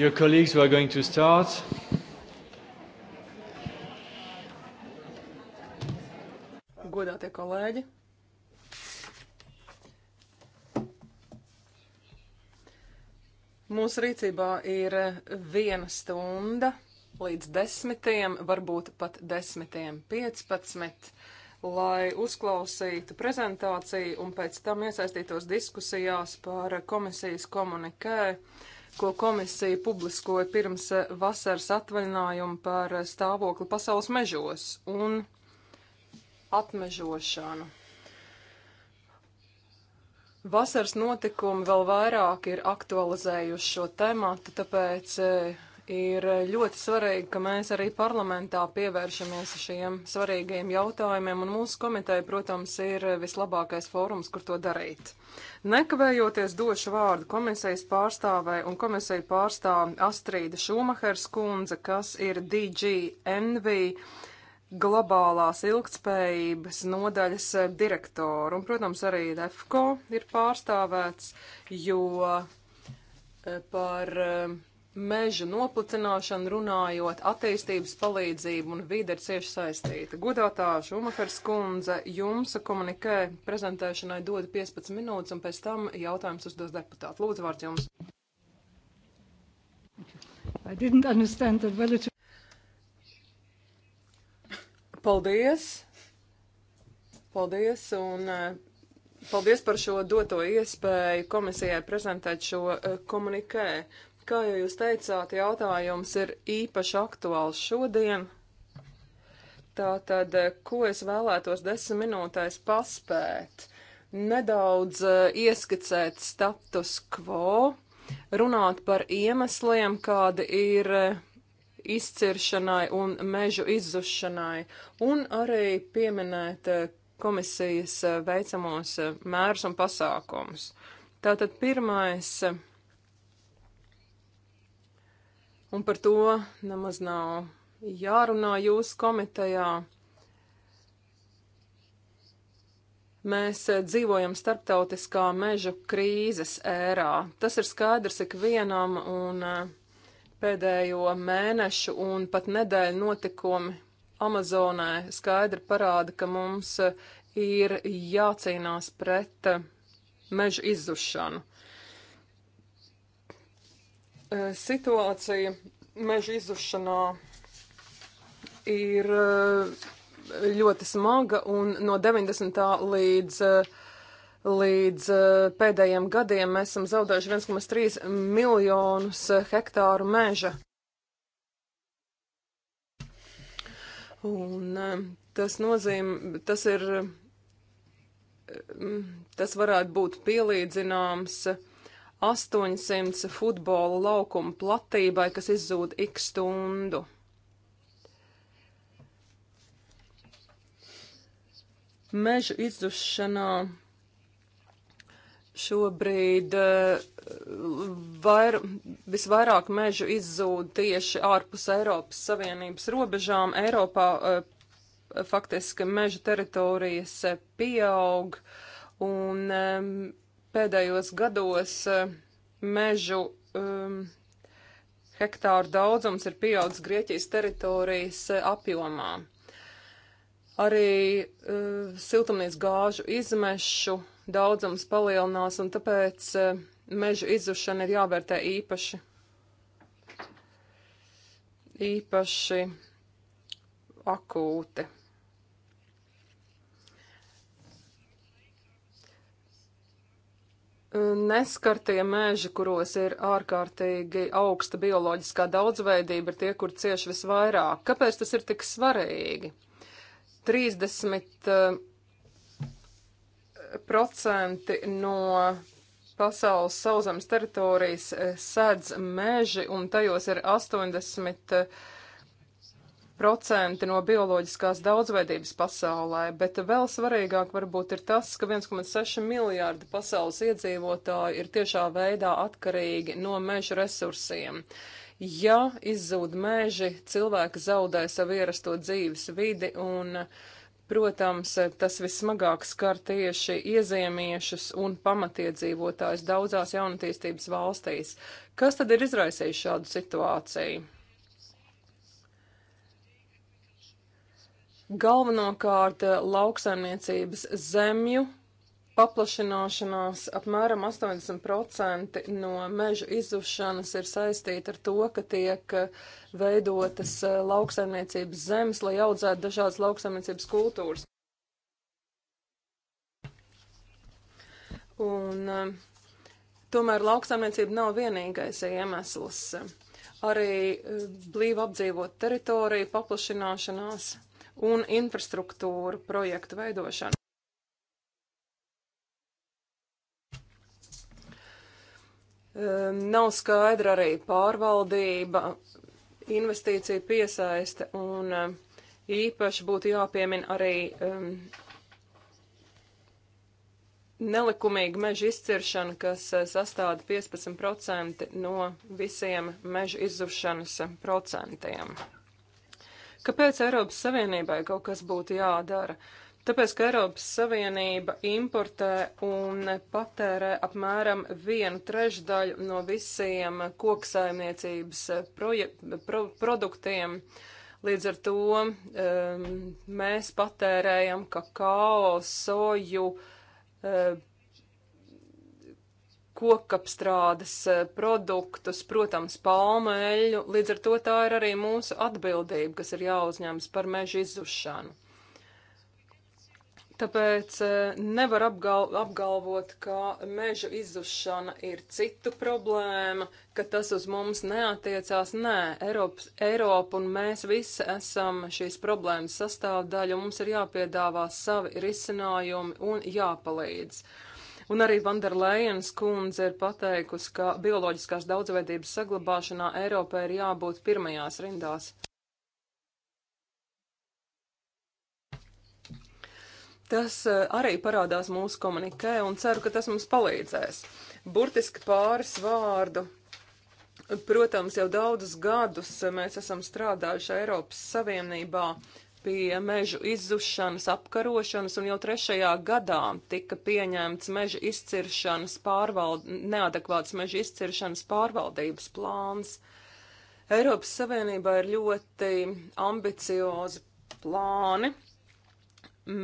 Dear colleagues, we are going to start. Godātie kolēģi. Mūsu rīcībā ir viena stunda līdz desmitiem, varbūt pat desmitiem piecpadsmit, lai uzklausītu prezentāciju un pēc tam iesaistītos diskusijās par komisijas komunikē ko komisija publiskoja pirms eh, vasaras atvaļinājuma par eh, stāvokli pasaules mežos un apmežošanu. Vasaras notikumi vēl vairāk ir aktualizējuši šo tematu, tāpēc eh, Ir ļoti svarīgi, ka mēs arī parlamentā pievēršamies šiem svarīgiem jautājumiem, un mūsu komiteja, protams, ir vislabākais fórums, kur to darīt. Nekavējoties došu vārdu komisijas pārstāvē, un komisija pārstāv Astrīda Šumahers kundze, kas ir DGNV globālās ilgtspējības nodaļas direktoru, un, protams, arī DEFCO ir pārstāvēts, jo eh, par eh, meža noplicināšanu runājot, attīstības palīdzību un vīde ir cieši saistīta. Godātā Šumakars kundze jums komunikē prezentēšanai dod 15 minūtes un pēc tam jautājums uzdos deputāti. Lūdzu, vārds jums. It... Paldies! Paldies un eh, paldies par šo doto iespēju komisijai prezentēt šo eh, komunikē. Kā jau jūs teicāt, jautājums ir īpaši aktuāls šodien. Tātad, ko es vēlētos desmit minūtēs paspēt? Nedaudz eh, ieskicēt status quo, runāt par iemesliem, kādi ir eh, izciršanai un mežu izzušanai, un arī pieminēt eh, komisijas veicamos mērus un pasākumus. Tātad pirmais un par to nemaz nav jārunā jūsu komitejā. Mēs eh, dzīvojam starptautiskā mežu krīzes ērā. Tas ir skaidrs ikvienam, un eh, pēdējo mēnešu un pat nedēļu notikumi Amazonē skaidri parāda, ka mums eh, ir jācīnās pret mežu izzušanu. E, situācija meža izušanā ir e, ļoti smaga un no 90. līdz, e, līdz pēdējiem gadiem mēs esam zaudējuši 1,3 miljonus hektāru meža. Un tas nozīmē, tas ir, tas varētu būt pielīdzināms uh, 800 futbola laukuma platībai, kas izzūd ik stundu. Mežu izdušanā šobrīd eh, vair, visvairāk mežu izzūd tieši ārpus Eiropas Savienības robežām. Eiropā eh, faktiski meža teritorijas eh, pieaug un pēdējos gados eh, mežu um, hektāru daudzums ir pieaudzis Grieķijas teritorijas eh, apjomā. Arī uh, eh, siltumnīcas gāžu izmešu daudzums palielinās, un tāpēc uh, mežu izzušana ir jāvērtē īpaši, īpaši akūti. Neskartie meži, kuros ir ārkārtīgi augsta bioloģiskā daudzveidība, ir tie, kur cieši visvairāk. Kāpēc tas ir tik svarīgi? 30% eh, no pasaules sauzemes teritorijas eh, sēdz meži, un tajos ir 80 procenti no bioloģiskās daudzveidības pasaulē, bet vēl svarīgāk varbūt ir tas, ka 1,6 miljārdi pasaules iedzīvotāji ir tiešā veidā atkarīgi no meža resursiem. Ja izzūd meži, cilvēki zaudē savu ierasto dzīves vidi un, protams, tas vismagāk skar tieši iezīmiešus un pamatiedzīvotājus daudzās jaunatīstības valstīs. Kas tad ir izraisījis šādu situāciju? galvenokārt eh, lauksaimniecības zemju paplašināšanās apmēram 80% no meža izušanas ir saistīta ar to, ka tiek eh, veidotas eh, lauksaimniecības zemes, lai audzētu dažādas lauksaimniecības kultūras. Un tomēr lauksaimniecība nav vienīgais iemesls. Arī blīvi apdzīvot teritoriju paplašināšanās un infrastruktūru projektu veidošanu. Ehm, nav skaidra arī pārvaldība, investīcija piesaiste un ehm, īpaši būtu jāpiemina arī um, nelikumīga meža izciršana, kas eh, sastāda 15% no visiem meža izzušanas procentiem. Kāpēc Eiropas Savienībai kaut kas būtu jādara? Tāpēc, ka Eiropas Savienība importē un patērē apmēram vienu trešdaļu no visiem koksaimniecības pro produktiem. Līdz ar to um, mēs patērējam kakao, soju, um, kokapstrādes eh, produktus, protams, palmeļu. Līdz ar to tā ir arī mūsu atbildība, kas ir jāuzņemas par mežu izzušanu. Tāpēc eh, nevar apgal apgalvot, ka mežu izzušana ir citu problēma, ka tas uz mums neatiecās. Nē, Eiropas, Eiropa un mēs visi esam šīs problēmas sastāvdaļa, un mums ir jāpiedāvā savi risinājumi un jāpalīdz. Uh, Un arī Vanderlejens kundze ir pateikusi, ka bioloģiskās daudzveidības saglabāšanā Eiropā ir jābūt pirmajās rindās. Tas eh, arī parādās mūsu komunikē un ceru, ka tas mums palīdzēs. Burtiski pāris vārdu Protams, jau daudzus gadus eh, mēs esam strādājuši Eiropas Savienībā pie mežu izzušanas apkarošanas, un jau trešajā gadā tika pieņemts meža izciršanas pārvald, neadekvāts meža izciršanas pārvaldības plāns. Eiropas Savienībā ir ļoti ambiciozi plāni.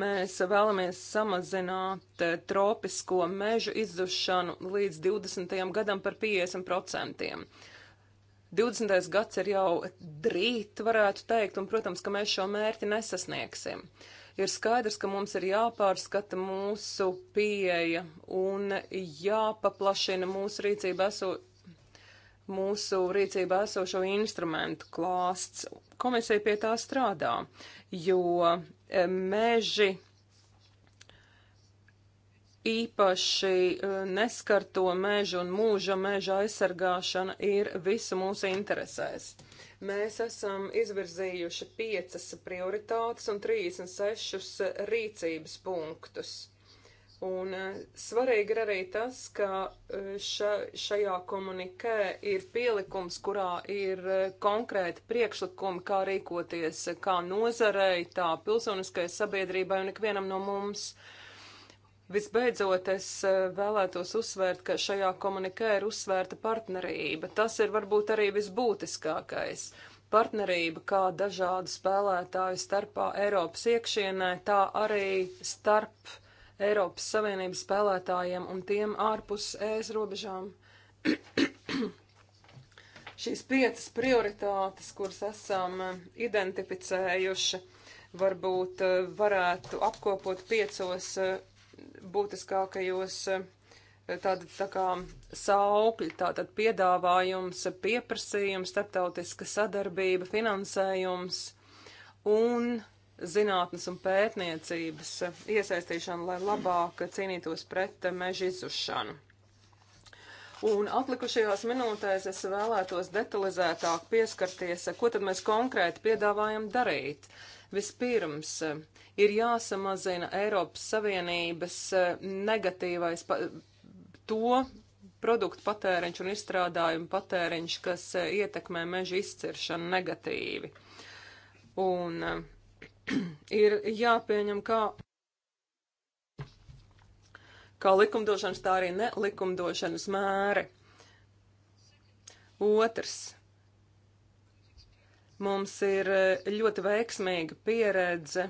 Mēs vēlamies samazināt eh, tropisko mežu izzušanu līdz 20. gadam par 50%. 20. gads ir jau drīt, varētu teikt, un, protams, ka mēs šo mērķi nesasniegsim. Ir skaidrs, ka mums ir jāpārskata mūsu pieeja un jāpaplašina mūsu rīcība eso, mūsu rīcībā esošo instrumentu klāsts. Komisija pie tā strādā, jo eh, meži īpaši e, neskarto mežu un mūža meža aizsargāšana ir visu mūsu interesēs. Mēs esam izvirzījuši piecas prioritātes un 36 rīcības punktus. Un e, svarīgi ir arī tas, ka e, ša, šajā komunikē ir pielikums, kurā ir konkrēti priekšlikumi, kā rīkoties kā nozarei, tā pilsoniskai sabiedrībai un ikvienam no mums. Uh, Visbeidzot, es eh, vēlētos uzsvērt, ka šajā komunikē ir uzsvērta partnerība. Tas ir varbūt arī visbūtiskākais. Partnerība kā dažādu spēlētāju starpā Eiropas iekšienē, tā arī starp Eiropas Savienības spēlētājiem un tiem ārpus ēs robežām. Šīs piecas prioritātes, kuras esam eh, identificējuši, varbūt eh, varētu apkopot piecos būtiskākajos eh, tāda tā kā saukļi, tātad piedāvājums, pieprasījums, starptautiska sadarbība, finansējums un zinātnes un pētniecības eh, iesaistīšana, lai labāk cīnītos pret eh, meža izušanu. Un atlikušajās minūtēs es vēlētos detalizētāk pieskarties, ko tad mēs konkrēti piedāvājam darīt. Vispirms, ir jāsamazina Eiropas Savienības e, negatīvais to produktu patēriņš un izstrādājumu patēriņš, kas e, ietekmē meža izciršanu negatīvi. Un e, ir jāpieņem kā, kā likumdošanas, tā arī nelikumdošanas mēri. Otrs. Mums ir ļoti veiksmīga pieredze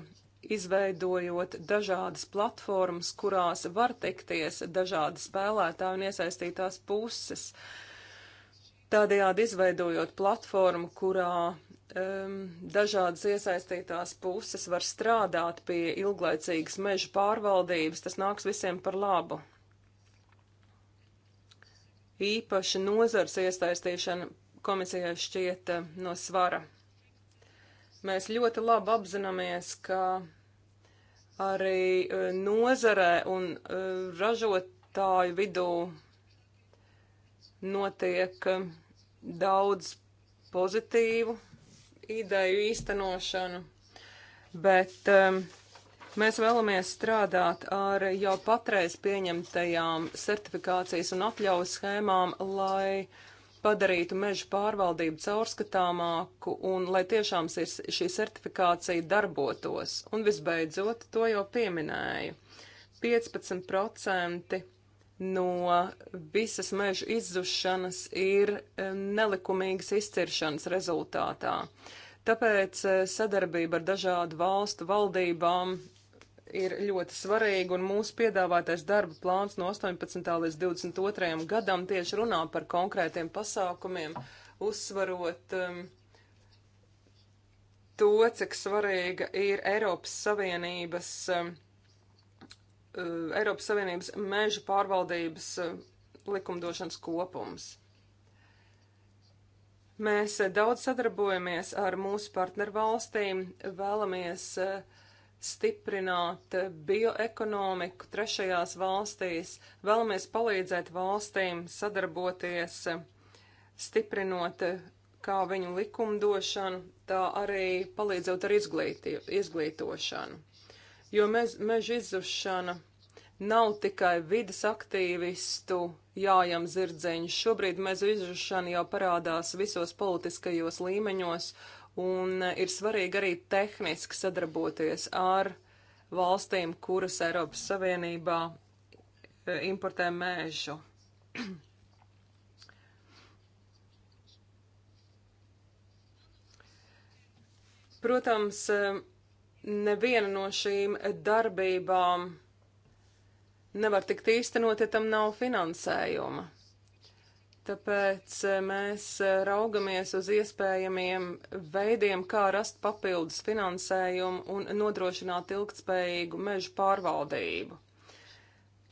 izveidojot dažādas platformas, kurās var tikties dažādi spēlētāji un iesaistītās puses. Tādējādi izveidojot platformu, kurā um, dažādas iesaistītās puses var strādāt pie ilglaicīgas meža pārvaldības, tas nāks visiem par labu. Īpaši nozars iesaistīšana komisijai šķiet eh, no svara. Mēs ļoti labi apzināmies, ka arī e, nozarē un e, ražotāju vidū notiek e, daudz pozitīvu ideju īstenošanu, bet um, Mēs vēlamies strādāt ar jau patreiz pieņemtajām certifikācijas un atļaujas schēmām, lai padarītu mežu pārvaldību caurskatāmāku un lai tiešām šī certifikācija darbotos. Un visbeidzot, to jau pieminēju, 15% no visas mežu izzušanas ir e, nelikumīgas izciršanas rezultātā. Tāpēc e, sadarbība ar dažādu valstu valdībām ir ļoti svarīga, un mūsu piedāvātais darba plāns no 18. līdz 22. gadam tieši runā par konkrētiem pasākumiem, uzsvarot um, to, cik svarīga ir Eiropas Savienības, um, uh, Eiropas Savienības meža pārvaldības um, likumdošanas kopums. Mēs uh, daudz sadarbojamies ar mūsu partnervalstīm, vēlamies uh, stiprināt bioekonomiku trešajās valstīs, vēlamies palīdzēt valstīm sadarboties, stiprinot kā viņu likumdošanu, tā arī palīdzot ar izglītošanu. Jo mez, meža izzušana nav tikai vidas aktīvistu jājam zirdziņš. Šobrīd meža izzušana jau parādās visos politiskajos līmeņos, uh, un eh, ir svarīgi arī tehniski sadarboties ar valstīm, kuras Eiropas Savienībā eh, importē mēžu. Protams, eh, neviena no šīm darbībām nevar tikt īstenot, ja tam nav finansējuma. Tāpēc eh, mēs eh, raugamies uz iespējamiem veidiem, kā rast papildus finansējumu un nodrošināt ilgtspējīgu mežu pārvaldību.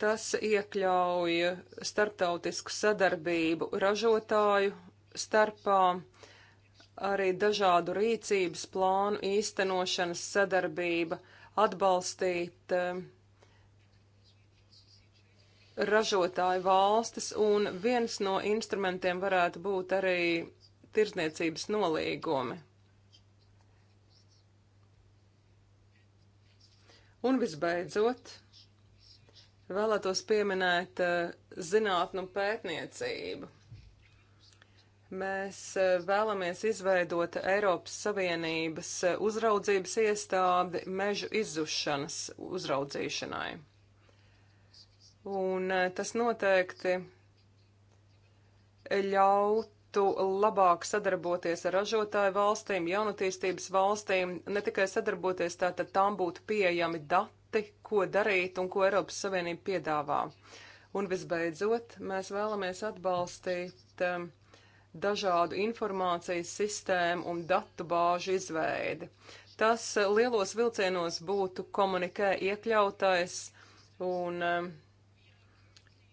Tas iekļauj starptautisku sadarbību ražotāju starpā, arī dažādu rīcības plānu īstenošanas sadarbība, atbalstīt uh, ražotāju valstis, un viens no instrumentiem varētu būt arī tirdzniecības nolīgumi. Un visbeidzot, vēlētos pieminēt eh, zinātnu un pētniecību. Mēs eh, vēlamies izveidot Eiropas Savienības eh, uzraudzības iestādi mežu izzušanas uzraudzīšanai. Un eh, tas noteikti ļautu labāk sadarboties ar ražotāju valstīm, jaunatīstības valstīm, ne tikai sadarboties, tātad tām būtu pieejami dati, ko darīt un ko Eiropas Savienība piedāvā. Un visbeidzot, mēs vēlamies atbalstīt um, dažādu informācijas sistēmu un datu bāžu izveidi. Tas eh, lielos vilcienos būtu komunikē iekļautais un um,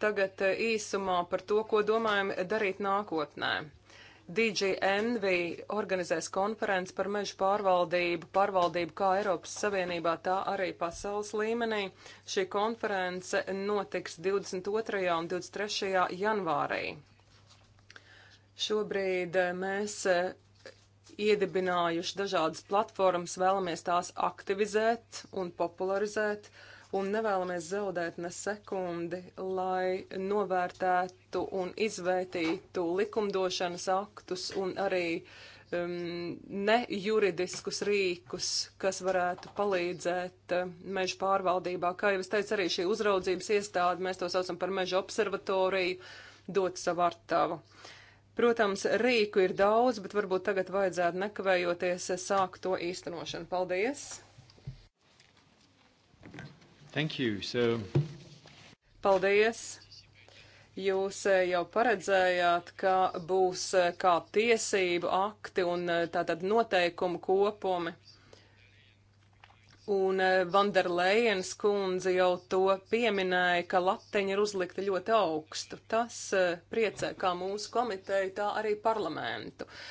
Tagad eh, īsumā par to, ko domājam darīt nākotnē. DJ Envy organizēs konferenci par mežu pārvaldību, pārvaldību kā Eiropas Savienībā, tā arī pasaules līmenī. Šī konference notiks 22. un 23. janvārī. Šobrīd eh, mēs eh, iedibinājuši dažādas platformas, vēlamies tās aktivizēt un popularizēt. Uh, un nevēlamies zaudēt ne sekundi, lai novērtētu un izvērtītu likumdošanas aktus un arī um, nejuridiskus rīkus, kas varētu palīdzēt uh, meža pārvaldībā. Kā jau es teicu, arī šī uzraudzības iestāde, mēs to saucam par meža observatoriju, dot savu artavu. Protams, rīku ir daudz, bet varbūt tagad vajadzētu nekavējoties sākt to īstenošanu. Paldies! Thank you. So... Paldies! Jūs eh, jau paredzējāt, ka būs eh, kā tiesību akti un eh, tātad noteikumu kopumi. Un Vanderlejens kundze jau to pieminēja, ka latiņa ir uzlikta ļoti augstu. Tas priecē kā mūsu komiteju, tā arī parlamentu. Uh,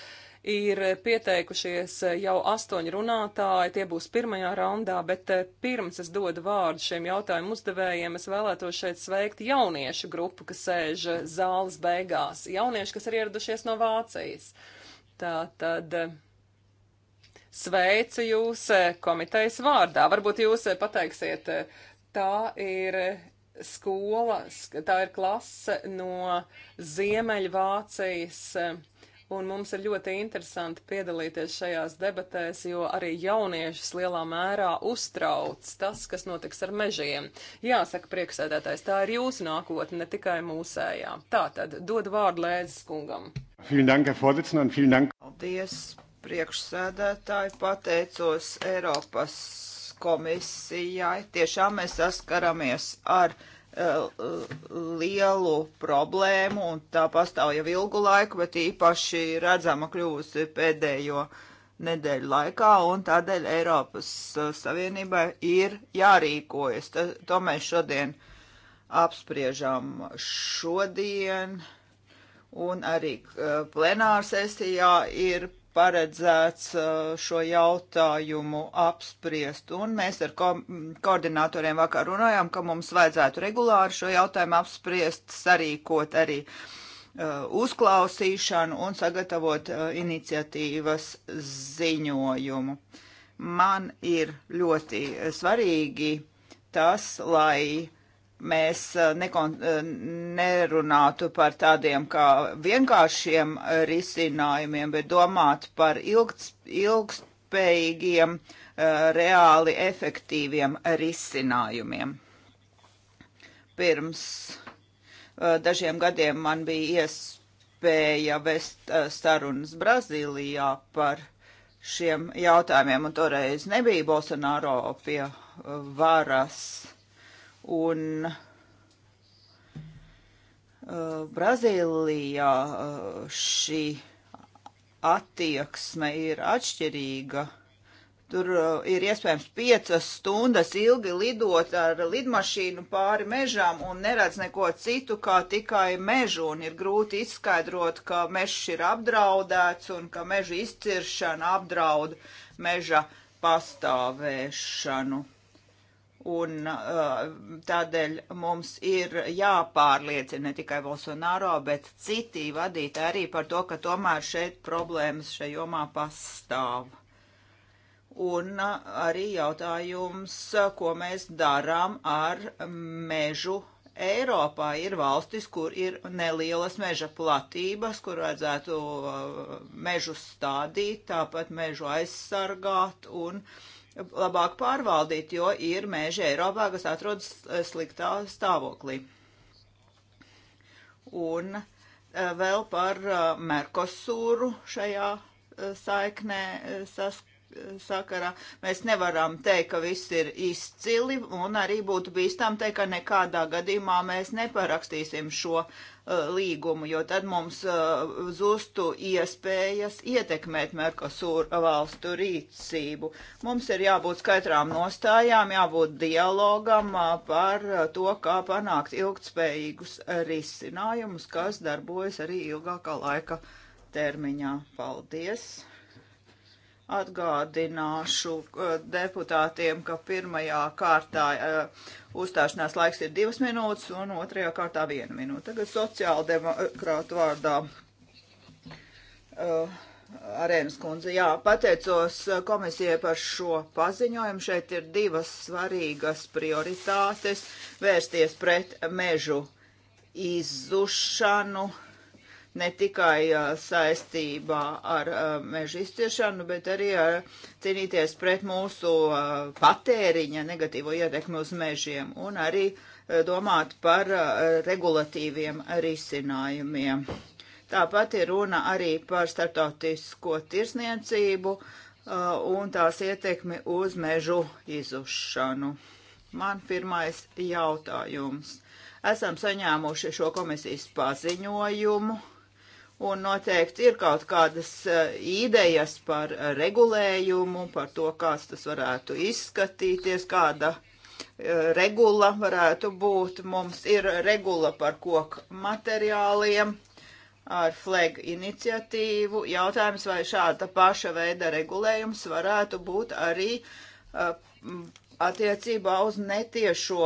ir pieteikušies jau astoņi runātāji, tie būs pirmajā raundā, bet eh, pirms es dodu vārdu šiem jautājumu uzdevējiem, es vēlētos šeit sveikt jauniešu grupu, kas sēž zāles beigās. Jaunieši, kas ir ieradušies no Vācijas. Tā tad. Eh, sveicu jūs eh, komitejas vārdā. Varbūt jūs pateiksiet, tā ir skola, tā ir klase no Ziemeļvācijas un mums ir ļoti interesanti piedalīties šajās debatēs, jo arī jauniešus lielā mērā uztrauc tas, kas notiks ar mežiem. Jāsaka, prieksēdētājs, tā ir jūsu nākotne, ne tikai mūsējā. Tātad, dod vārdu Lēdzes kungam. Paldies, priekšsēdētāji, pateicos Eiropas komisijai. Tiešām mēs saskaramies ar Uh, lielu problēmu, un tā pastāv jau ilgu laiku, bet īpaši redzama kļuvusi pēdējo nedēļu laikā, un tādēļ Eiropas uh, Savienībai ir jārīkojas. Ta, to mēs šodien apspriežam šodien, un arī uh, plenārsesijā ir paredzēts uh, šo jautājumu apspriest. Un mēs ar ko koordinatoriem vakar runājām, ka mums vajadzētu regulāri šo jautājumu apspriest, sarīkot arī uh, uzklausīšanu un sagatavot uh, iniciatīvas ziņojumu. Man ir ļoti svarīgi tas, lai uh, mēs eh, nekon, eh, nerunātu par tādiem kā vienkāršiem eh, risinājumiem, bet domātu par ilgts, ilgspējīgiem, reāli efektīviem risinājumiem. Pirms dažiem gadiem man bija iespēja vest sarunas Brazīlijā par šiem jautājumiem, un toreiz nebija Bolsonaro pie varas. Uh, un uh, Brazīlijā uh, šī attieksme ir atšķirīga. Tur uh, ir iespējams piecas stundas ilgi lidot ar lidmašīnu pāri mežām un neredz neko citu, kā tikai mežu, un ir grūti izskaidrot, ka mežs ir apdraudēts un ka meža izciršana apdraud meža pastāvēšanu. Un uh, tādēļ mums ir jāpārliecina ne tikai Bolsonaro, bet citi vadīt arī par to, ka tomēr šeit problēmas šajā jomā pastāv. Un uh, arī jautājums, uh, ko mēs darām ar mežu Eiropā. Ir valstis, kur ir nelielas meža platības, kur vajadzētu mežu stādīt, tāpat mežu aizsargāt un uh, labāk pārvaldīt, jo ir mēži Eiropā, kas atrodas eh, sliktā stāvoklī. Un eh, vēl par eh, Merkosūru šajā saiknē sask sakarā. Mēs nevaram teikt, ka viss ir izcili, un arī būtu bīstam teikt, ka nekādā gadījumā mēs neparakstīsim šo uh, līgumu, jo tad mums uh, zustu iespējas ietekmēt Merkosūra valstu rīcību. Mums ir jābūt skaidrām nostājām, jābūt dialogam uh, par to, kā panākt ilgtspējīgus risinājumus, kas darbojas arī ilgākā laika termiņā. Paldies! Atgādināšu eh, deputātiem, ka pirmajā kārtā uh, uzstāšanās laiks ir divas minūtes un otrajā kārtā viena minūte. Tagad sociāldemokrātu vārdā. Uh, Arēnas kundze, jā, pateicos komisijai par šo paziņojumu. Šeit ir divas svarīgas prioritātes - vērsties pret mežu izzušanu, uh, ne tikai uh, saistībā ar uh, meža izciešanu, bet arī ar cīnīties pret mūsu uh, patēriņa negatīvo ietekmi uz mežiem un arī domāt par regulatīviem risinājumiem. Tāpat ir runa arī par starptautisko tirsniecību un tās ietekmi uz mežu izušanu. Man pirmais jautājums. Esam saņēmuši šo komisijas paziņojumu un noteikti ir kaut kādas eh, idejas par eh, regulējumu, par to, kāds tas varētu izskatīties, kāda eh, regula varētu būt. Mums ir regula par koku materiāliem ar flag iniciatīvu. Jautājums, vai šāda paša veida regulējums varētu būt arī attiecībā uz netiešo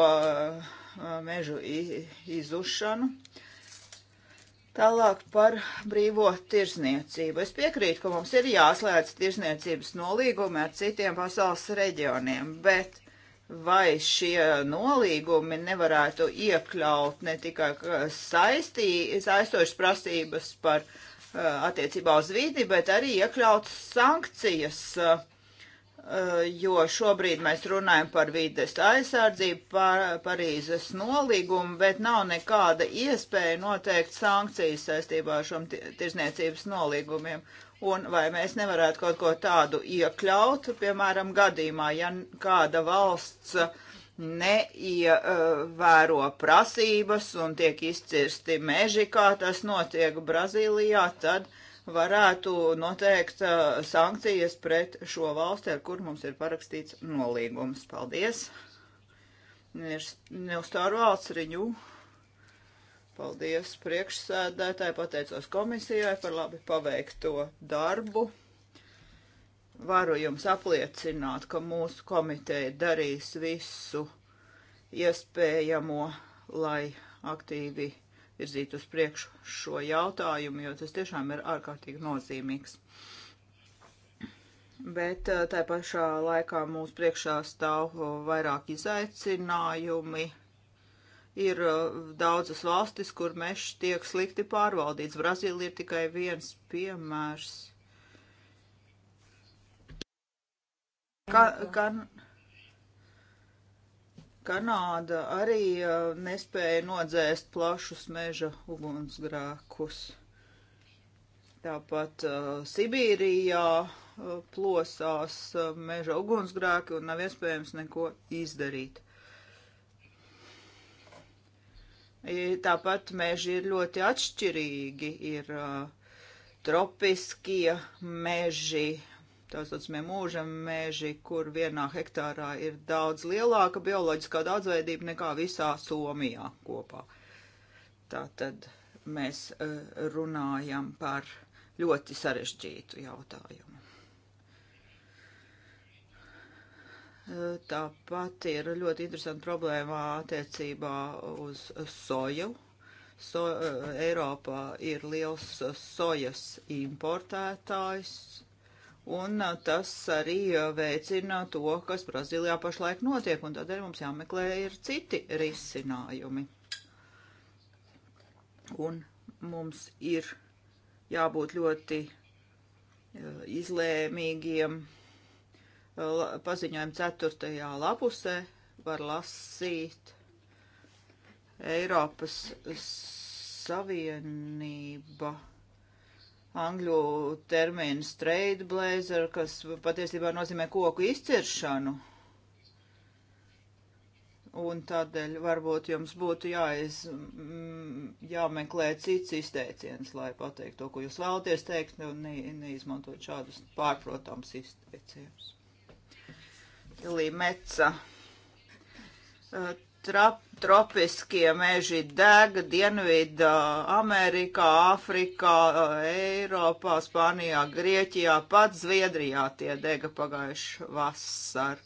mežu izušanu. Iz Tālāk par brīvo tirzniecību. Es piekrītu, ka mums ir jāslēdz tirzniecības nolīgumi ar citiem pasaules reģioniem, bet vai šie nolīgumi nevarētu iekļaut ne tikai saistī, saistošas prasības par uh, attiecībā uz vidi, bet arī iekļaut sankcijas uh, Eh, jo šobrīd mēs runājam par vides aizsardzību, par Parīzes nolīgumu, bet nav nekāda iespēja noteikt sankcijas saistībā ar šiem tirzniecības nolīgumiem. Un vai mēs nevarētu kaut ko tādu iekļaut, piemēram, gadījumā, ja kāda valsts neievēro prasības un tiek izcirsti meži, kā tas notiek Brazīlijā, tad uh, varētu noteikt uh, sankcijas pret šo valsti, ar kur mums ir parakstīts nolīgums. Paldies! Neustāru valsts riņu. Paldies priekšsēdētāji, pateicos komisijai par labi paveikto darbu varu jums apliecināt, ka mūsu komiteja darīs visu iespējamo, lai aktīvi virzīt uz priekšu šo jautājumu, jo tas tiešām ir ārkārtīgi nozīmīgs. Bet eh, tā pašā laikā mūsu priekšā stāv eh, vairāk izaicinājumi. Ir eh, daudzas valstis, kur mežs tiek slikti pārvaldīts. Brazīlija ir tikai viens piemērs. Kan, kan, Kanāda arī nespēja nodzēst plašus meža ugunsgrēkus. Tāpat uh, Sibīrijā uh, plosās uh, meža ugunsgrēki un nav iespējams neko izdarīt. Tāpat meži ir ļoti atšķirīgi. Ir uh, tropiskie meži, tā saucamie mūža meži, kur vienā hektārā ir daudz lielāka bioloģiskā daudzveidība nekā visā Somijā kopā. Tā tad mēs e, runājam par ļoti sarežģītu jautājumu. E, tāpat ir ļoti interesanta problēma attiecībā uz soju. So, e, Eiropā ir liels sojas importētājs, Un tas arī veicina to, kas Brazīlijā pašlaik notiek, un tādēļ mums jāmeklē ir citi risinājumi. Un mums ir jābūt ļoti izlēmīgiem. Paziņojuma 4. lapusē var lasīt Eiropas Savienība angļu terminu straight blazer, kas patiesībā nozīmē koku izciršanu. Un tādēļ varbūt jums būtu jāiz, mm, jāmeklē cits izteiciens, lai pateiktu to, ko jūs vēlaties teikt, un ne, neizmantot šādus pārprotams izteicienus. Ilī Meca trap, tropiskie meži deg Dienvidā, Amerikā, Āfrikā, Eiropā, Spānijā, Grieķijā, pat Zviedrijā tie dega pagājuši vasar.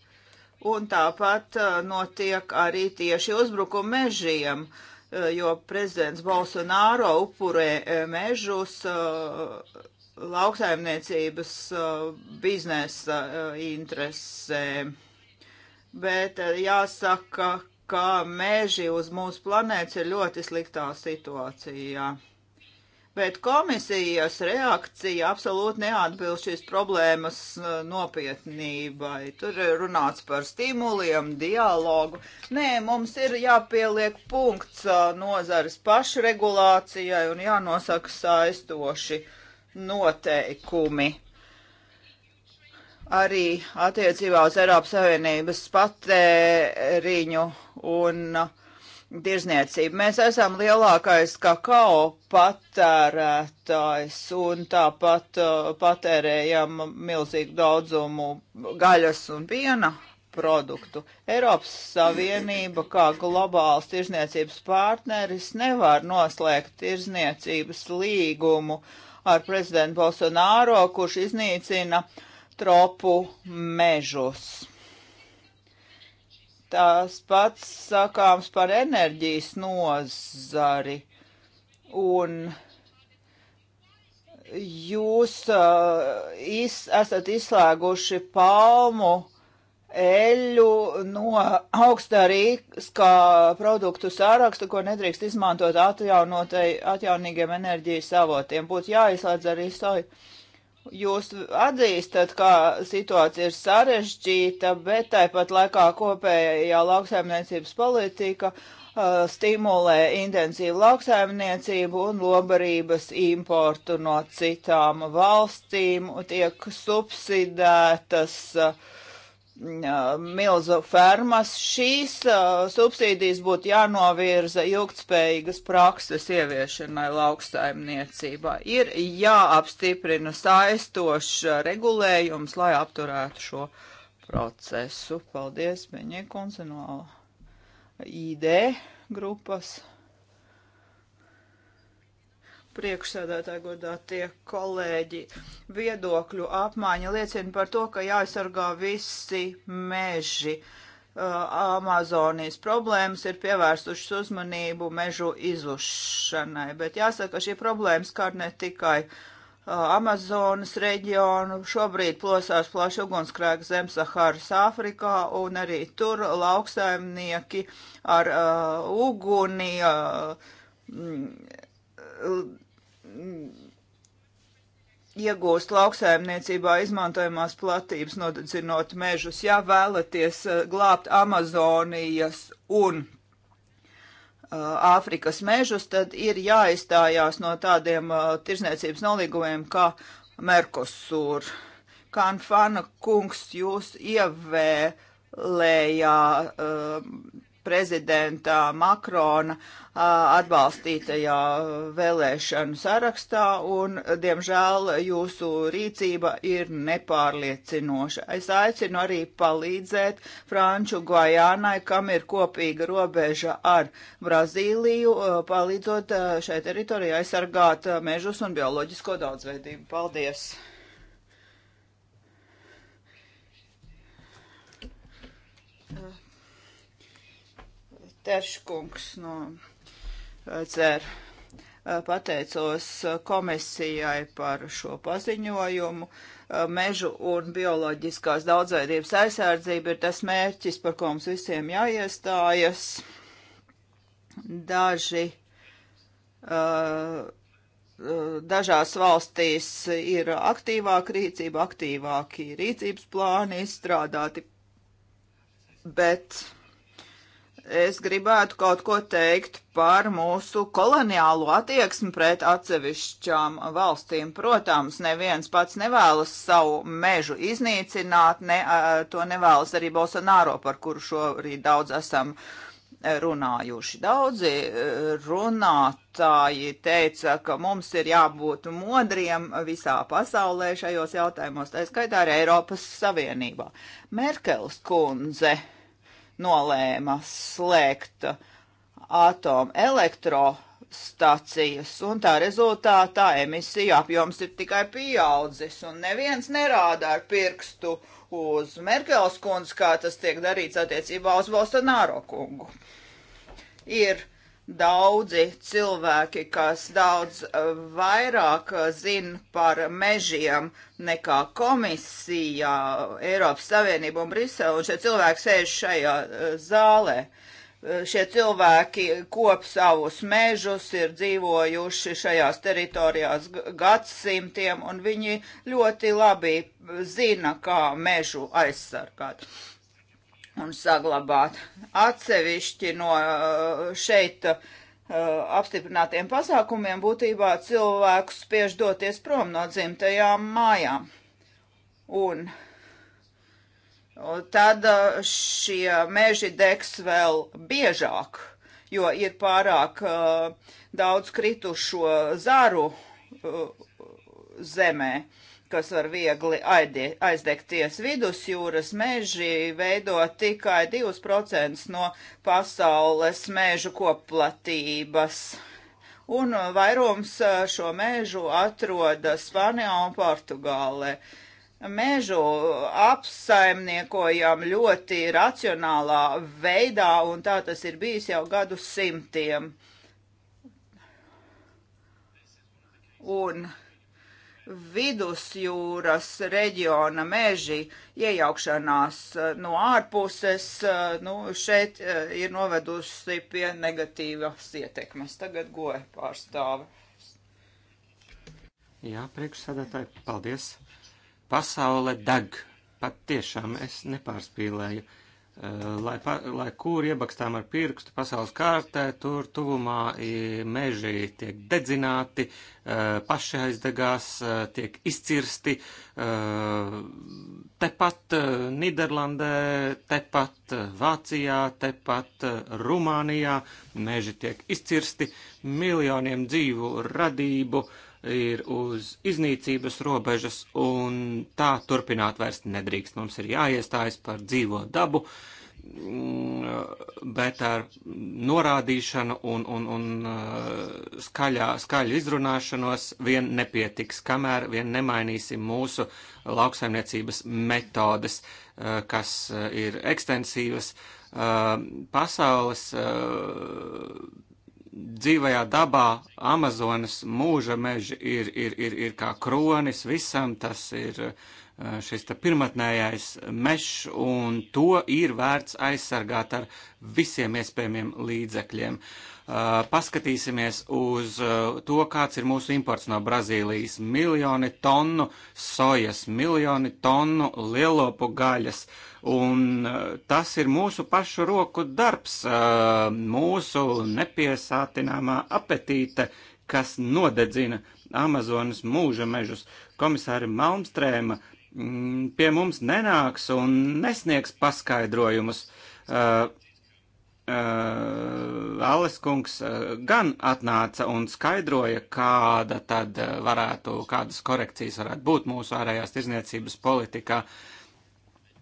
Un tāpat eh, notiek arī tieši uzbrukumi mežiem, eh, jo prezidents Bolsonaro upurē eh, mežus lauksaimniecības biznesa interesēm bet jāsaka, ka meži uz mūsu planētas ir ļoti sliktā situācijā. Bet komisijas reakcija absolūti neatbilst šīs problēmas uh, nopietnībai. Tur ir runāts par stimuliem, dialogu. Nē, mums ir jāpieliek punkts uh, nozares pašregulācijai un jānosaka saistoši noteikumi arī attiecībā uz Eiropas Savienības patēriņu un tirzniecību. Mēs esam lielākais kakao patērētājs un tāpat uh, patērējam milzīgu daudzumu gaļas un piena produktu. Eiropas Savienība kā globāls tirzniecības partneris nevar noslēgt tirzniecības līgumu ar prezidentu Bolsonaro, kurš iznīcina uh, tropu mežus. Tas pats sakāms par enerģijas nozari. Un jūs uh, iz, esat izslēguši palmu eļu no augstā rīska produktu sāraksta, ko nedrīkst izmantot atjaunotai, atjaunīgiem enerģijas avotiem. Būtu jāizslēdz arī soju Jūs atzīstat, ka situācija ir sarežģīta, bet tāpat laikā kopējā lauksaimniecības politika uh, stimulē intensīvu lauksaimniecību un lobarības importu no citām valstīm, tiek subsidētas uh, milzu fermas, šīs subsīdijas būtu jānovirza ilgtspējīgas prakses ieviešanai lauksaimniecībā. Ir jāapstiprina saistošs regulējums, lai apturētu šo procesu. Paldies, Beņiekunse no ID grupas priekšsēdētāji, godātie kolēģi. Viedokļu apmaiņa liecina par to, ka jāaizsargā visi meži. Uh, Amazonijas problēmas ir pievērstušas uzmanību mežu izušanai, bet jāsaka, ka šī problēma skar ne tikai uh, Amazonas reģionu. Šobrīd plosās plaši ugunskrēks zem Saharas Āfrikā, un arī tur lauksaimnieki ar uh, uguni uh, mm, Uh, iegūst lauksaimniecībā izmantojamās platības, nodedzinot mežus. Ja vēlaties uh, glābt Amazonijas un uh, Āfrikas mežus, tad ir jāizstājās no tādiem tirzniecības nolīgumiem kā Merkosur. Kanfana kungs, jūs ievēlējā uh, prezidenta Makrona atbalstītajā vēlēšanu sarakstā, un, diemžēl, jūsu rīcība ir nepārliecinoša. Es aicinu arī palīdzēt Franču Gvajānai, kam ir kopīga robeža ar Brazīliju, palīdzot šai teritorijai aizsargāt mežus un bioloģisko daudzveidību. Paldies! Teškungs no CER. Eh, eh, pateicos eh, komisijai par šo paziņojumu. Mežu un bioloģiskās daudzveidības aizsardzība ir tas mērķis, par ko mums visiem jāiestājas. Daži uh, dažās valstīs ir aktīvāka rīcība, aktīvāki rīcības plāni izstrādāti, bet es gribētu kaut ko teikt par mūsu koloniālo attieksmi pret atsevišķām valstīm. Protams, neviens pats nevēlas savu mežu iznīcināt, ne, to nevēlas arī Bolsonaro, par kuru šorīt daudz esam e, runājuši. Daudzi e, runātāji teica, ka mums ir jābūt modriem visā pasaulē šajos jautājumos, tā skaitā arī Eiropas Savienībā. Merkels kundze nolēma slēgt atomelektrostacijas, un tā rezultātā emisiju apjoms ir tikai pieaudzis, un neviens nerāda ar pirkstu uz Merkels kundzi, kā tas tiek darīts attiecībā uz Bolsonaro kungu. Ir Daudzi cilvēki, kas daudz eh, vairāk eh, zina par mežiem nekā komisija, Eiropas Savienība un Brisele, un šie cilvēki sēž šajā eh, zālē šie cilvēki kop savus mežus, ir dzīvojuši šajās teritorijās gadsimtiem, un viņi ļoti labi zina, kā mežu aizsargāt un saglabāt. Atsevišķi no eh, šeit eh, apstiprinātiem pasākumiem būtībā cilvēku spiež doties prom no dzimtajām mājām. Un tad eh, šie meži degs vēl biežāk, jo ir pārāk daudz kritušo zaru zemē kas var viegli aizdegties vidusjūras meži, veido tikai 2% no pasaules mežu koplatības. Un vairums šo mežu atrodas Spānijā un Portugālē. Mežu apsaimniekojam ļoti racionālā veidā, un tā tas ir bijis jau gadu simtiem. Un vidusjūras reģiona meži iejaukšanās eh, no ārpuses, eh, nu, šeit eh, ir novedusi pie negatīvas ietekmes. Tagad goja pārstāve. Jā, priekšsādātāji, paldies. Pasaule deg. Pat tiešām es nepārspīlēju. Eh, lai, pa, lai kur iebakstām ar pirkstu pasaules kārtē, tur tuvumā meži tiek dedzināti, eh, paši aizdegās, eh, tiek izcirsti. Tepat Niderlandē, tepat Vācijā, tepat Rumānijā meži tiek izcirsti miljoniem dzīvu radību. Uh, ir uz iznīcības robežas, un tā turpināt vairs nedrīkst. Mums ir jāiestājas par dzīvo dabu, mm, bet ar norādīšanu un, un, un uh, skaļā, skaļu izrunāšanos vien nepietiks, kamēr vien nemainīsim mūsu lauksaimniecības metodes, uh, kas uh, ir ekstensīvas pasaules dzīvajā dabā Amazonas mūža meži ir, ir, ir, ir kā kronis visam, tas ir eh, šis te pirmatnējais mešs, un to ir vērts aizsargāt ar visiem iespējamiem līdzekļiem. Eh, paskatīsimies uz eh, to, kāds ir mūsu imports no Brazīlijas. Miljoni tonu sojas, miljoni tonu lielopu gaļas. Uh, Un eh, tas ir mūsu pašu roku darbs, eh, mūsu nepiesātināmā apetīte, kas nodedzina Amazonas mūža mežus. Komisāri Malmstrēma mm, pie mums nenāks un nesniegs paskaidrojumus. Eh, Alis kungs gan atnāca un skaidroja, kāda tad varētu, kādas korekcijas varētu būt mūsu ārējās tirzniecības politikā. Uh,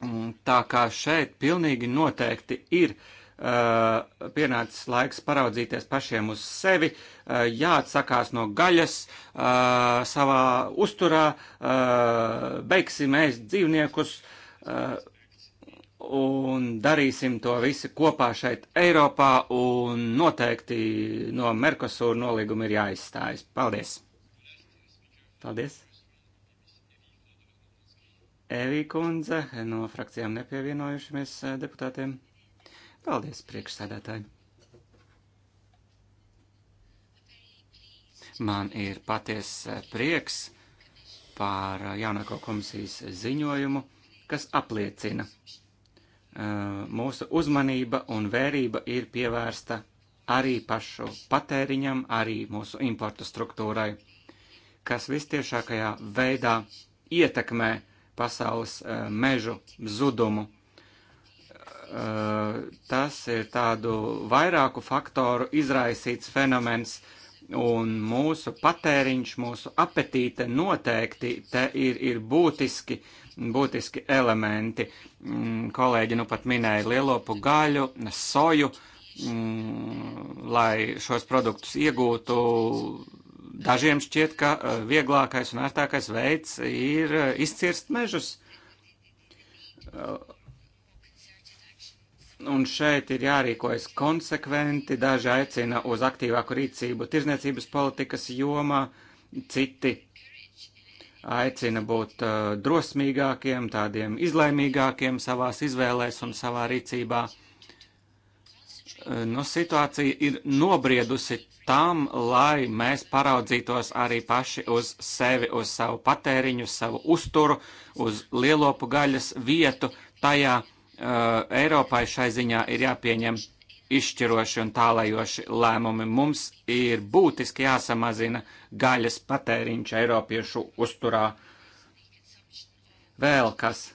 Mm, tā kā šeit pilnīgi noteikti ir uh, pienācis laiks paraudzīties pašiem uz sevi, uh, jāatsakās no gaļas uh, savā uzturā, uh, beigsim ēst dzīvniekus uh, un darīsim to visi kopā šeit Eiropā un noteikti no Merkosūra nolīguma ir jāizstājas. Paldies! Paldies! Evī kundze no frakcijām nepievienojušamies eh, deputātiem. Paldies, priekšsēdētāji! Man ir paties eh, prieks par eh, jaunāko komisijas ziņojumu, kas apliecina, mūsu uzmanība un vērība ir pievērsta arī pašu patēriņam, arī mūsu importu struktūrai, kas vistiešākajā veidā ietekmē pasaules eh, mežu zudumu. Eh, tas ir tādu vairāku faktoru izraisīts fenomens, un mūsu patēriņš, mūsu apetīte noteikti te ir, ir būtiski, būtiski elementi. Mm, kolēģi nu pat minēja lielopu gaļu, soju, mm, lai šos produktus iegūtu, dažiem šķiet, ka e, vieglākais un ērtākais veids ir e, izcirst mežus. E, un šeit ir jārīkojas konsekventi, daži aicina uz aktīvāku rīcību tirzniecības politikas jomā, citi aicina būt drosmīgākiem, tādiem izlēmīgākiem savās izvēlēs un savā rīcībā. Eh, nu, situācija ir nobriedusi tam, lai mēs paraudzītos arī paši uz sevi, uz savu patēriņu, savu uzturu, uz lielopu gaļas vietu. Tajā uh, Eiropai šai ziņā ir jāpieņem izšķiroši un tālajoši lēmumi. Mums ir būtiski jāsamazina gaļas patēriņš Eiropiešu uzturā. Vēl kas?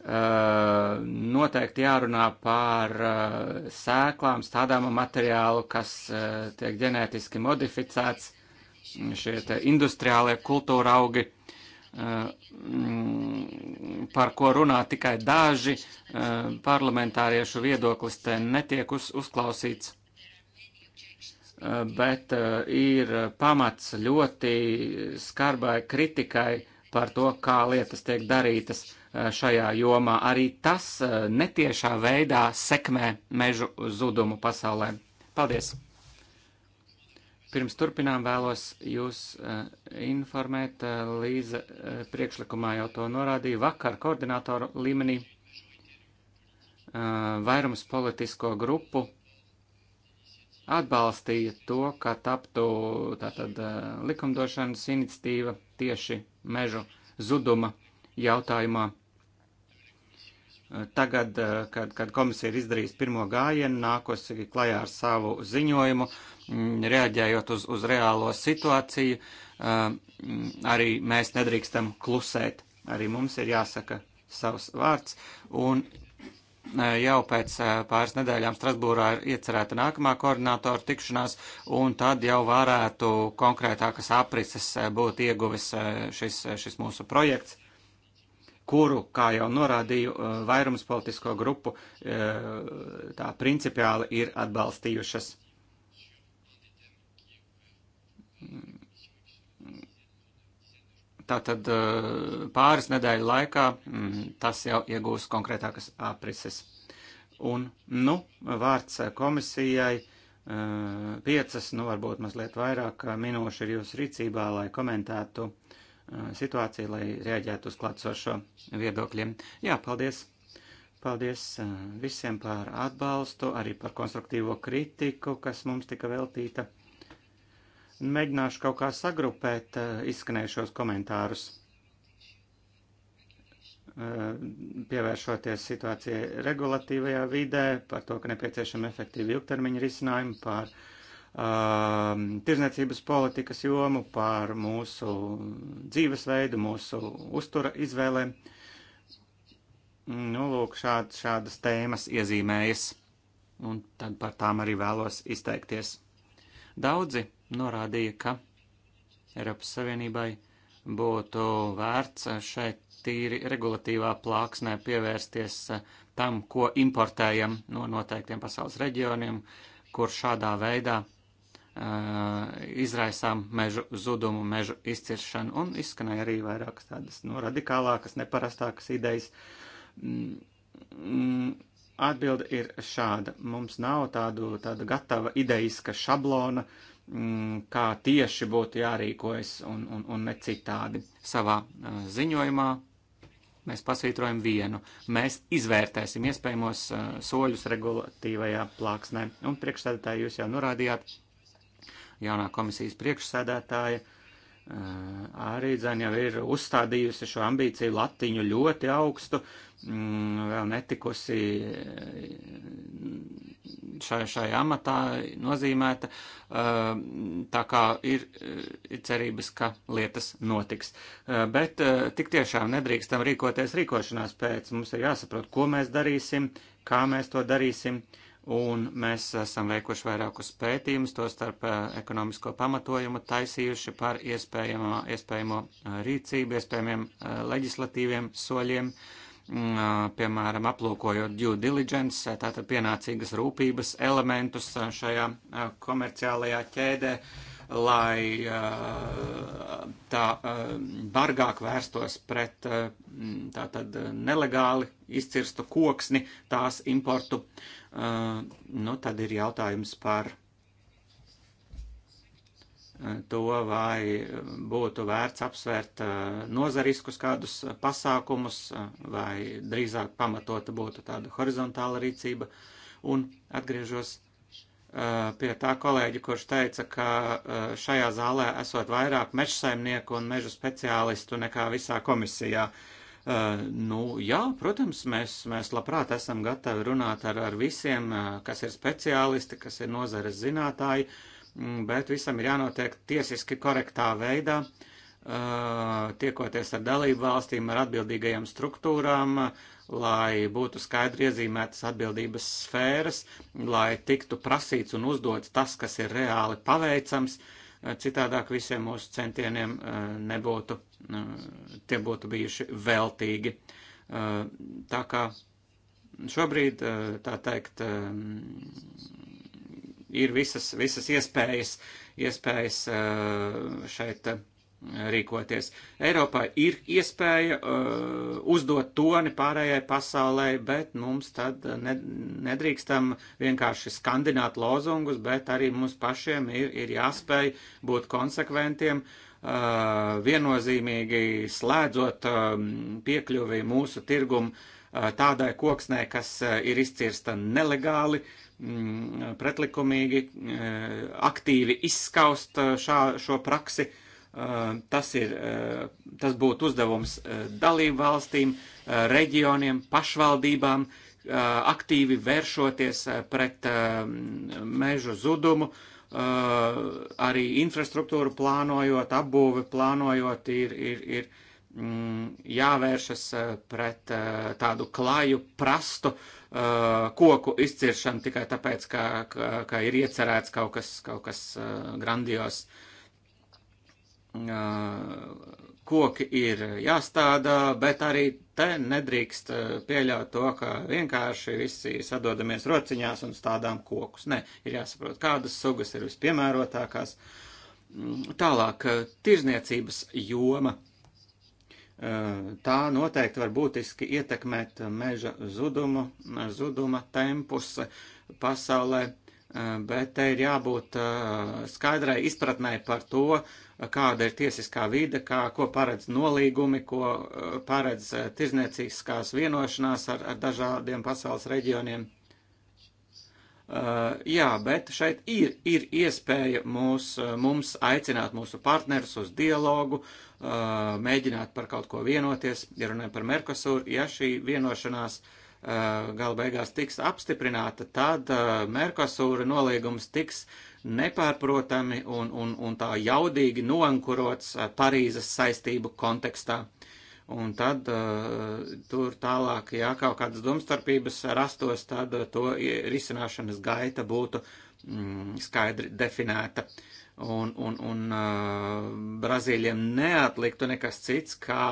Eh, noteikti jārunā par eh, sēklām, tādām materiālu, kas eh, tiek ģenētiski modificēts, šie industriālie kultūra augi, par ko runā tikai daži, parlamentāriešu viedoklis te netiek uz, uzklausīts. Bet ir pamats ļoti skarbai kritikai par to, kā lietas tiek darītas. Uh, Eh, šajā jomā. Arī tas eh, netiešā veidā sekmē mežu zudumu pasaulē. Paldies! Pirms turpinām vēlos jūs eh, informēt, Līza priekšlikumā jau to norādīja vakar koordinātoru līmenī. Vairums politisko grupu atbalstīja to, ka taptu tātad likumdošanas iniciatīva tieši mežu zuduma jautājumā. Eh, tagad, eh, kad, kad komisija ir izdarījusi pirmo gājienu, nākusi klajā ar savu ziņojumu, mm, reaģējot uz, uz reālo situāciju, eh, mm, arī mēs nedrīkstam klusēt. Arī mums ir jāsaka savs vārds. Un jau pēc pāris nedēļām Strasbūrā ir iecerēta nākamā koordinātora tikšanās, un tad jau varētu konkrētākas aprises būt ieguvis šis, šis mūsu projekts kuru, kā jau norādīju, eh, vairums politisko grupu eh, tā principiāli ir atbalstījušas. Tātad eh, pāris nedēļu laikā mm, tas jau iegūs konkrētākas aprises. Un, nu, vārds komisijai piecas, nu, varbūt mazliet vairāk minūšu ir jūsu rīcībā, lai komentētu Uh, situāciju, lai reaģētu uz klātsošo viedokļiem. Jā, paldies! Paldies uh, visiem par atbalstu, arī par konstruktīvo kritiku, kas mums tika veltīta. Mēģināšu kaut kā sagrupēt uh, izskanējušos komentārus, pievēršoties situācijai regulatīvajā vidē, par to, ka nepieciešama efektīva ilgtermiņa risinājuma, par uh, um, tirzniecības politikas jomu, par mūsu dzīvesveidu, mūsu uztura izvēlēm. Nu, lūk, šād, šādas tēmas iezīmējas, un tad par tām arī vēlos izteikties. Daudzi norādīja, ka Eiropas Savienībai būtu vērts šeit tīri regulatīvā plāksnē pievērsties tam, ko importējam no noteiktiem pasaules reģioniem, kur šādā veidā izraisām mežu zudumu, mežu izciršanu, un izskanēja arī vairākas tādas no nu, radikālākas, neparastākas idejas. Mm, mm, atbilde ir šāda. Mums nav tādu, tāda gatava idejiska šablona, mm, kā tieši būtu jārīkojas un, un, un ne citādi. Savā ziņojumā mēs pasvītrojam vienu. Mēs izvērtēsim iespējamos soļus regulatīvajā plāksnē. Un priekšstādātāji jūs jau norādījāt, jaunā komisijas priekšsēdētāja eh, arī dzēn jau ir uzstādījusi šo ambīciju latiņu ļoti augstu, mm, vēl netikusi eh, šai, šai amatā nozīmēta, eh, tā kā ir, ir cerības, ka lietas notiks. Bet tik tiešām nedrīkstam rīkoties rīkošanās pēc, mums ir jāsaprot, ko mēs darīsim, kā mēs to darīsim. Uh, un mēs esam veikuši vairākus pētījumus, to starp eh, ekonomisko pamatojumu taisījuši par iespējamo, iespējamo eh, rīcību, iespējamiem eh, leģislatīviem soļiem, mm, piemēram, aplūkojot due diligence, tātad pienācīgas rūpības elementus šajā komerciālajā ķēdē, lai tā bargāk vērstos pret mm, tātad nelegāli izcirstu koksni tās importu. Uh, Uh, nu, tad ir jautājums par uh, to, vai būtu vērts apsvērt uh, nozariskus kādus pasākumus, vai drīzāk pamatota būtu tāda horizontāla rīcība. Un atgriežos pie tā kolēģa, kurš teica, ka šajā zālē esot vairāk mežsaimnieku un mežu speciālistu nekā visā komisijā. Uh, Nu, jā, protams, mēs, mēs labprāt esam gatavi runāt ar, ar visiem, kas ir speciālisti, kas ir nozares zinātāji, bet visam ir jānotiek tiesiski korektā veidā tiekoties ar dalību valstīm, ar atbildīgajām struktūrām, lai būtu skaidri iezīmētas atbildības sfēras, lai tiktu prasīts un uzdots tas, kas ir reāli paveicams, uh, Eh, citādāk visiem mūsu centieniem eh, nebūtu, eh, tie būtu bijuši veltīgi. Tā kā šobrīd, tā teikt, ir visas, visas iespējas, iespējas šeit rīkoties. Eiropā ir iespēja uh, uzdot toni pārējai pasaulē, bet mums tad ne, nedrīkstam vienkārši skandināt lozungus, bet arī mums pašiem ir, ir jāspēj būt konsekventiem, uh, viennozīmīgi slēdzot uh, piekļuvi mūsu tirgumu uh, tādai koksnē, kas uh, ir izcirsta nelegāli, mm, pretlikumīgi, uh, aktīvi izskaust uh, šā, šo praksi. Uh, Eh, tas, ir, eh, tas būtu uzdevums eh, dalību valstīm, reģioniem, pašvaldībām, aktīvi vēršoties pret mežu zudumu, arī infrastruktūru plānojot, apbūvi plānojot, ir, ir, ir mm, jāvēršas pret tādu klaju, prastu koku izciršanu tikai tāpēc, ka, ka, ka ir iecerēts kaut kas, kaut kas grandios koki ir jāstādā, bet arī te nedrīkst pieļaut to, ka vienkārši visi sadodamies rociņās un stādām kokus. Nē, ir jāsaprot, kādas sugas ir vispiemērotākās. Mm, tālāk, tirzniecības joma. Tā noteikti var būtiski ietekmēt meža zudumu, zuduma tempus pasaulē Eh, bet te ir jābūt eh, skaidrai izpratnē par to, kāda ir tiesiskā vide, kā, ko paredz nolīgumi, ko eh, paredz tirzniecīskās vienošanās ar, ar dažādiem pasaules reģioniem. Jā, bet šeit ir, ir iespēja mūs, mums aicināt mūsu partnerus uz dialogu, mēģināt par kaut ko vienoties, ja runājam par Merkosuru, ja šī vienošanās uh, Eh, gala beigās tiks apstiprināta, tad eh, Merkosūra nolīgums tiks nepārprotami un, un, un tā jaudīgi noankurots eh, Parīzes saistību kontekstā. Un tad uh, tur tālāk, ja kaut kādas domstarpības rastos, tad uh, to risināšanas gaita būtu mm, skaidri definēta. Uh, un, un, un uh, Brazīļiem neatliktu nekas cits, kā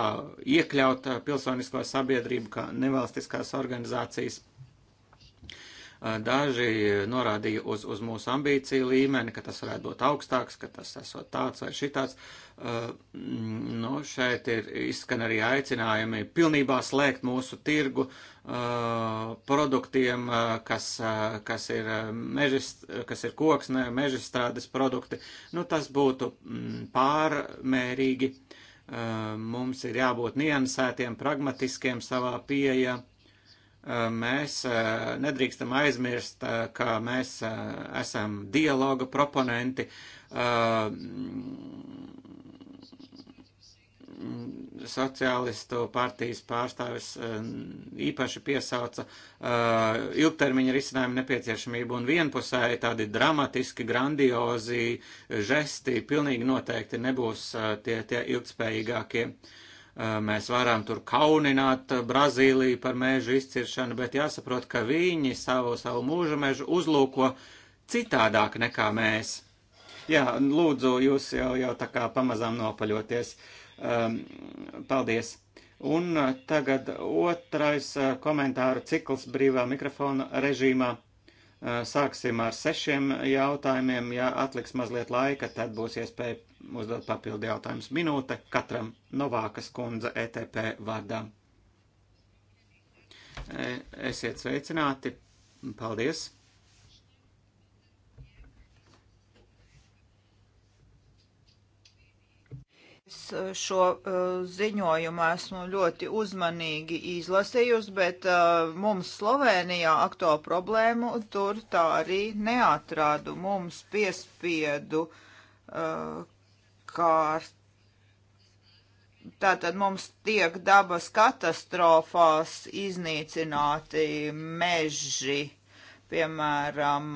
iekļaut uh, pilsonisko sabiedrību, kā nevalstiskās organizācijas Daži norādīja uz, uz mūsu ambīciju līmeni, ka tas varētu būt augstāks, ka tas esot tāds vai šitāds. Mm, nu, šeit ir izskan arī aicinājumi pilnībā slēgt mūsu tirgu produktiem, kas, kas ir mežas, kas ir koksne, mežastrādes produkti. Nu, tas būtu mm, pārmērīgi mums ir jābūt niansētiem, pragmatiskiem savā pieeja mēs eh, nedrīkstam aizmirst, eh, ka mēs eh, esam dialoga proponenti. Sociālistu partijas pārstāvis īpaši piesauca ilgtermiņa risinājumu nepieciešamību un vienpusēji tādi dramatiski, grandiozi žesti pilnīgi noteikti nebūs tie, tie ilgspējīgākie. Uh, Eh, mēs varam tur kaunināt eh, Brazīliju par mēžu izciršanu, bet jāsaprot, ka viņi savu, savu mūža mežu uzlūko citādāk nekā mēs. Jā, lūdzu, jūs jau, jau tā kā pamazām nopaļoties. Um, paldies! Un eh, tagad otrais komentāru cikls brīvā mikrofona režīmā. Sāksim ar sešiem jautājumiem. Ja atliks mazliet laika, tad būs iespēja uzdot papildu jautājumus. Minūte katram Novākas kundze ETP vārdā. E, esiet sveicināti. Paldies! Es e, šo uh, ziņojumu esmu ļoti uzmanīgi izlasījusi, bet uh, mums Slovenijā aktuālu problēmu tur tā arī neatrādu. Mums piespiedu uh, Pirmkārt, tātad mums tiek dabas katastrofās iznīcināti meži, piemēram,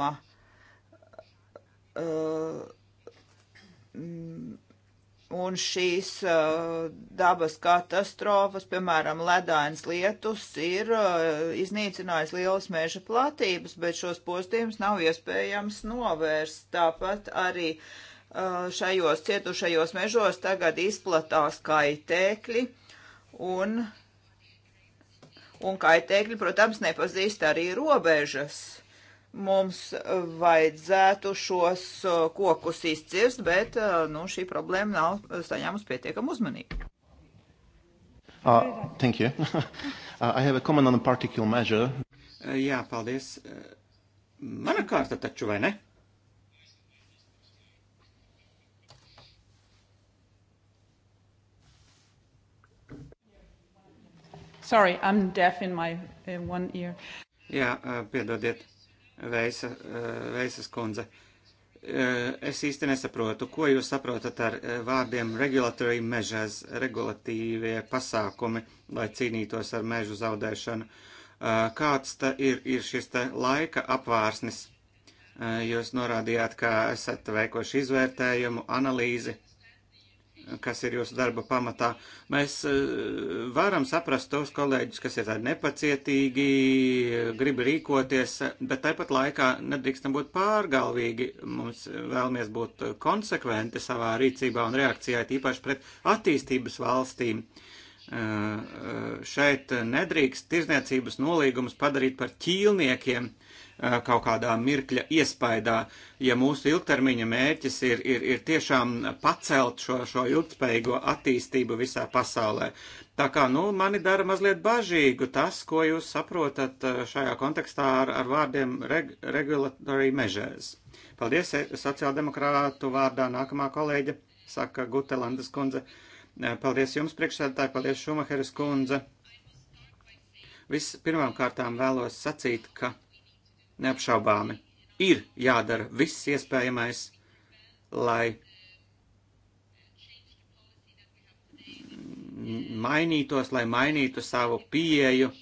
uh, un šīs uh, dabas katastrofas, piemēram, ledājums lietus, ir uh, iznīcinājis lielas meža platības, bet šos postījumus nav iespējams novērst. Tāpat arī uh, Uh, šajos cietušajos mežos tagad izplatās kaitēkļi, un, un kaitēkļi, protams, nepazīst arī robežas. Mums vajadzētu šos uh, kokus izcirst, bet uh, nu, šī problēma nav saņēmusi pietiekamu uzmanību. Uh, thank you. uh, I have a comment on a particular measure. Uh, jā, paldies. Mana kārta taču, vai ne? Sorry, I'm deaf in my in one ear. Jā, piedodiet, Veisa, Veisas kundze. Es īsti nesaprotu, ko jūs saprotat ar vārdiem regulatory measures, regulatīvie pasākumi, lai cīnītos ar mežu zaudēšanu. Kāds ta ir, ir šis ta laika apvārsnis? Jūs norādījāt, ka esat veikoši izvērtējumu, analīzi, kas ir jūsu darba pamatā. Mēs e, varam saprast tos kolēģus, kas ir tādi nepacietīgi, grib rīkoties, bet tāpat laikā nedrīkstam būt pārgalvīgi. Mums vēlamies būt konsekventi savā rīcībā un reakcijā, tīpaši pret attīstības valstīm. E, e, šeit nedrīkst tirzniecības nolīgumus padarīt par ķīlniekiem. Uh, kaut kādā mirkļa iespaidā. Ja mūsu ilgtermiņa mērķis ir, ir, ir tiešām pacelt šo, šo ilgspējīgo attīstību visā pasaulē. Tā kā, nu, mani dara mazliet bažīgu tas, ko jūs saprotat šajā kontekstā ar, ar vārdiem reg, regulatory measures. Paldies, e, sociāldemokrātu vārdā nākamā kolēģa, saka Gutelandes kundze. Paldies jums, priekšsēdētāji, paldies Šumaheres kundze. Vispirmām kārtām vēlos sacīt, ka neapšaubāmi ir jādara viss iespējamais, lai mainītos, lai mainītu savu pieeju,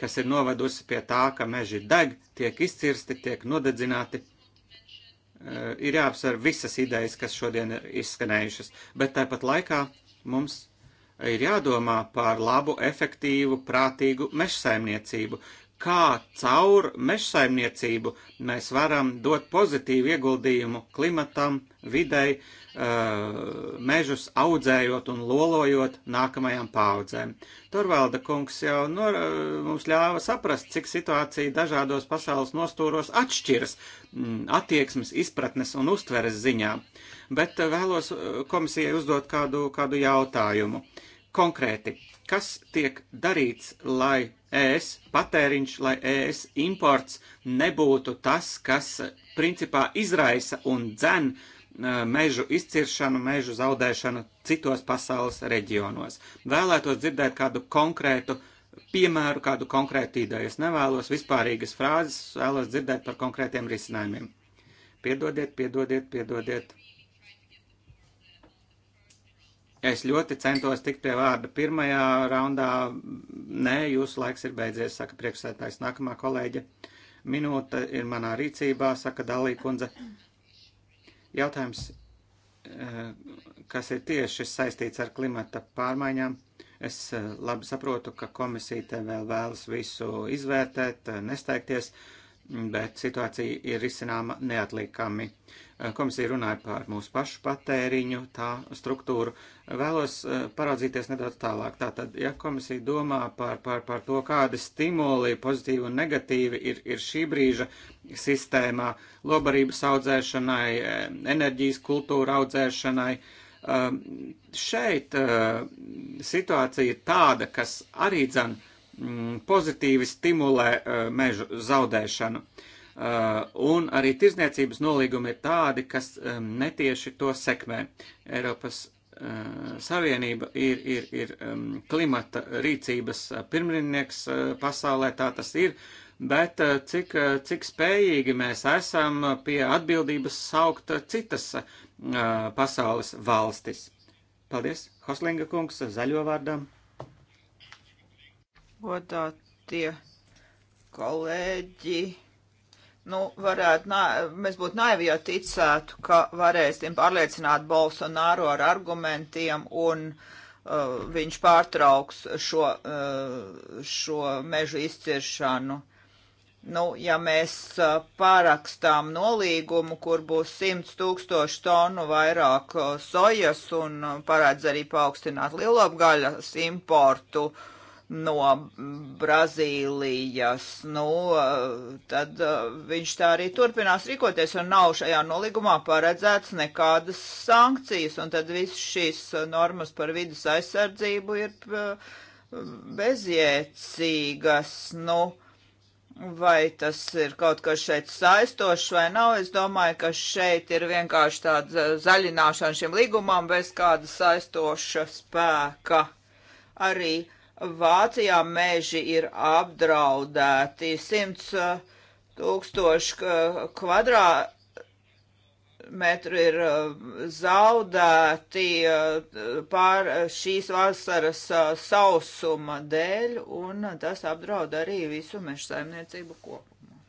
kas ir novedusi pie tā, ka meži deg, tiek izcirsti, tiek nodedzināti. Eh, ir jāapsver visas idejas, kas šodien ir izskanējušas, bet tāpat laikā mums ir jādomā par labu, efektīvu, prātīgu mežsaimniecību, kā caur mežsaimniecību mēs varam dot pozitīvu ieguldījumu klimatam, videi, eh, mežus audzējot un lolojot nākamajām paudzēm. Torvalda kungs jau nor, eh, mums ļāva saprast, cik situācija dažādos pasaules nostūros atšķiras mm, attieksmes, izpratnes un uztveres ziņā. Bet eh, vēlos komisijai uzdot kādu, kādu jautājumu. Konkrēti, Kas tiek darīts, lai ES patēriņš, lai ES imports nebūtu tas, kas eh, principā izraisa un dzen eh, mežu izciršanu, mežu zaudēšanu citos pasaules reģionos? Vēlētos dzirdēt kādu konkrētu piemēru, kādu konkrētu ideju. Es nevēlos vispārīgas frāzes, vēlos dzirdēt par konkrētiem risinājumiem. Piedodiet, piedodiet, piedodiet. Es ļoti centos tikt pie vārda pirmajā raundā. Nē, jūsu laiks ir beidzies, saka priekšsētājs. Nākamā kolēģe minūte ir manā rīcībā, saka Dalī kundze. Jautājums, eh, kas ir tieši saistīts ar klimata pārmaiņām. Es eh, labi saprotu, ka komisija te vēl vēlas visu izvērtēt, eh, nesteigties, bet situācija ir izcināma neatliekami. Uh, Eh, komisija runāja par mūsu pašu patēriņu, tā struktūru. Vēlos eh, paraudzīties nedaudz tālāk. Tātad, ja komisija domā par, par, par to, kādi stimuli, pozitīvi un negatīvi ir, ir šī brīža sistēmā, lobarības audzēšanai, eh, enerģijas kultūra audzēšanai, šeit situācija ir tāda, kas arī dzana mm, pozitīvi stimulē mežu zaudēšanu. Uh, Uh, un arī tirzniecības nolīgumi ir tādi, kas um, netieši to sekmē. Eiropas uh, Savienība ir, ir, ir um, klimata rīcības uh, pirmrinieks pasaulē, tā tas ir, bet cik, cik spējīgi mēs esam pie atbildības saukt citas pasaules valstis. Paldies, Hoslinga kungs, zaļo vārdām. Godātie kolēģi nu, varētu, nā, mēs būtu naivi, ja ticētu, ka varēsim pārliecināt Bolsonaro ar argumentiem un uh, viņš pārtrauks šo, uh, šo mežu izciršanu. Nu, ja mēs uh, pārakstām nolīgumu, kur būs 100 tūkstoši tonu vairāk uh, sojas un uh, paredz arī paaugstināt lielopgaļas importu, uh, no Brazīlijas, nu, tad uh, viņš tā arī turpinās rīkoties un nav šajā nolīgumā paredzēts nekādas sankcijas, un tad viss šīs normas par vidas aizsardzību ir uh, bezjēcīgas, nu, Vai tas ir kaut kas šeit saistošs vai nav? Es domāju, ka šeit ir vienkārši tāda uh, zaļināšana šim līgumam bez kāda saistoša spēka. Arī Vācijā meži ir apdraudēti 100 uh, tūkstoši kvadrā metru ir uh, zaudēti uh, pār šīs vasaras sausuma dēļ, un tas apdraud arī visu meža saimniecību kopumā.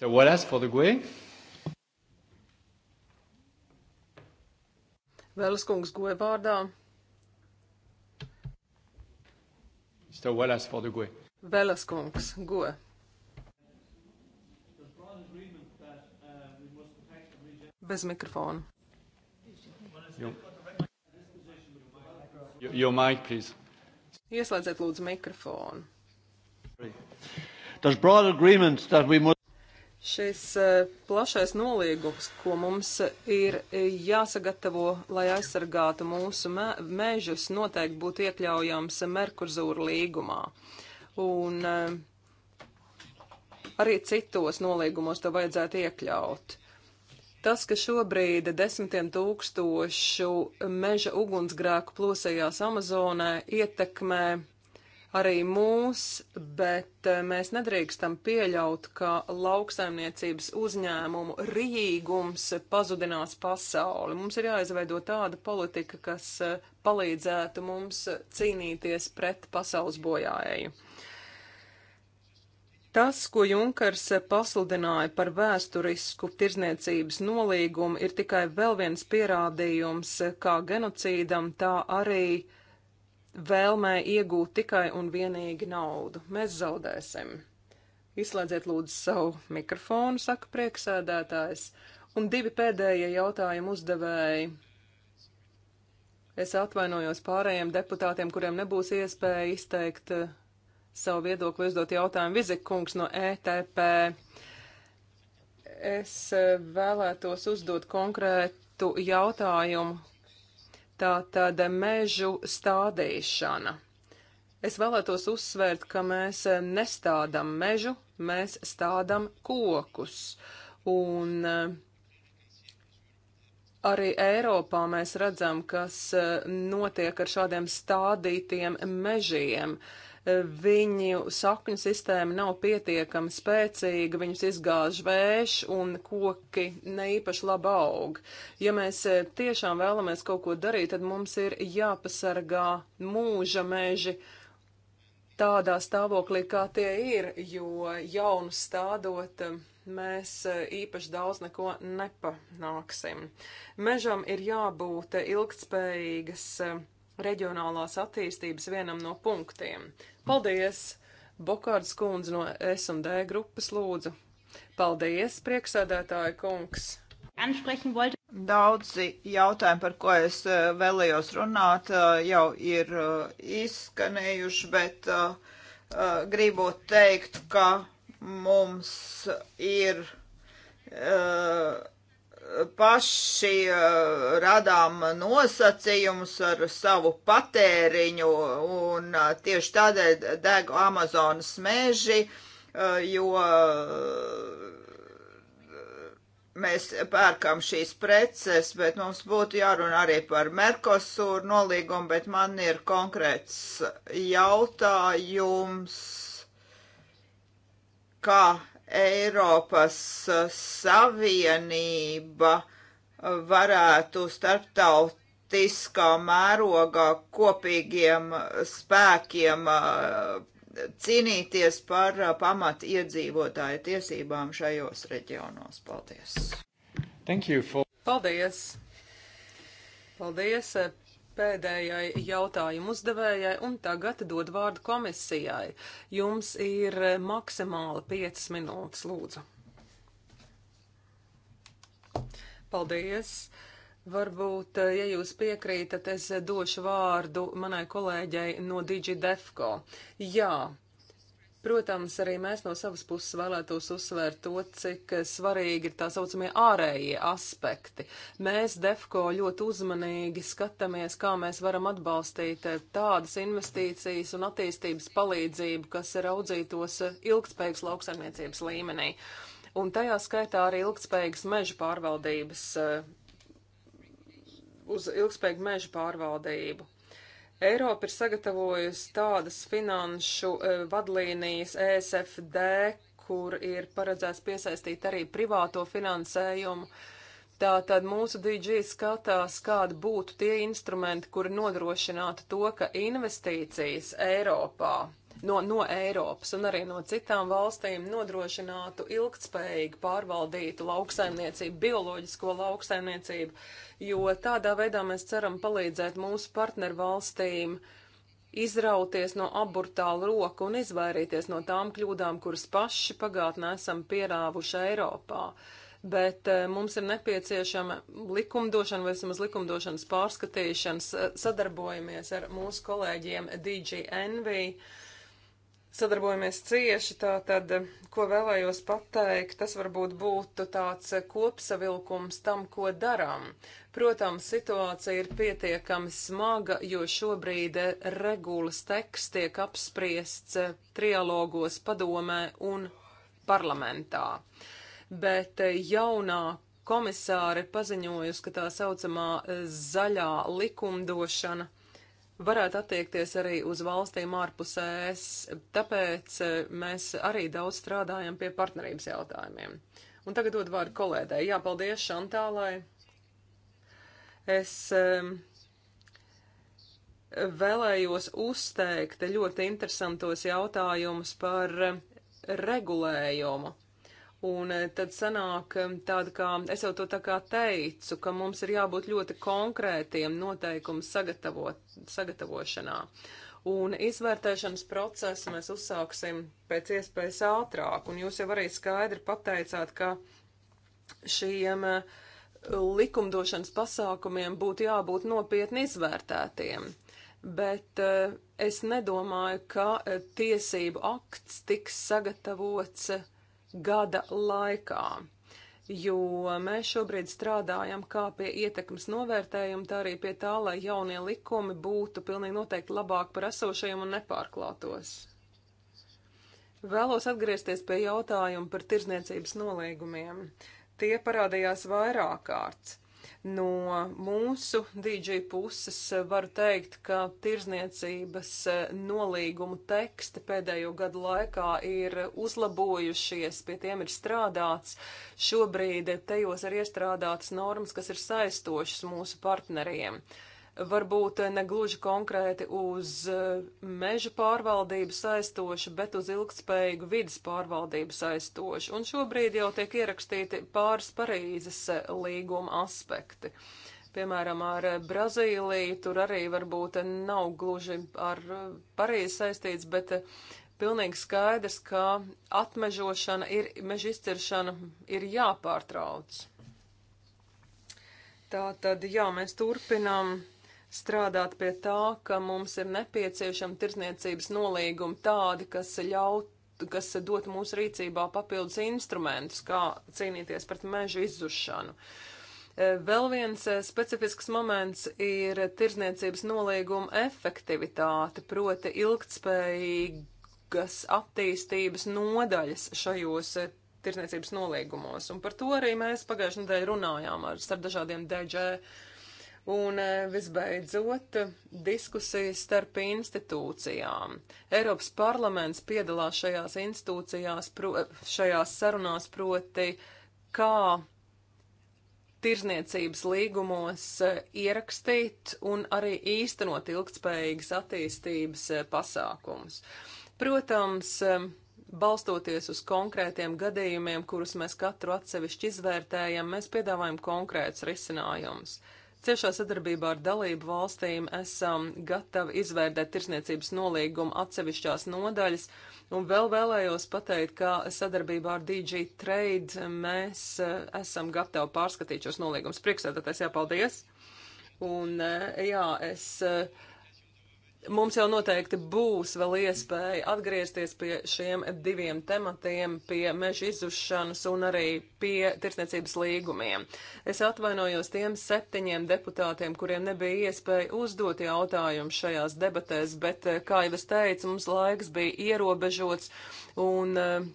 So what else for the GUE? Vēlas kungs GUE vārdā. Mr. Wallace for the GUE. Velas kungs, GUE. Bez mikrofona. Jum. Your mic, please. Ieslēdziet lūdzu mikrofonu. There's broad agreement that we must Šis eh, plašais nolīgums, ko mums ir eh, jāsagatavo, lai aizsargātu mūsu mežus, noteikti būtu iekļaujams Merkurzūra līgumā. Un eh, arī citos nolīgumos to vajadzētu iekļaut. Tas, ka šobrīd desmitiem tūkstošu meža ugunsgrēku plosējās Amazonē, ietekmē arī mūs, bet eh, mēs nedrīkstam pieļaut, ka lauksaimniecības uzņēmumu rīgums pazudinās pasauli. Mums ir jāizveido tāda politika, kas eh, palīdzētu mums cīnīties pret pasaules bojājēju. Tas, ko Junkers pasludināja par vēsturisku tirzniecības nolīgumu, ir tikai vēl viens pierādījums kā genocīdam, tā arī uh, vēlmē iegūt tikai un vienīgi naudu. Mēs zaudēsim. Izslēdziet lūdzu savu mikrofonu, saka prieksēdētājs. Un divi pēdējie jautājumu uzdevēji. Es atvainojos pārējiem deputātiem, kuriem nebūs iespēja izteikt eh, savu viedokli, uzdot jautājumu. Vizikungs no ETP. Es eh, vēlētos uzdot konkrētu jautājumu Tā tad mežu stādīšana. Es vēlētos uzsvērt, ka mēs nestādam mežu, mēs stādam kokus. Un eh, arī Eiropā mēs redzam, kas eh, notiek ar šādiem stādītiem mežiem. Uh, viņu sakņu sistēma nav pietiekami spēcīga, viņus izgāž vējš un koki neīpaši labi aug. Ja mēs e, tiešām vēlamies kaut ko darīt, tad mums ir jāpasargā mūža meži tādā stāvoklī, kā tie ir, jo jaunu stādot e, mēs e, īpaši daudz neko nepanāksim. Mežam ir jābūt ilgtspējīgas reģionālās attīstības vienam no punktiem. Paldies! Bokārdas kundze no S&D grupas lūdzu. Paldies, prieksēdētāja kungs! Daudzi jautājumi, par ko es eh, vēlējos runāt, eh, jau ir eh, izskanējuši, bet gribu teikt, ka mums ir uh, paši uh, radām nosacījumus ar savu patēriņu, un uh, tieši tādēļ deg Amazonas meži, uh, jo mēs pērkam šīs preces, bet mums būtu jārunā arī par Merkosūru nolīgumu, bet man ir konkrēts jautājums, kā Eiropas Savienība varētu starptaut politiskā mērogā kopīgiem spēkiem uh, cīnīties par uh, pamat iedzīvotāju tiesībām šajos reģionos. Paldies! Thank you for... Paldies! Paldies eh, pēdējai jautājumu uzdevējai un tagad dod vārdu komisijai. Jums ir eh, maksimāli 5 minūtes, lūdzu. Paldies! Varbūt, eh, ja jūs piekrītat, es došu vārdu manai kolēģei no DigiDefco. Jā, Protams, arī mēs no savas puses vēlētos uzsvērt to, cik svarīgi ir tā saucamie ārējie aspekti. Mēs DEFCO ļoti uzmanīgi skatāmies, kā mēs varam atbalstīt tādas investīcijas un attīstības palīdzību, kas raudzītos ilgspējīgas lauksaimniecības līmenī. Un tajā skaitā arī ilgspējīgas meža pārvaldības, uz ilgspējīgu meža pārvaldību. Eiropa ir sagatavojusi tādas finanšu e, vadlīnijas ESFD, kur ir paredzēts piesaistīt arī privāto finansējumu. Tātad mūsu DG skatās, kādi būtu tie instrumenti, kuri nodrošinātu to, ka investīcijas Eiropā no, no Eiropas un arī no citām valstīm nodrošinātu ilgtspējīgi pārvaldītu lauksaimniecību, bioloģisko lauksaimniecību, jo tādā veidā mēs ceram palīdzēt mūsu partneru valstīm izrauties no aburtāla roka un izvairīties no tām kļūdām, kuras paši pagātnē esam pierāvuši Eiropā bet eh, mums ir nepieciešama likumdošana vai vismaz likumdošanas pārskatīšanas. Eh, sadarbojamies ar mūsu kolēģiem DGNV sadarbojamies cieši, tā tad, ko vēlējos pateikt, tas varbūt būtu tāds kopsavilkums tam, ko darām. Protams, situācija ir pietiekami smaga, jo šobrīd regulas teksts tiek apspriests trialogos padomē un parlamentā. Bet jaunā komisāre paziņojusi, ka tā saucamā zaļā likumdošana varētu attiekties arī uz valstīm ārpus ES, tāpēc eh, mēs arī daudz strādājam pie partnerības jautājumiem. Un tagad dod vārdu kolēdē. Jā, paldies Šantālai. Es um, vēlējos uzteikt ļoti interesantos jautājumus par regulējumu. Un eh, tad sanāk eh, tāda kā, es jau to tā kā teicu, ka mums ir jābūt ļoti konkrētiem noteikumu sagatavo, sagatavošanā. Un izvērtēšanas procesu mēs uzsāksim pēc iespējas ātrāk. Un jūs jau arī skaidri pateicāt, ka šiem eh, likumdošanas pasākumiem būtu jābūt nopietni izvērtētiem bet uh, es nedomāju, ka uh, tiesību akts tiks sagatavots uh, gada laikā jo mēs šobrīd strādājam kā pie ietekmes novērtējuma, tā arī pie tā, lai jaunie likumi būtu pilnīgi noteikti labāk par esošajiem un nepārklātos. Vēlos atgriezties pie jautājuma par tirzniecības nolīgumiem. Tie parādījās vairāk kārts. No mūsu DJ puses var teikt, ka tirzniecības eh, nolīgumu teksti pēdējo gadu laikā ir uzlabojušies, pie tiem ir strādāts. Šobrīd eh, tajos ir iestrādātas normas, kas ir saistošas mūsu partneriem. Uh, varbūt negluži konkrēti uz eh, meža pārvaldību saistoši, bet uz ilgspējīgu vidas pārvaldību saistoši. Un šobrīd jau tiek ierakstīti pāris Parīzes eh, līguma aspekti. Piemēram, ar eh, Brazīliju tur arī varbūt nav gluži ar Parīzi saistīts, bet pilnīgi skaidrs, ka atmežošana ir, meža izciršana ir jāpārtrauc. Tā tad, jā, mēs turpinām strādāt pie tā, ka mums ir nepieciešama tirzniecības nolīguma tādi, kas ļaut, kas dot mūsu rīcībā papildus instrumentus, kā cīnīties pret mežu izzušanu. E, vēl viens e, specifisks moments ir tirzniecības nolīguma efektivitāte, proti ilgtspējīgas attīstības nodaļas šajos e, tirzniecības nolīgumos. Un par to arī mēs pagājušajā nedēļā runājām ar starp dažādiem DG Un eh, visbeidzot, diskusijas starp institūcijām. Eiropas parlaments piedalās šajās institūcijās, pro, šajās sarunās proti, kā tirzniecības līgumos eh, ierakstīt un arī īstenot ilgtspējīgas attīstības eh, pasākumus. Protams, balstoties uz konkrētiem gadījumiem, kurus mēs katru atsevišķi izvērtējam, mēs piedāvājam konkrēts risinājums. Ciešā sadarbībā ar dalību valstīm esam gatavi izvērtēt tirsniecības nolīgumu atsevišķās nodaļas, un vēl vēlējos pateikt, ka sadarbībā ar DG Trade mēs eh, esam gatavi pārskatīt šos nolīgumus. Priekšsēdētājs jāpaldies! Un eh, jā, es. Uh, Mums jau noteikti būs vēl iespēja atgriezties pie šiem diviem tematiem, pie meža izušanas un arī pie tirsniecības līgumiem. Es atvainojos tiem septiņiem deputātiem, kuriem nebija iespēja uzdot jautājumu šajās debatēs, bet, eh, kā jau es teicu, mums laiks bija ierobežots un eh,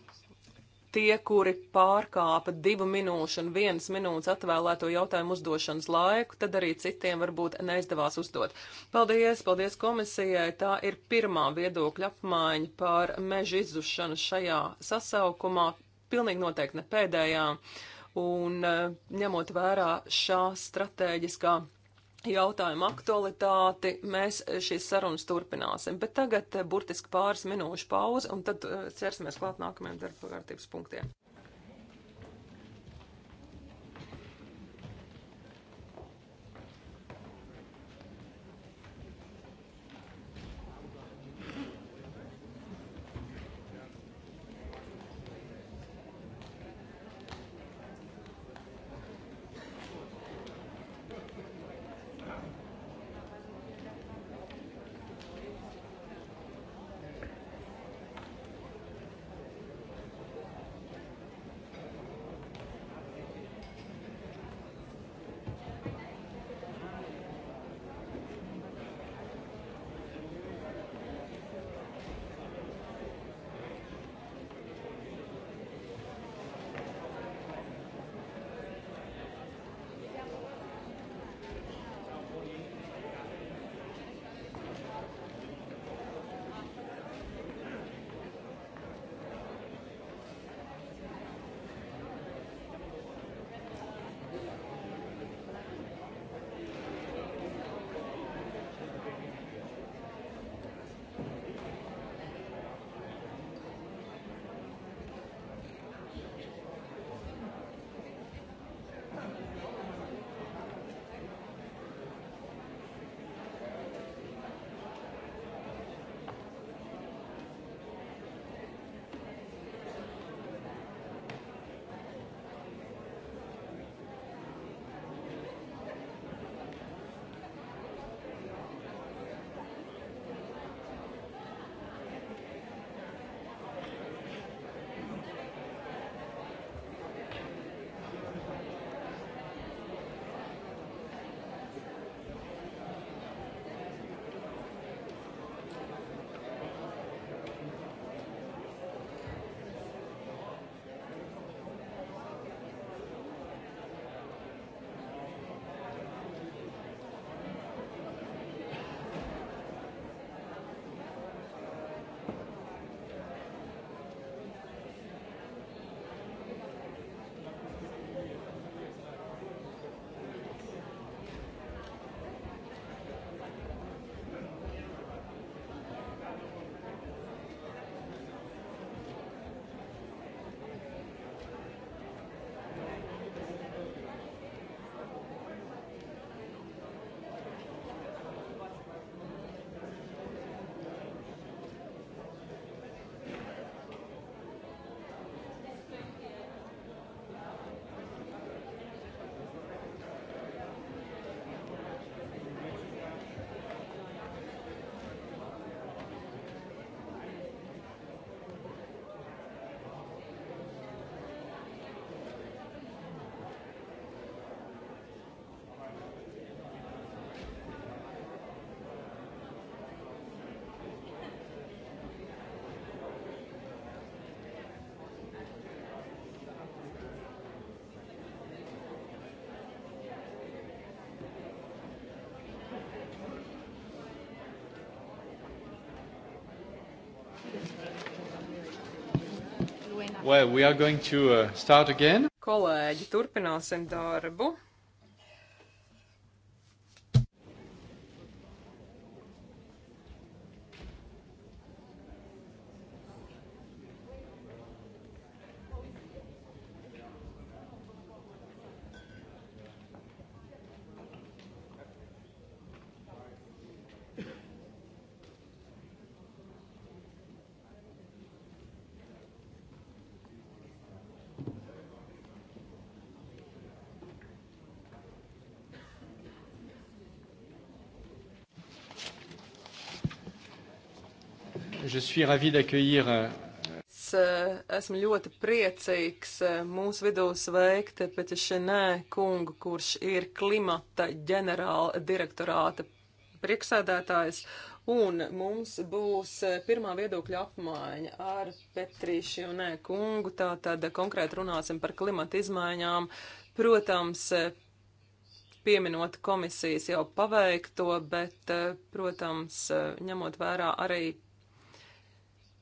tie, kuri pārkāpa divu minūšu un vienas minūtes atvēlēto jautājumu uzdošanas laiku, tad arī citiem varbūt neizdevās uzdot. Paldies, paldies komisijai. Tā ir pirmā viedokļa apmaiņa par meža izzušanu šajā sasaukumā. Pilnīgi noteikti ne pēdējā. Un eh, ņemot vērā šā stratēģiskā jautājumu aktualitāti, mēs šīs sarunas turpināsim. Bet tagad eh, burtiski pāris minūšu pauze, un tad eh, ķersimies klāt nākamajiem darba kārtības punktiem. Well, we are going to uh, start again. Kolēģi, turpināsim darbu. Je suis ravi d'accueillir. Euh, es eh, esmu ļoti priecīgs eh, mūsu vidū sveikt Petišenē kungu, kurš ir klimata ģenerāla direktorāta priekšsēdētājs, un mums būs eh, pirmā viedokļa apmaiņa ar Petrišenē kungu, tātad konkrēti runāsim par klimata izmaiņām. Protams, pieminot komisijas jau paveikto, bet, protams, ņemot vērā arī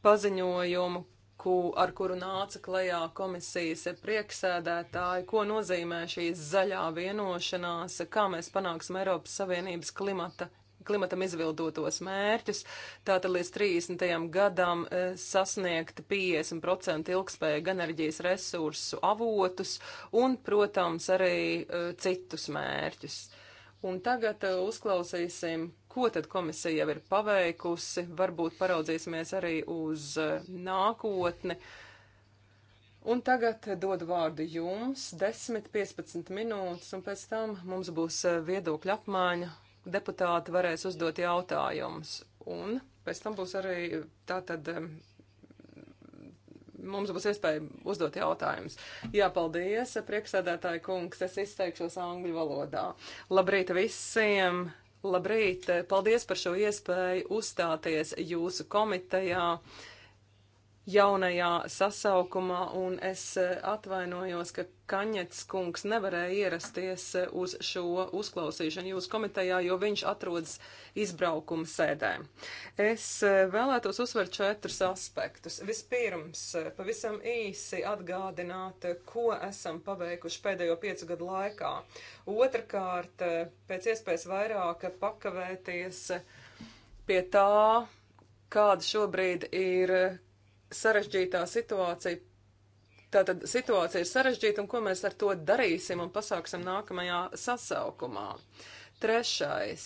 paziņojumu, ku, ar kuru nāca klajā komisijas prieksēdētāji, ko nozīmē šī zaļā vienošanās, kā mēs panāksim Eiropas Savienības klimata klimatam izvildotos mērķus, tātad līdz 30. gadam e, sasniegt 50% ilgspējīgu enerģijas resursu avotus un, protams, arī e, citus mērķus. Uh, Un tagad uh, uzklausīsim, ko tad komisija jau ir paveikusi, varbūt paraudzīsimies arī uz uh, nākotni. Un tagad eh, dodu vārdu jums 10-15 minūtes, un pēc tam mums būs uh, viedokļa apmaiņa. Deputāti varēs uzdot jautājumus, un pēc tam būs arī tātad. Um, mums būs iespēja uzdot jautājumus. Jā, paldies, priekšsēdētāji kungs, es izteikšos angļu valodā. Labrīt visiem! Labrīt! Paldies par šo iespēju uzstāties jūsu komitejā. Uh, jaunajā sasaukumā, un es e, atvainojos, ka Kaņets kungs nevarēja ierasties e, uz šo uzklausīšanu jūsu komitejā, jo viņš atrodas izbraukuma sēdē. Es e, vēlētos uzsvert četrus aspektus. Vispirms, pavisam īsi atgādināt, ko esam paveikuši pēdējo piecu gadu laikā. Otrakārt, pēc iespējas vairāk pakavēties pie tā, kāda šobrīd ir sarežģītā situācija. Tātad situācija ir sarežģīta, un ko mēs ar to darīsim un pasāksim nākamajā sasaukumā. Trešais.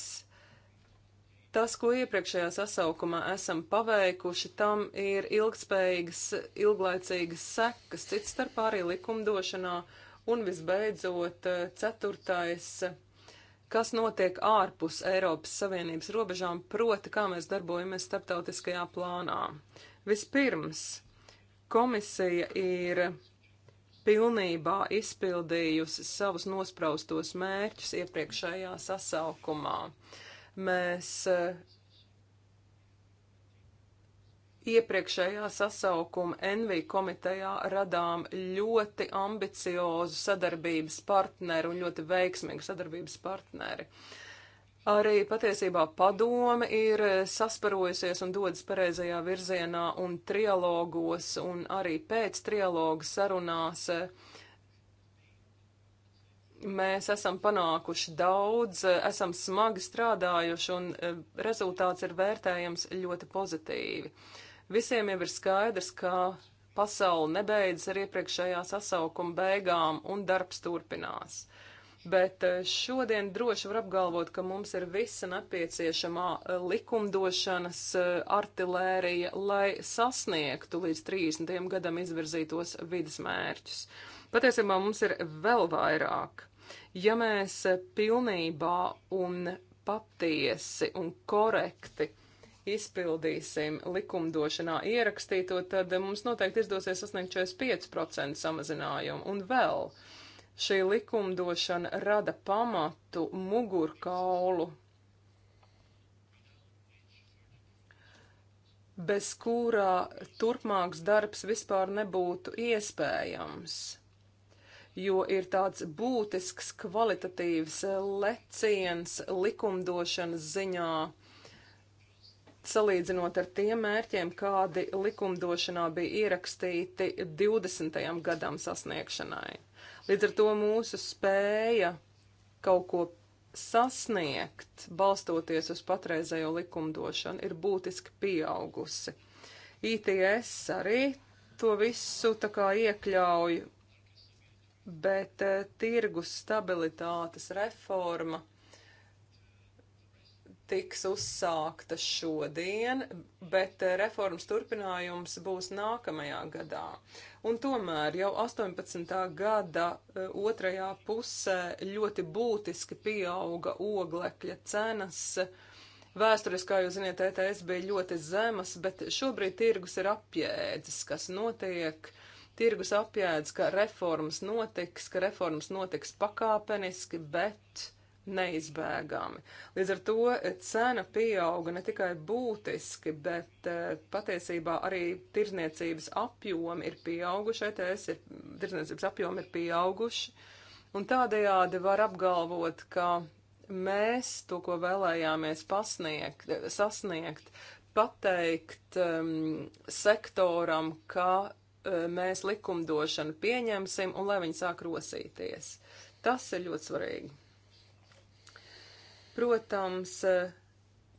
Tas, ko iepriekšējā sasaukumā esam paveikuši, tam ir ilgspējīgas, ilglaicīgas sekas, cits starpā arī likumdošanā, un visbeidzot ceturtais, kas notiek ārpus Eiropas Savienības robežām, proti, kā mēs darbojamies starptautiskajā plānā. Vispirms, komisija ir pilnībā izpildījusi savus nospraustos mērķus iepriekšējā sasaukumā. Mēs eh, Iepriekšējā sasaukuma NV komitejā radām ļoti ambiciozu sadarbības partneri un ļoti veiksmīgu sadarbības partneri. Uh, Arī patiesībā padome ir eh, sasparojusies un dodas pareizajā virzienā un trialogos un arī pēc trialoga sarunās eh, mēs esam panākuši daudz, eh, esam smagi strādājuši un rezultāts ir vērtējams ļoti pozitīvi. Visiem jau ir skaidrs, ka pasauli nebeidzas ar iepriekšējā sasaukuma beigām un darbs turpinās bet eh, šodien droši var apgalvot, ka mums ir visa nepieciešamā eh, likumdošanas eh, artilērija, lai sasniegtu līdz 30. gadam izvirzītos vidas mērķus. Patiesībā mums ir vēl vairāk. Ja mēs pilnībā un patiesi un korekti izpildīsim likumdošanā ierakstīto, tad mums noteikti izdosies sasniegt 45% samazinājumu un vēl. Uh, Šī likumdošana rada pamatu mugurkaulu, bez kurā turpmāks darbs vispār nebūtu iespējams jo ir tāds būtisks kvalitatīvs leciens likumdošanas ziņā, salīdzinot ar tiem mērķiem, kādi likumdošanā bija ierakstīti 20. gadam sasniegšanai. Līdz ar to mūsu spēja kaut ko sasniegt, balstoties uz patreizējo likumdošanu, ir būtiski pieaugusi. ITS arī to visu tā kā iekļauj, bet e, tirgus stabilitātes reforma tiks uzsākta šodien, bet eh, reformas turpinājums būs nākamajā gadā. Un tomēr jau 18. gada eh, otrajā pusē ļoti būtiski pieauga oglekļa cenas. Vēsturiski, kā jūs zināt, ETS bija ļoti zemas, bet šobrīd tirgus ir apjēdzis, kas notiek tirgus apjēdz, ka reformas notiks, ka reformas notiks pakāpeniski, bet neizbēgami. Līdz ar to cena pieauga ne tikai būtiski, bet eh, patiesībā arī tirzniecības apjomi ir pieauguši, ETS ir, tirzniecības apjomi ir pieauguši, un tādējādi var apgalvot, ka mēs to, ko vēlējāmies pasniegt, sasniegt, pateikt um, sektoram, ka um, mēs likumdošanu pieņemsim un lai viņi sāk rosīties. Tas ir ļoti svarīgi. Protams,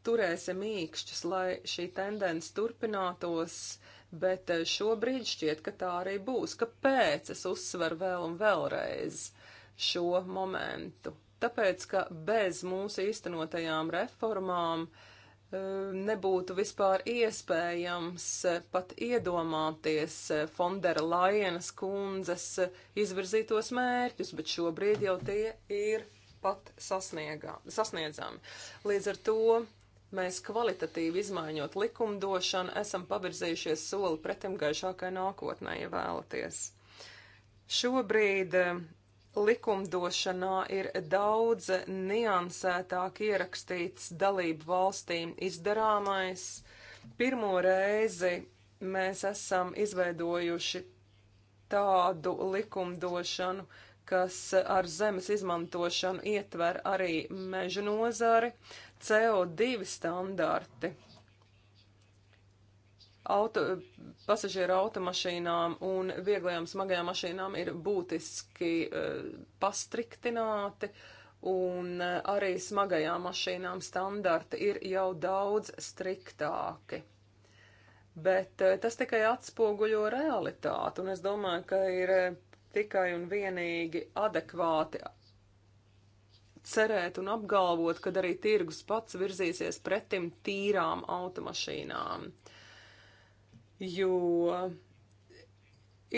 turēsim īkšķus, lai šī tendence turpinātos, bet eh, šobrīd šķiet, ka tā arī būs. Kāpēc es uzsveru vēl un vēlreiz šo momentu? Tāpēc, ka bez mūsu īstenotajām reformām eh, nebūtu vispār iespējams eh, pat iedomāties Fondera Lajenas kundzes izvirzītos mērķus, bet šobrīd jau tie ir pat sasniegā, sasniedzami. Līdz ar to mēs kvalitatīvi izmaiņot likumdošanu esam pavirzījušies soli pretim gaišākai nākotnē, ja vēlaties. Šobrīd eh, likumdošanā ir daudz niansētāk ierakstīts dalību valstīm izdarāmais. Pirmo reizi mēs esam izveidojuši tādu likumdošanu, kas ar zemes izmantošanu ietver arī meža nozari, CO2 standarti auto, pasažieru automašīnām un vieglajām smagajām mašīnām ir būtiski uh, pastriktināti, un uh, arī smagajām mašīnām standarti ir jau daudz striktāki. Bet uh, tas tikai atspoguļo realitāti, un es domāju, ka ir tikai un vienīgi adekvāti cerēt un apgalvot, ka arī tirgus pats virzīsies pretim tīrām automašīnām. Jo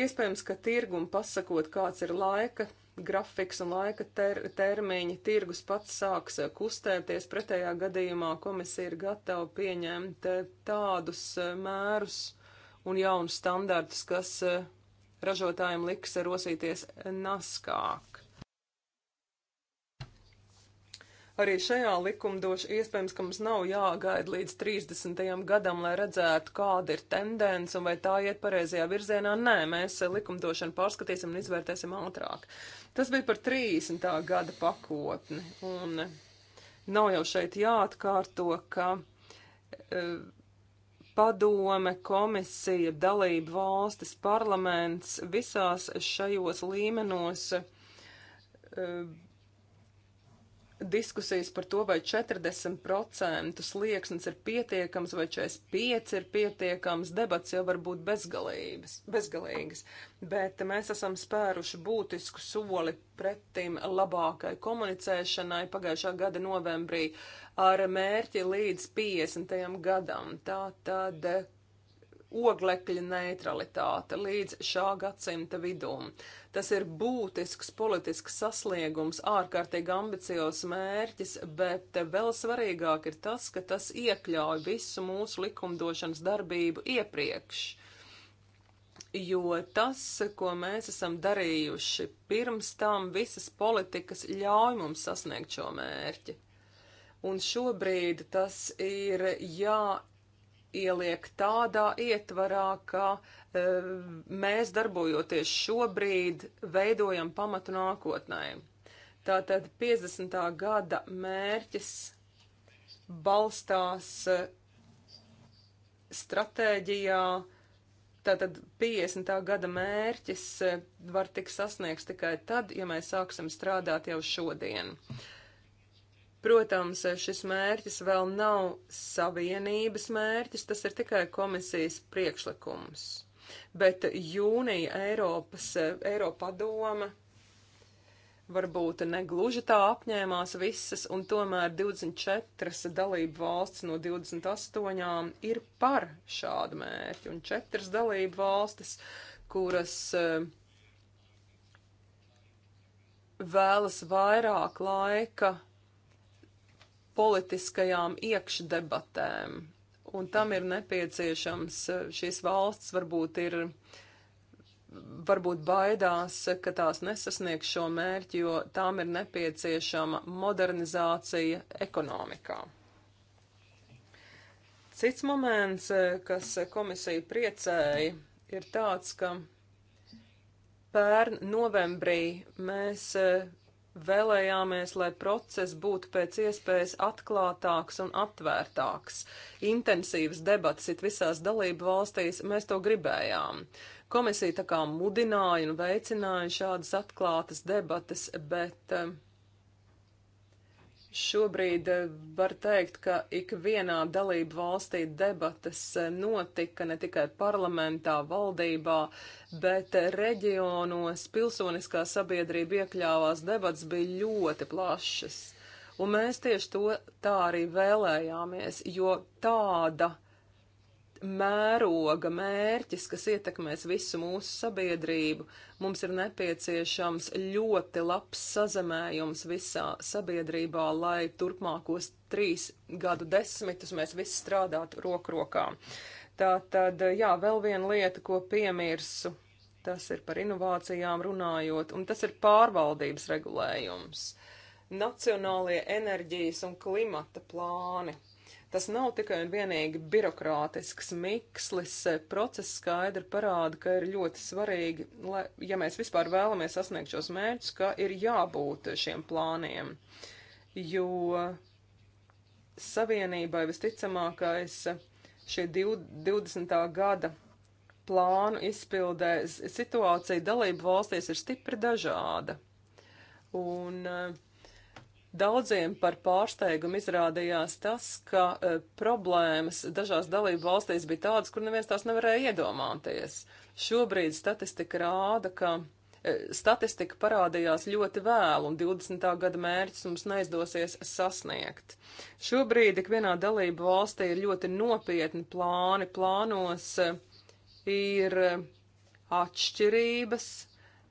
iespējams, ka tirgum pasakot, kāds ir laika grafiks un laika ter termiņi, tirgus pats sāks kustēties. Pretējā gadījumā komisija ir gatava pieņemt tādus mērus un jaunus standartus, kas ražotājiem liks rosīties naskāk. Arī šajā likumdošā iespējams, ka mums nav jāgaida līdz 30. gadam, lai redzētu, kāda ir tendence un vai tā iet pareizajā virzienā. Nē, mēs likumdošanu pārskatīsim un izvērtēsim ātrāk. Tas bija par 30. gada pakotni. Un nav jau šeit jāatkārto, ka. Uh, padome, komisija, dalība valstis, parlaments visās šajos līmenos eh, diskusijas par to, vai 40% slieksnis ir pietiekams, vai 45% ir pietiekams, debats jau var būt bezgalīgas, bet mēs esam spēruši būtisku soli pretim labākai komunicēšanai pagājušā gada novembrī ar mērķi līdz 50. gadam. Tā tad oglekļa neutralitāte līdz šā gadsimta vidum. Tas ir būtisks politisks sasniegums, ārkārtīgi ambiciozs mērķis, bet vēl svarīgāk ir tas, ka tas iekļauj visu mūsu likumdošanas darbību iepriekš. Jo tas, ko mēs esam darījuši pirms tam, visas politikas ļauj mums sasniegt šo mērķi. Un šobrīd tas ir jā ieliek tādā ietvarā, ka e, mēs darbojoties šobrīd veidojam pamatu nākotnē. Tātad 50. gada mērķis balstās e, stratēģijā, tātad 50. gada mērķis e, var tik sasniegts tikai tad, ja mēs sāksim strādāt jau šodien. Uh, Protams, šis mērķis vēl nav savienības mērķis, tas ir tikai komisijas priekšlikums. Bet jūnija Eiropas, Eiropa doma varbūt negluži tā apņēmās visas, un tomēr 24 dalību valsts no 28 ir par šādu mērķi, un 4 dalību valstis, kuras eh, vēlas vairāk laika politiskajām iekšdebatēm. Un tam ir nepieciešams e, šīs valsts varbūt ir, varbūt baidās, ka tās nesasniegs šo mērķi, jo tām ir nepieciešama modernizācija ekonomikā. Cits moments, e, kas komisiju priecēja, ir tāds, ka pērn novembrī mēs e, Vēlējāmies, lai process būtu pēc iespējas atklātāks un atvērtāks. Intensīvas debatas it visās dalību valstīs mēs to gribējām. Komisija tā kā mudināja un veicināja šādas atklātas debatas, bet uh, Šobrīd eh, var teikt, ka ikvienā dalību valstī debatas eh, notika ne tikai parlamentā, valdībā, bet eh, reģionos pilsoniskā sabiedrība iekļāvās debats bija ļoti plašas. Un mēs tieši to tā arī vēlējāmies, jo tāda mēroga mērķis, kas ietekmēs visu mūsu sabiedrību, mums ir nepieciešams ļoti labs sazemējums visā sabiedrībā, lai turpmākos trīs gadu desmitus mēs visi strādātu roku rokā. Tā tad, jā, vēl viena lieta, ko piemirsu, tas ir par inovācijām runājot, un tas ir pārvaldības regulējums. Nacionālie enerģijas un klimata plāni. Tas nav tikai un vienīgi birokrātisks mikslis. Process skaidri parāda, ka ir ļoti svarīgi, lai, ja mēs vispār vēlamies sasniegt šos mērķus, ka ir jābūt šiem plāniem. Jo savienībai visticamākais šie 20. gada plānu izpildē situācija dalību valstīs ir stipri dažāda. Un uh, Daudziem par pārsteigumu izrādījās tas, ka e, problēmas dažās dalību valstīs bija tādas, kur neviens tās nevarēja iedomāties. Šobrīd statistika rāda, ka e, statistika parādījās ļoti vēlu un 20. gada mērķis mums neizdosies sasniegt. Šobrīd ikvienā dalību valstī ir ļoti nopietni plāni, plānos e, ir e, atšķirības,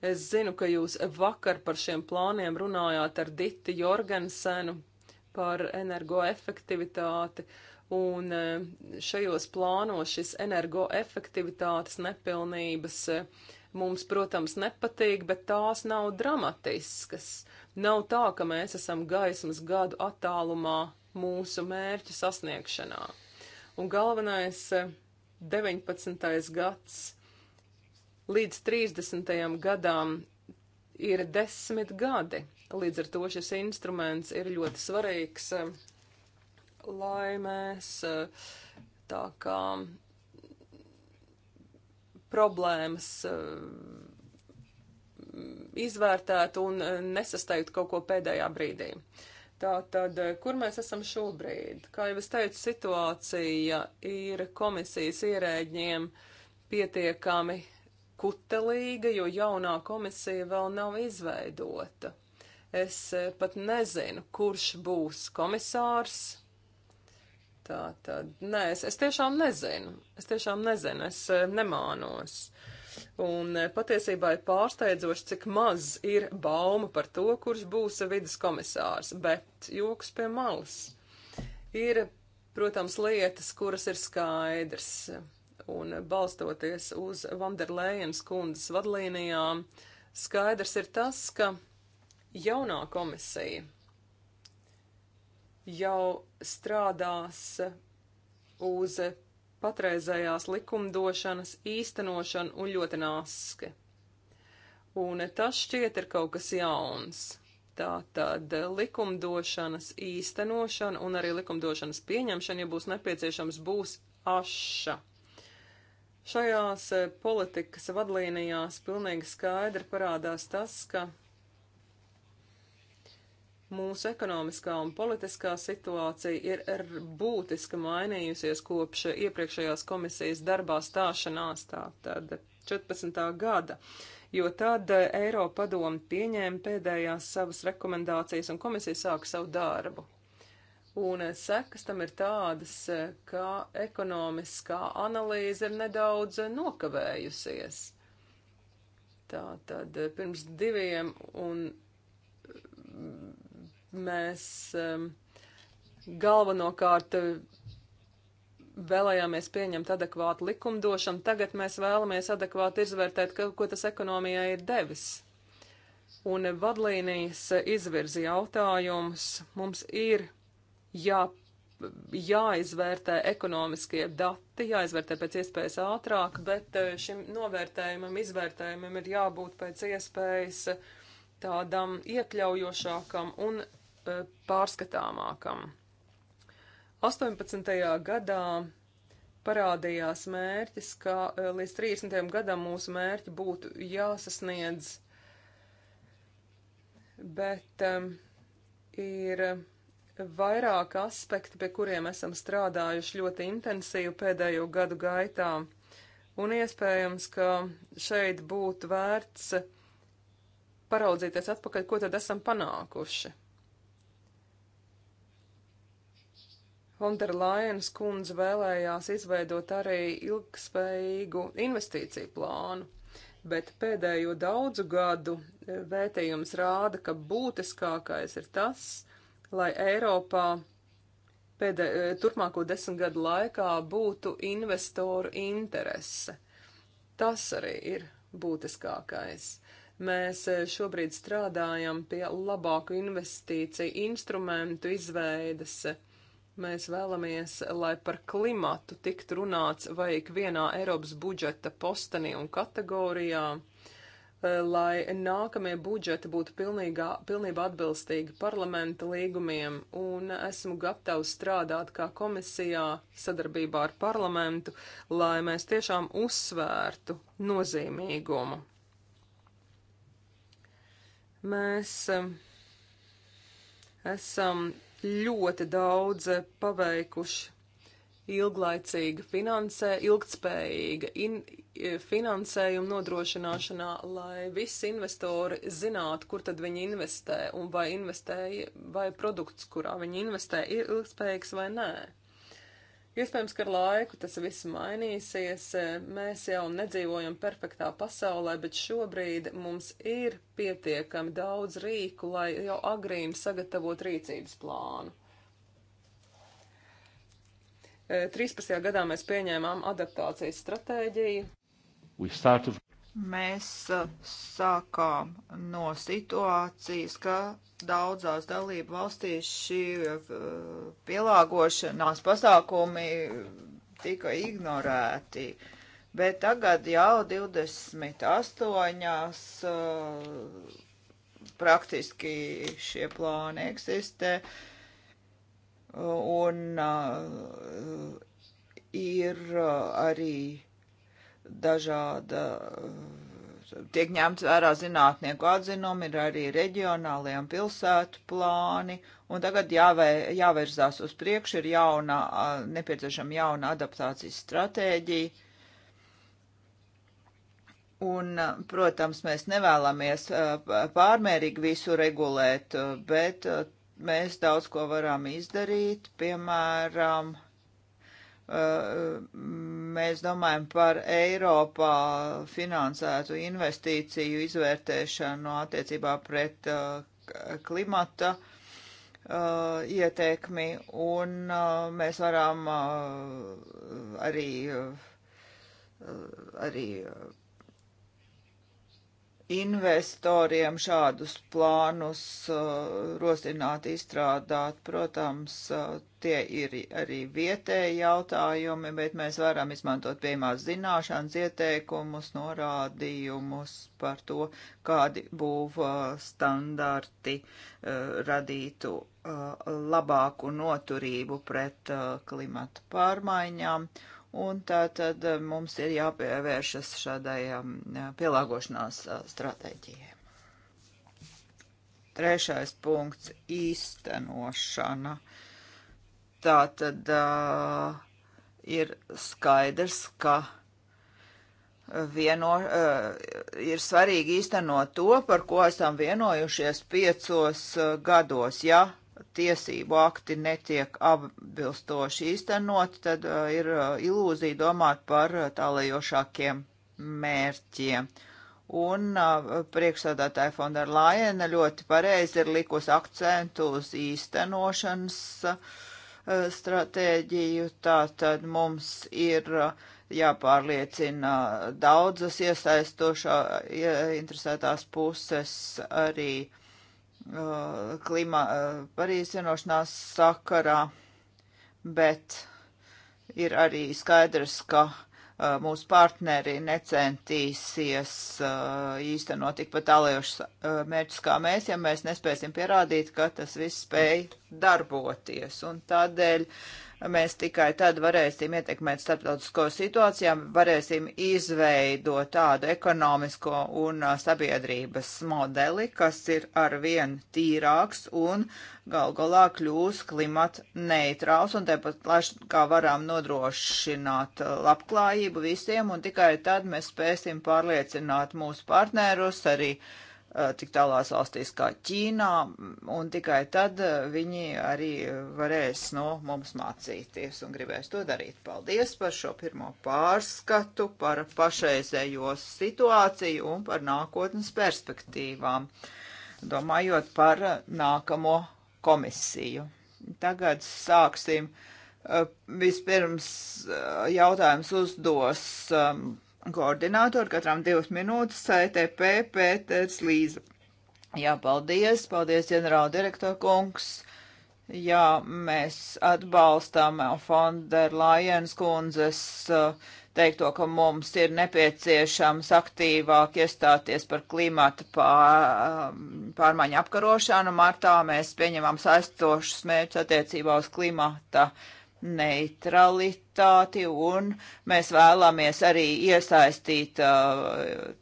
Es zinu, ka jūs vakar par šiem plāniem runājāt ar Diti Jorgensenu par energoefektivitāti, un eh, šajos plānos šis energoefektivitātes nepilnības eh, mums, protams, nepatīk, bet tās nav dramatiskas. Nav tā, ka mēs esam gaismas gadu attālumā mūsu mērķu sasniegšanā. Un galvenais 19. Eh, gads Līdz 30. gadam ir desmit gadi. Līdz ar to šis instruments ir ļoti svarīgs, eh, lai mēs eh, tā kā problēmas eh, izvērtētu un nesasteigtu kaut ko pēdējā brīdī. Tātad, kur mēs esam šobrīd? Kā jau es teicu, situācija ir komisijas ierēģiem pietiekami kutelīga, jo jaunā komisija vēl nav izveidota. Es e, pat nezinu, kurš būs komisārs. Tā tad, nē, es, es tiešām nezinu. Es tiešām nezinu, es e, nemānos. Un e, patiesībā ir pārsteidzoši, cik maz ir bauma par to, kurš būs vidas komisārs, bet joks pie malas. Ir, protams, lietas, kuras ir skaidrs un balstoties uz Vanderlējas kundzes vadlīnijām, skaidrs ir tas, ka jaunā komisija jau strādās uz patreizējās likumdošanas īstenošanu un ļoti nāski. Un tas šķiet ir kaut kas jauns. Tā tad likumdošanas īstenošana un arī likumdošanas pieņemšana, ja būs nepieciešams, būs aša. Šajās eh, politikas vadlīnijās pilnīgi skaidri parādās tas, ka mūsu ekonomiskā un politiskā situācija ir būtiski mainījusies kopš iepriekšējās komisijas darbā stāšanās, tātad 14. gada jo tad eh, Eiropa padomu pieņēma pēdējās savas rekomendācijas un komisija sāka savu darbu. Un eh, sekas tam ir tādas, eh, ka ekonomiskā analīze ir nedaudz eh, nokavējusies. Tā tad pirms diviem un mēs galvenokārt vēlējāmies pieņemt adekvātu likumdošanu, tagad mēs vēlamies adekvāti izvērtēt, ka, ko tas ekonomijai ir devis. Un vadlīnijas izvirzi jautājumus mums ir jā, jāizvērtē ekonomiskie dati, jāizvērtē pēc iespējas ātrāk, bet eh, šim novērtējumam, izvērtējumam ir jābūt pēc iespējas eh, tādam iekļaujošākam un eh, pārskatāmākam. 18. gadā parādījās mērķis, ka līdz 30. gadam mūsu mērķi būtu jāsasniedz, bet um, ir vairāk aspekti, pie kuriem esam strādājuši ļoti intensīvi pēdējo gadu gaitā. Un iespējams, ka šeit būtu vērts paraudzīties atpakaļ, ko tad esam panākuši. Fonderlainas kundze vēlējās izveidot arī ilgspējīgu investīciju plānu, bet pēdējo daudzu gadu eh, vētījums rāda, ka būtiskākais ir tas, lai Eiropā pēdē, e, turpmāko desmit gadu laikā būtu investoru interese. Tas arī ir būtiskākais. Mēs e, šobrīd strādājam pie labāku investīciju instrumentu izveides. Mēs vēlamies, lai par klimatu tiktu runāts vai ikvienā Eiropas budžeta postenī un kategorijā lai nākamie budžeti būtu pilnīgā, pilnībā atbilstīgi parlamenta līgumiem, un esmu gatavs strādāt kā komisijā sadarbībā ar parlamentu, lai mēs tiešām uzsvērtu nozīmīgumu. Mēs um, esam ļoti daudz paveikuši ilglaicīga finansē, ilgtspējīga in, e, finansējuma nodrošināšanā, lai visi investori zinātu, kur tad viņi investē un vai investē, vai produkts, kurā viņi investē, ir ilgtspējīgs vai nē. Iespējams, ka ar laiku tas viss mainīsies. E, mēs jau nedzīvojam perfektā pasaulē, bet šobrīd mums ir pietiekami daudz rīku, lai jau agrīn sagatavot rīcības plānu. 13. Eh, gadā mēs pieņēmām adaptācijas stratēģiju. Started... Mēs eh, sākām no situācijas, ka daudzās dalību valstīs šī eh, pielāgošanās pasākumi tika ignorēti. Bet tagad jau 28. praktiski šie plāni eksistē. Uh, un uh, ir arī dažāda, tiek ņemts vērā zinātnieku atzinumi, ir arī reģionālie un pilsētu plāni, un tagad jāvē, jāvērzās uz priekšu, ir jauna, nepieciešama jauna adaptācijas stratēģija. Un, protams, mēs nevēlamies pārmērīgi visu regulēt, bet mēs daudz ko varam izdarīt, piemēram, uh, mēs domājam par Eiropā finansētu investīciju izvērtēšanu attiecībā pret uh, klimata uh, ietekmi, un mēs varam arī, arī investoriem šādus plānus uh, rosināt, izstrādāt. Protams, uh, tie ir arī vietēji jautājumi, bet mēs varam izmantot pieejamās zināšanas, ieteikumus, norādījumus par to, kādi būvā uh, standarti uh, radītu uh, labāku noturību pret uh, klimatu pārmaiņām. Uh, Un tā tad eh, mums ir jāpievēršas šādai um, eh, pielāgošanās eh, stratēģijai. Trešais punkts - īstenošana. Tā tad uh, ir skaidrs, ka vieno, uh, ir svarīgi īstenot to, par ko esam vienojušies piecos uh, gados. Ja tiesību akti netiek atbilstoši īstenot, tad uh, ir uh, ilūzija domāt par uh, tālējošākiem mērķiem. Un uh, priekšsādātāja Fonda Lajena ļoti pareizi ir likus akcentu uz īstenošanas uh, stratēģiju, tātad mums ir uh, jāpārliecina daudzas iesaistošā, interesētās puses arī uh, Uh, klima, uh, Parīzes vienošanās sakarā, bet ir arī skaidrs, ka uh, mūsu partneri necentīsies īstenot tikpat tālējošas mērķus kā mēs, ja mēs nespēsim pierādīt, ka tas viss spēj darboties. Un tādēļ uh, Mēs tikai tad varēsim ietekmēt starptautisko situāciju, varēsim izveidot tādu ekonomisko un sabiedrības modeli, kas ir arvien tīrāks un gal galā kļūs klimat neitrāls un tāpat kā varam nodrošināt labklājību visiem un tikai tad mēs spēsim pārliecināt mūsu partnerus arī uh, Eh, tik tālās valstīs kā Ķīnā, un tikai tad eh, viņi arī varēs no mums mācīties un gribēs to darīt. Paldies par šo pirmo pārskatu, par pašreizējo situāciju un par nākotnes perspektīvām, domājot par eh, nākamo komisiju. Tagad sāksim. Vispirms jautājums uzdos koordinātori, katram divas minūtes, CTP Pēters Līza. Jā, paldies, paldies, ģenerāla direktora kungs. Jā, mēs atbalstām Fonderlajenas kundzes uh, teikto, ka mums ir nepieciešams aktīvāk iestāties par klimata um, pārmaiņu apkarošanu. Martā mēs pieņemam saistošus mērķus attiecībā uz klimata pārmaiņu neutralitāti un mēs vēlamies arī iesaistīt uh,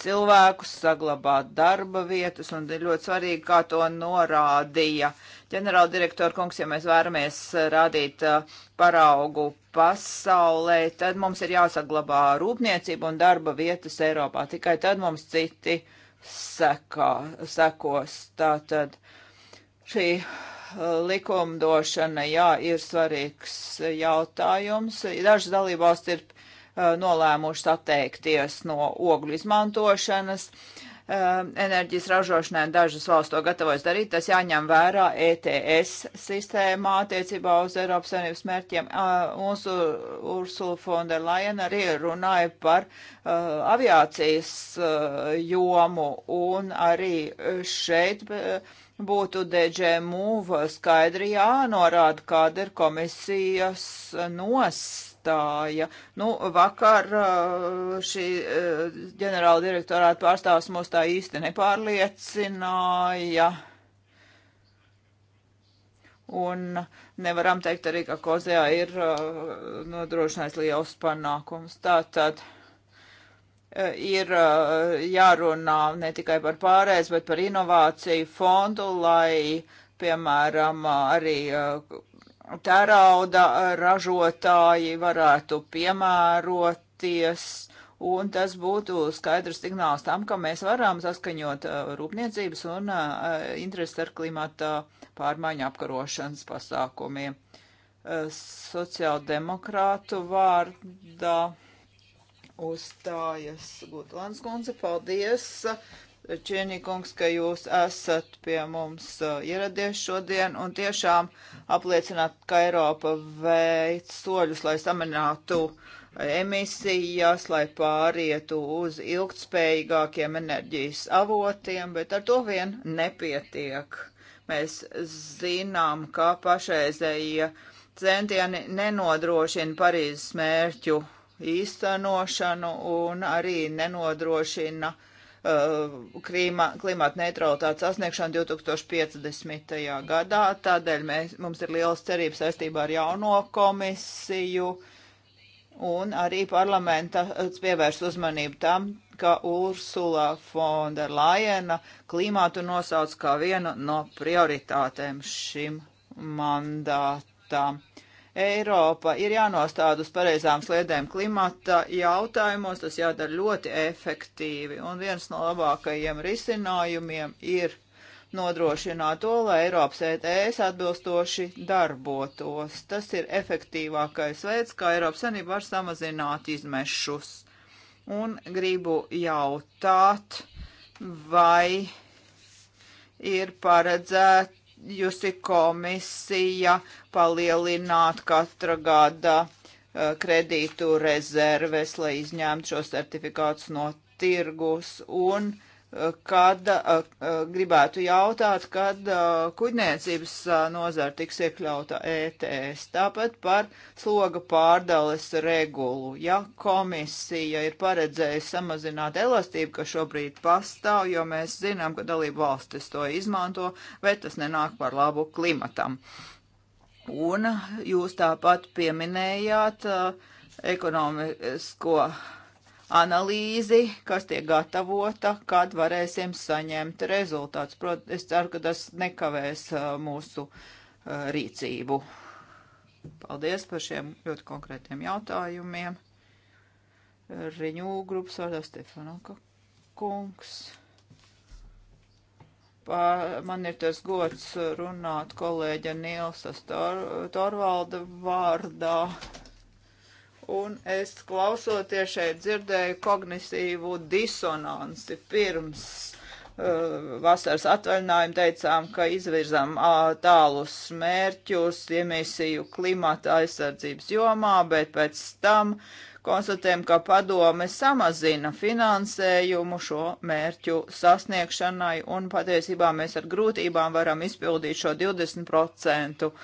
cilvēkus, saglabāt darba vietas un ir ļoti svarīgi, kā to norādīja ģenerāldirektora kungs, ja mēs vēlamies rādīt uh, paraugu pasaulē, tad mums ir jāsaglabā rūpniecība un darba vietas Eiropā. Tikai tad mums citi sekā, sekos. Tātad šī likumdošana, jā, ir svarīgs jautājums. Dažas dalībvalsts ir nolēmušas atteikties no ogļu izmantošanas. Enerģijas ražošanai dažas valsts to gatavojas darīt. Tas jāņem vērā ETS sistēmā attiecībā uz Eiropas Savienības mērķiem. Mūsu Ursula von der Leyen arī runāja par aviācijas jomu un arī šeit būtu DGMUV skaidri jānorāda, kāda ir komisijas nostāja. Nu, vakar uh, šī uh, ģenerāla direktorāta pārstāvs mūs tā īsti nepārliecināja. Un nevaram teikt arī, ka Kozējā ir uh, nodrošinājis liels panākums. Tātad. Tā ir eh, jārunā ne tikai par pārējais, bet par inovāciju fondu, lai, piemēram, arī eh, tērauda ražotāji varētu piemēroties, un tas būtu skaidrs signāls tam, ka mēs varam saskaņot eh, rūpniecības un interesi ar klimata pārmaiņu apkarošanas pasākumiem. Sociāldemokrātu vārdā uzstājas Gudlands kundze. Paldies, Čienīkungs, ka jūs esat pie mums uh, ieradies šodien un tiešām apliecināt, ka Eiropa veic soļus, lai samanātu emisijas, lai pārietu uz ilgtspējīgākiem enerģijas avotiem, bet ar to vien nepietiek. Mēs zinām, ka pašreizējie centieni nenodrošina Parīzes mērķu īstenošanu un arī nenodrošina uh, klīma, klimata neutralitātes sasniegšanu 2050. gadā. Tādēļ mēs, mums ir liels cerības saistībā ar jauno komisiju un arī parlamenta uh, pievērst uzmanību tam, ka Ursula fonda Lajena klimātu nosauc kā vienu no prioritātēm šim mandātam. Uh, Eiropa ir jānostāda uz pareizām sliedēm klimata jautājumos, tas jādara ļoti efektīvi. Un viens no labākajiem risinājumiem ir nodrošināt to, lai Eiropas ETS atbilstoši darbotos. Tas ir efektīvākais veids, kā Eiropas Sanība var samazināt izmešus. Un gribu jautāt, vai ir paredzēt Jūsi komisija palielināt katra gada eh, kredītu rezerves, lai izņemtu šo certifikātus no tirgus un uh, kad gribētu jautāt, kad kuģniecības nozara tiks iekļauta ETS. Tāpat par sloga pārdales regulu. Ja komisija ir paredzējusi samazināt elastību, kas šobrīd pastāv, jo mēs zinām, ka dalību valstis to izmanto, bet tas nenāk par labu klimatam. Un jūs tāpat pieminējāt ekonomisko analīzi, kas tiek gatavota, kad varēsim saņemt rezultātus. Protams, es ceru, ka tas nekavēs uh, mūsu uh, rīcību. Paldies par šiem ļoti konkrētiem jautājumiem. Riņū grupas vārdā Stefanoka kungs. Pār, man ir tas gods runāt kolēģa Nilsa Tor, Torvalda vārdā un es klausoties šeit dzirdēju kognitīvu disonanci pirms uh, vasaras atvaļinājumu teicām, ka izvirzām uh, tālus mērķus emisiju klimata aizsardzības jomā, bet pēc tam konstatējam, ka padome samazina finansējumu šo mērķu sasniegšanai, un patiesībā mēs ar grūtībām varam izpildīt šo 20%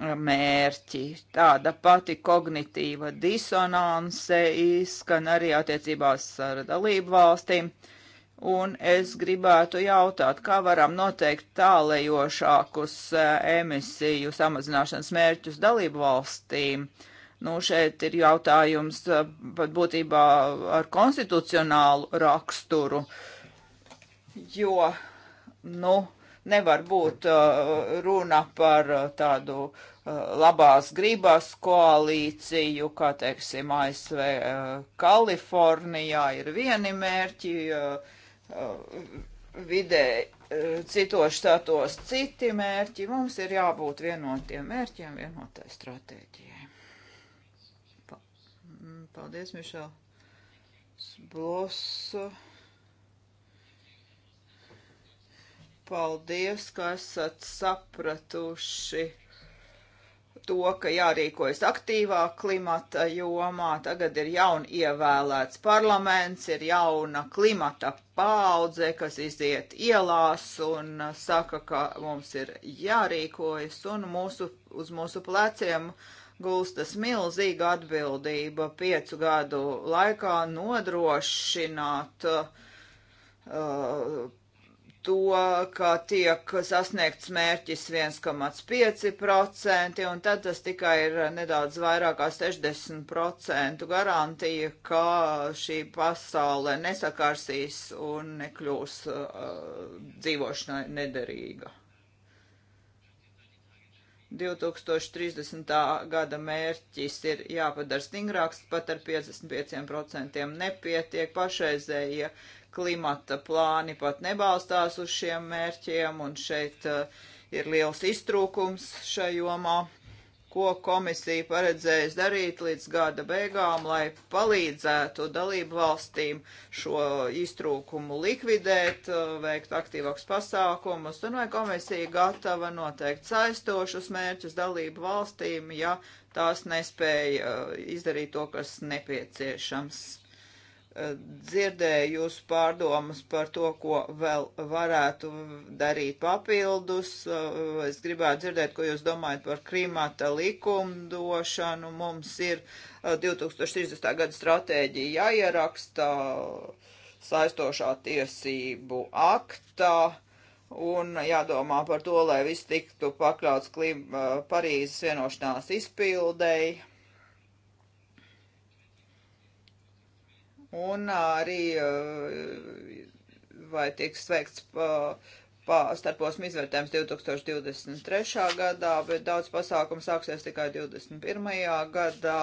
mērķi. Tāda pati kognitīva disonance izskan arī attiecībās ar dalību valstīm. Un es gribētu jautāt, kā varam noteikt tālējošākus eh, emisiju samazināšanas mērķus dalību valstīm. Nu, šeit ir jautājums eh, pat būtībā ar konstitucionālu raksturu, jo, nu, nevar būt uh, runa par uh, tādu uh, labās gribas koalīciju, kā teiksim ASV Kalifornijā ir vieni mērķi, vidē citos štatos citi mērķi. Mums ir jābūt vienotiem mērķiem, vienotai stratēģijai. Mm, paldies, Mišel. Blosu. Paldies, ka esat sapratuši to, ka jārīkojas aktīvāk klimata jomā. Tagad ir jauni ievēlēts parlaments, ir jauna klimata paudze, kas iziet ielās un saka, ka mums ir jārīkojas un mūsu, uz mūsu pleciem gulstas milzīga atbildība piecu gadu laikā nodrošināt uh, to, ka tiek sasniegts mērķis 1,5%, un tad tas tikai ir nedaudz vairāk kā 60% garantija, ka šī pasaule nesakarsīs un nekļūs uh, dzīvošanai nederīga. 2030. gada mērķis ir jāpadara stingrāks, pat ar 55% nepietiek pašreizējie ja klimata plāni pat nebalstās uz šiem mērķiem, un šeit uh, ir liels iztrūkums šajomā. Ko komisija paredzējas darīt līdz gada beigām, lai palīdzētu dalību valstīm šo iztrūkumu likvidēt, uh, veikt aktīvākus pasākumus, un vai komisija gatava noteikt saistošus mērķus dalību valstīm, ja tās nespēja uh, izdarīt to, kas nepieciešams dzirdēju jūsu pārdomas par to, ko vēl varētu darīt papildus. Es gribētu dzirdēt, ko jūs domājat par klimata likumdošanu. Mums ir 2030. gada stratēģija jāieraksta saistošā tiesību aktā. Un jādomā par to, lai viss tiktu pakļauts klim, Parīzes vienošanās izpildēji un arī eh, vai tiks veikts eh, starposmu izvērtējums 2023. gadā, bet daudz pasākumu sāksies tikai 2021. gadā.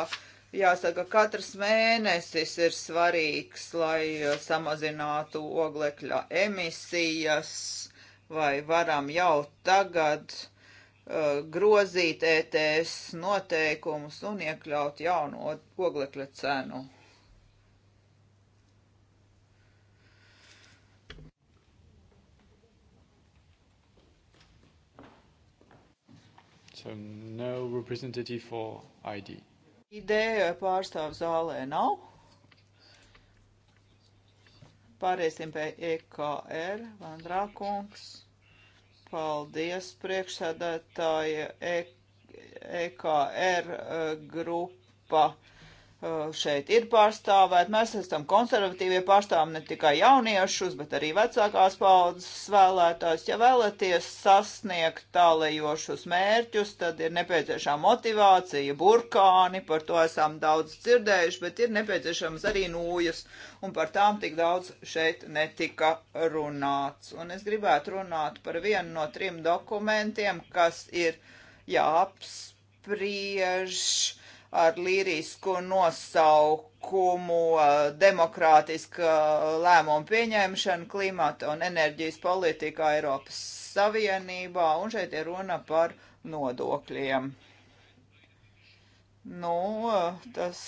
Jāsaka, katrs mēnesis ir svarīgs, lai eh, samazinātu oglekļa emisijas, vai varam jau tagad uh, grozīt ETS noteikumus un iekļaut jaunu oglekļa cenu so no representative for ID. ID eh, pārstāv zālē nav. Pāriesim pie EKR, Vandrākungs. Paldies priekšsēdētāja EKR eh, grupa Eh, šeit ir pārstāvēt. Mēs esam konservatīvie pārstāvi ne tikai jauniešus, bet arī vecākās paudzes vēlētājs. Ja vēlaties sasniegt tālējošus mērķus, tad ir nepieciešama motivācija, burkāni, par to esam daudz dzirdējuši, bet ir nepieciešams arī nūjas, un par tām tik daudz šeit netika runāts. Un es gribētu runāt par vienu no trim dokumentiem, kas ir jāapspriež ar līrisku nosaukumu eh, demokrātiska eh, lēmuma pieņemšana klimata un enerģijas politikā Eiropas Savienībā, un šeit ir runa par nodokļiem. Nu, eh, tas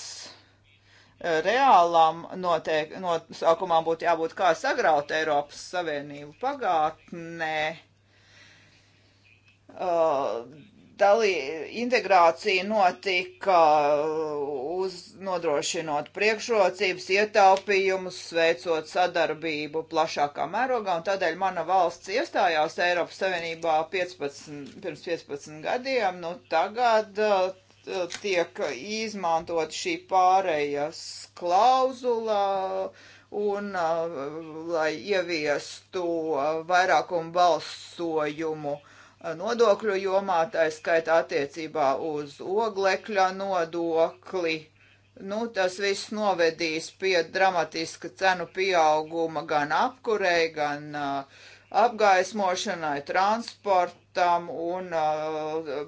reālām noteik, nosaukumām būtu jābūt kā sagraut Eiropas Savienību pagātnē. Uh, dalī, integrācija notika uh, uz nodrošinot priekšrocības, ietaupījumus, sveicot sadarbību plašākā mērogā, un tādēļ mana valsts iestājās Eiropas Savienībā 15, pirms 15 gadiem, nu tagad uh, tiek izmantot šī pārējas klauzula, un uh, lai ieviestu vairākumu balsojumu uh, nodokļu jomā, tā skaitā attiecībā uz oglekļa nodokli. Nu, tas viss novedīs pie dramatiska cenu pieauguma gan apkurei, gan uh, apgaismošanai, transportam budžetam, un uh,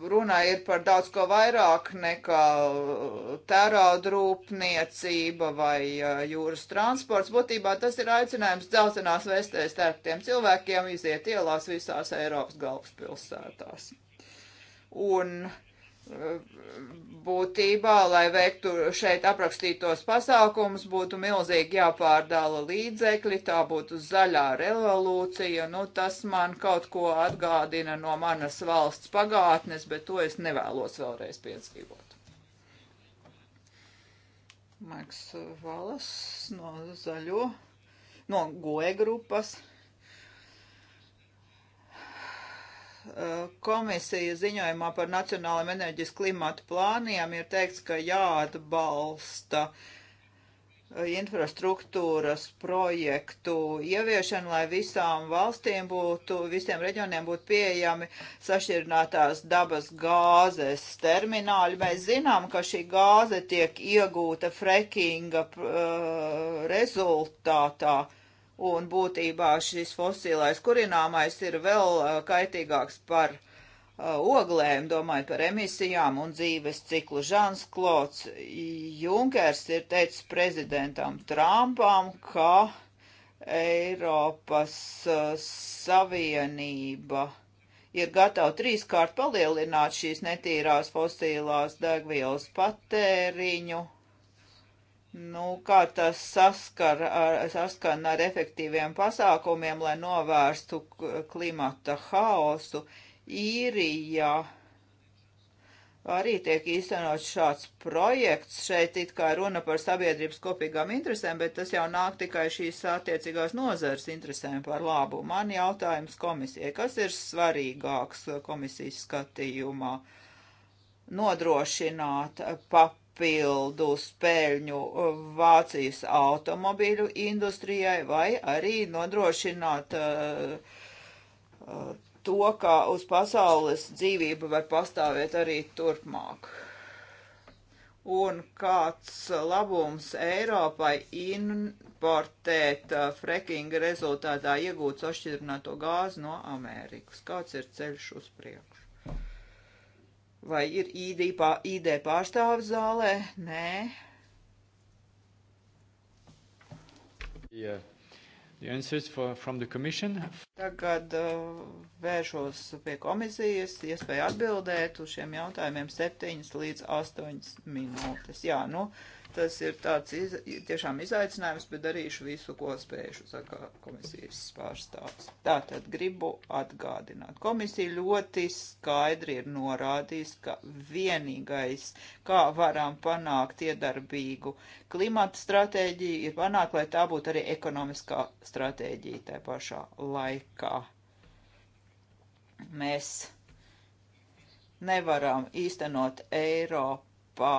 runa ir par daudz ko vairāk nekā tērādrūpniecība vai uh, jūras transports. Būtībā tas ir aicinājums dzelzenās vēstēs starp tiem cilvēkiem iziet ielās visās Eiropas galvaspilsētās. Un uh, būtībā, lai veiktu šeit aprakstītos pasākumus, būtu milzīgi jāpārdala līdzekļi, tā būtu zaļā revolūcija. Nu, tas man kaut ko atgādina no manas valsts pagātnes, bet to es nevēlos vēlreiz piedzīvot. Maiks Valas no zaļo, no goe grupas. komisija ziņojumā par nacionālajiem enerģijas klimatu plāniem ir teikts, ka jāatbalsta infrastruktūras projektu ieviešanu, lai visām valstīm būtu, visiem reģioniem būtu pieejami sašķirinātās dabas gāzes termināļi. Mēs zinām, ka šī gāze tiek iegūta frekinga uh, rezultātā. Uh, un būtībā šis fosilais kurināmais ir vēl kaitīgāks par uh, oglēm, domājot par emisijām un dzīves ciklu. Žāns Klots Junkers ir teicis prezidentam Trumpam, ka Eiropas uh, Savienība ir gatava trīskārt palielināt šīs netīrās fosilās degvielas patēriņu Nu, kā tas saskar ar, saskan ar efektīviem pasākumiem, lai novērstu klimata haosu, īrijā arī tiek īstenots šāds projekts. Šeit it kā runa par sabiedrības kopīgām interesēm, bet tas jau nāk tikai šīs attiecīgās nozares interesēm par labu. Man jautājums komisijai, kas ir svarīgāks komisijas skatījumā? Nodrošināt pap papildus pēļņu uh, Vācijas automobīļu industrijai vai arī nodrošināt uh, uh, to, ka uz pasaules dzīvība var pastāvēt arī turpmāk un kāds labums Eiropai importēt frekinga rezultātā iegūts ošķidrināto gāzi no Amerikas. Kāds ir ceļš uz priekšu? Vai ir ID, pā, ID pārstāvis zālē? Nē. Yeah. The answers for, from the commission. Tagad uh, vēršos pie komisijas, iespēja atbildēt uz šiem jautājumiem 7 līdz 8 minūtes. Jā, nu, uh, Tas ir tāds iz, tiešām izaicinājums, bet darīšu visu, ko spēšu, saka komisijas pārstāvs. Tātad gribu atgādināt. Komisija ļoti skaidri ir norādījis, ka vienīgais, kā varam panākt iedarbīgu klimata stratēģiju, ir panākt, lai tā būtu arī ekonomiskā stratēģija tajā pašā laikā. Mēs nevaram īstenot Eiropā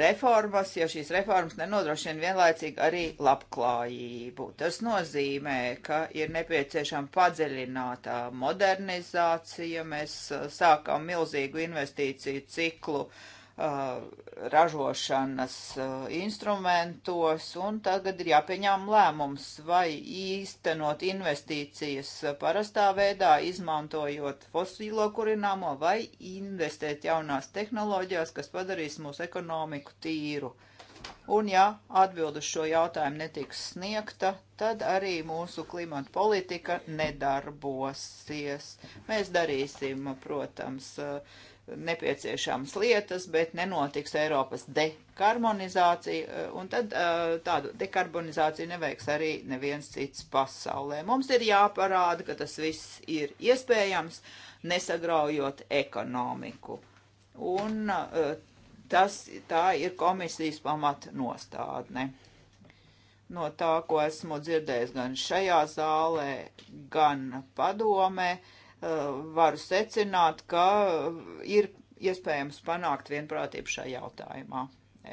reformas, jo šīs reformas nenodrošina vienlaicīgi arī labklājību. Tas nozīmē, ka ir nepieciešama padziļinātā modernizācija. Mēs uh, sākam milzīgu investīciju ciklu uh, Uh, ražošanas uh, instrumentos, un tagad ir jāpieņem lēmums, vai īstenot investīcijas parastā veidā, izmantojot fosīlo kurināmo, vai investēt jaunās tehnoloģijās, kas padarīs mūsu ekonomiku tīru. Un ja atbild uz šo jautājumu netiks sniegta, tad arī mūsu klimata politika nedarbosies. Mēs darīsim, protams, uh, nepieciešamas lietas, bet nenotiks Eiropas dekarmonizācija, eh, un tad eh, tādu dekarbonizāciju neveiks arī neviens cits pasaulē. Mums ir jāparāda, ka tas viss ir iespējams, nesagraujot ekonomiku. Un eh, tas, tā ir komisijas pamatnostādne. No tā, ko esmu dzirdējis gan šajā zālē, gan padomē, uh, varu secināt, ka ir iespējams panākt vienprātību šajā jautājumā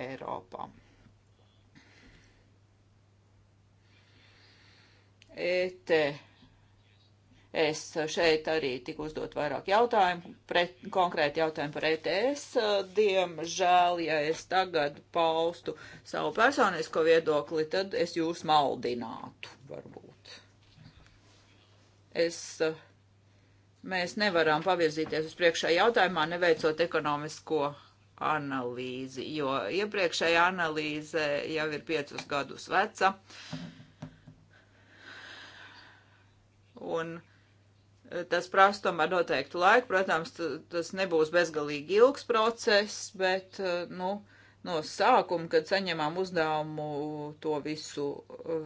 Eiropā. Ete. Es šeit arī tik uzdot vairāk jautājumu, pret, konkrēti jautājumu par ETS. E Diemžēl, ja es tagad paustu savu personisko viedokli, tad es jūs maldinātu, varbūt. Es uh, Mēs nevaram pavirzīties uz priekšējā jautājumā, neveicot ekonomisko analīzi, jo iepriekšējā analīze jau ir piecus gadus veca. Un eh, tas prasa tomēr noteiktu laiku. Protams, tas nebūs bezgalīgi ilgs process, bet, eh, nu, uh, no sākuma, kad saņemām uzdevumu to visu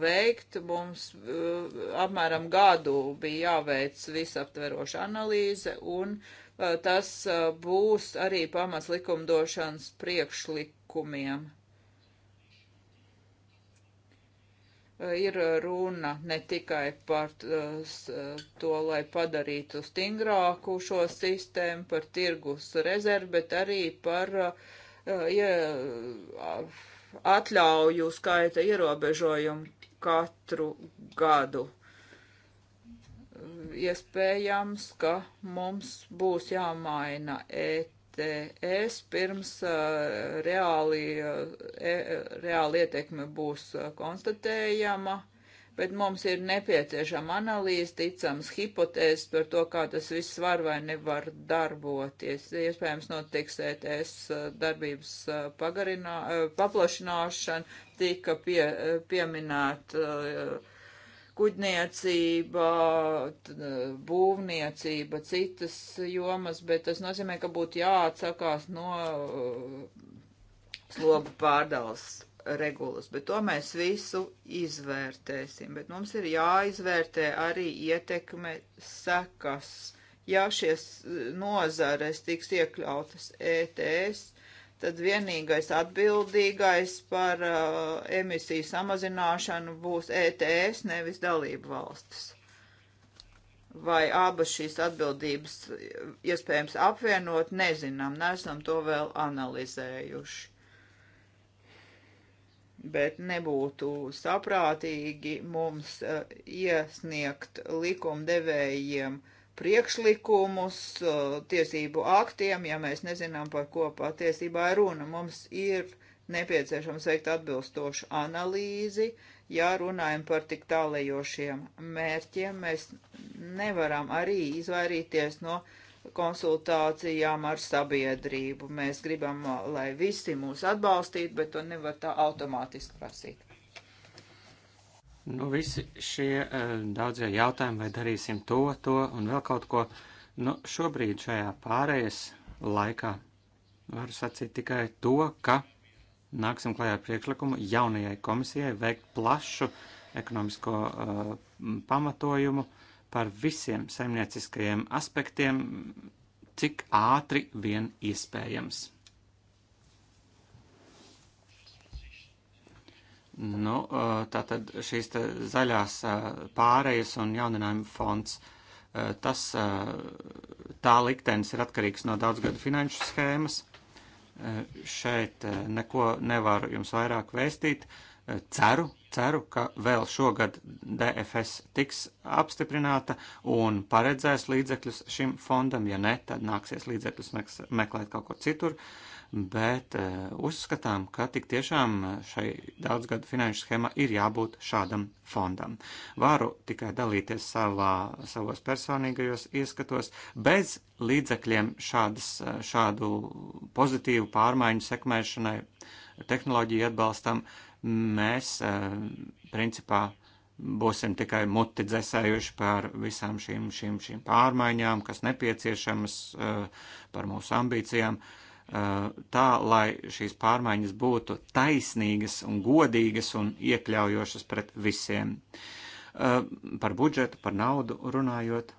veikt, mums uh, apmēram gadu bija jāveic visaptveroša analīze, un uh, tas uh, būs arī pamats likumdošanas priekšlikumiem. Ir runa ne tikai par to, lai padarītu stingrāku šo sistēmu, par tirgus rezervi, bet arī par uh, ja, atļauju skaita ierobežojumu katru gadu. Iespējams, ka mums būs jāmaina ETS pirms uh, reāli, uh, e, reāli ietekme būs uh, konstatējama bet mums ir nepieciešama analīze, ticams hipotēzes par to, kā tas viss var vai nevar darboties. Iespējams, notiks ETS uh, darbības uh, pagarinā, uh, paplašināšana, tika pie, pieminēta kuģniecība, būvniecība, citas jomas, bet tas nozīmē, ka būtu jāatsakās no slogu pārdales regulas, bet to mēs visu izvērtēsim. Bet mums ir jāizvērtē arī ietekme sekas. Ja šies nozares tiks iekļautas ETS, tad vienīgais atbildīgais par uh, emisiju samazināšanu būs ETS, nevis dalību valstis. Vai abas šīs atbildības iespējams apvienot, nezinām, nesam to vēl analizējuši bet nebūtu saprātīgi mums eh, iesniegt likumdevējiem priekšlikumus, eh, tiesību aktiem, ja mēs nezinām, par ko patiesībā ir runa. Mums ir nepieciešams veikt atbilstošu analīzi, ja runājam par tik tālējošiem mērķiem, mēs nevaram arī izvairīties no uh, konsultācijām ar sabiedrību. Mēs gribam, lai visi mūs atbalstītu, bet to nevar tā automātiski prasīt. Nu, visi šie e, daudzie jautājumi, vai darīsim to, to un vēl kaut ko, nu, šobrīd šajā pārējais laikā varu sacīt tikai to, ka nāksim klajā ar priekšlikumu jaunajai komisijai veikt plašu ekonomisko uh, pamatojumu uh, par visiem saimnieciskajiem aspektiem, cik ātri vien iespējams. Nu, tātad šīs tā zaļās pārējas un jauninājuma fonds, tas tā liktenis ir atkarīgs no daudzgadu finanšu schēmas. Šeit neko nevaru jums vairāk vēstīt. Ceru, ceru, ka vēl šogad DFS tiks apstiprināta un paredzēs līdzekļus šim fondam. Ja ne, tad nāksies līdzekļus meklēt kaut kur citur. Bet eh, uzskatām, ka tik tiešām šai daudzgadu finanšu schēma ir jābūt šādam fondam. Varu tikai dalīties savā, savos personīgajos ieskatos. Bez līdzekļiem šādas, šādu pozitīvu pārmaiņu sekmēšanai, tehnoloģiju atbalstam, uh, mēs principā būsim tikai muti dzēsējuši par visām šīm, šīm, šīm pārmaiņām, kas nepieciešamas, par mūsu ambīcijām, tā, lai šīs pārmaiņas būtu taisnīgas un godīgas un iekļaujošas pret visiem. Par budžetu, par naudu runājot,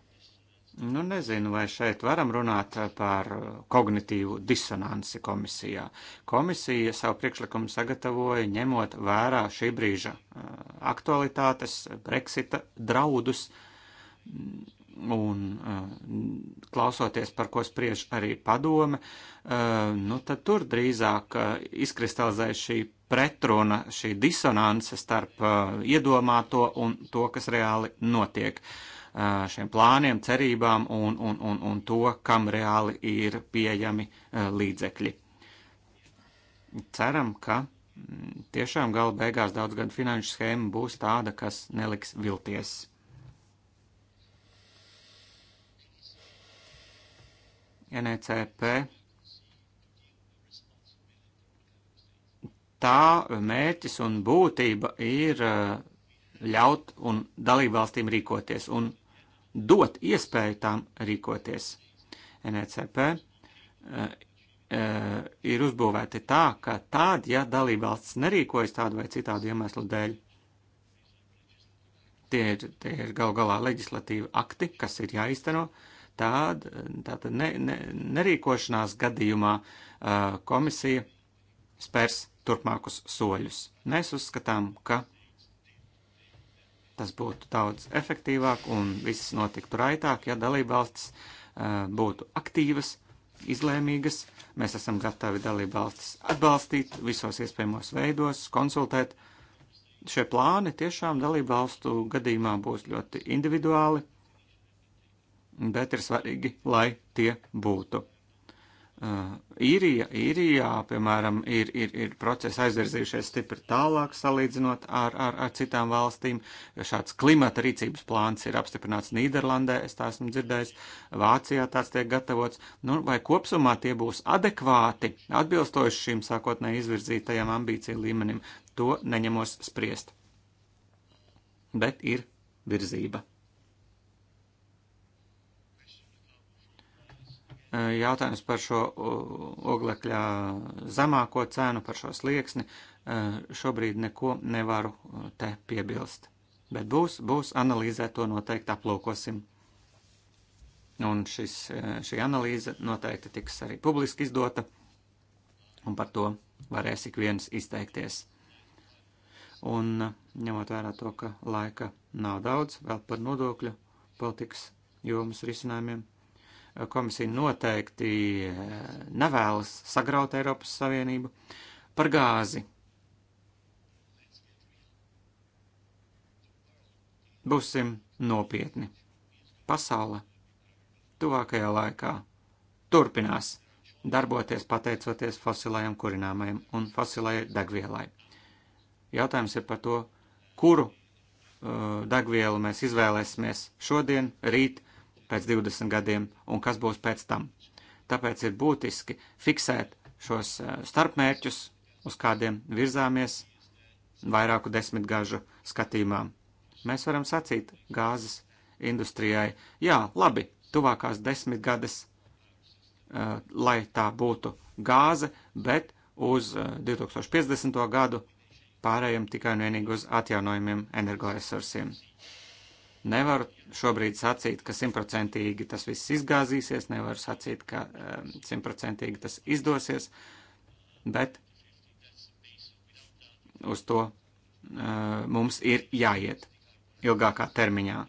Nu, nezinu, vai šeit varam runāt par kognitīvu disonanci komisijā. Komisija savu priekšlikumu sagatavoja ņemot vērā šī brīža eh, aktualitātes, Brexita draudus un eh, klausoties, par ko spriež arī padome, eh, nu, tad tur drīzāk izkristalizē šī pretruna, šī disonance starp iedomāto un to, kas reāli notiek. Uh, šiem plāniem, cerībām un, un, un, un to, kam reāli ir pieejami līdzekļi. Ceram, ka mm, tiešām gala beigās daudzgadu finanšu schēma būs tāda, kas neliks vilties. NECP. Tā mērķis un būtība ir ļaut un dalībvalstīm rīkoties un dot iespēju tām rīkoties. NECP eh, eh, ir uzbūvēti tā, ka tād, ja dalībvalsts nerīkojas tādu vai citādu iemeslu dēļ, tie ir, tie ir gal galā leģislatīvi akti, kas ir jāizteno, tād, eh, tātad ne, ne, nerīkošanās gadījumā komisija spērs turpmākus soļus. Mēs uzskatām, ka Tas būtu daudz efektīvāk un viss notiktu raitāk, ja dalībvalstis eh, būtu aktīvas, izlēmīgas. Mēs esam gatavi dalībvalstis atbalstīt visos iespējamos veidos, konsultēt. Šie plāni tiešām dalībvalstu gadījumā būs ļoti individuāli, bet ir svarīgi, lai tie būtu. Uh, īrijā, īrijā, piemēram, ir, ir, ir procesi aizvirzījušies stipri tālāk salīdzinot ar, ar, ar citām valstīm. Šāds klimata rīcības plāns ir apstiprināts Nīderlandē, es tā esmu dzirdējis, Vācijā tāds tiek gatavots. Nu, vai kopsumā tie būs adekvāti, atbilstoši šīm sākotnēji izvirzītajām ambīciju līmenim, to neņemos spriest. Bet ir virzība. Eh, jautājums par šo eh, oglekļa zemāko cenu, par šo slieksni, eh, šobrīd neko nevaru te piebilst. Bet būs, būs analīzē to noteikti aplūkosim. Un šis, šī analīze noteikti tiks arī publiski izdota, un par to varēs ik viens izteikties. Un ņemot vērā to, ka laika nav daudz, vēl par nodokļu politikas jomas risinājumiem Komisija noteikti eh, nevēlas sagraut Eiropas Savienību par gāzi. Būsim nopietni. Pasaule tuvākajā laikā turpinās darboties pateicoties fosilajiem kurināmajiem un fosilajai degvielai. Jautājums ir par to, kuru uh, degvielu mēs izvēlēsimies šodien, rīt pēc 20 gadiem un kas būs pēc tam. Tāpēc ir būtiski fiksēt šos eh, starpmērķus, uz kādiem virzāmies vairāku desmitgažu skatījumā. Mēs varam sacīt gāzes industrijai, jā, labi, tuvākās desmitgades, uh, lai tā būtu gāze, bet uz 2050. Eh, gadu pārējiem tikai un vienīgi uz atjaunojumiem energoresursiem. Nevaru šobrīd sacīt, ka simtprocentīgi tas viss izgāzīsies, nevaru sacīt, ka um, simtprocentīgi tas izdosies, bet uz to uh, mums ir jāiet ilgākā termiņā.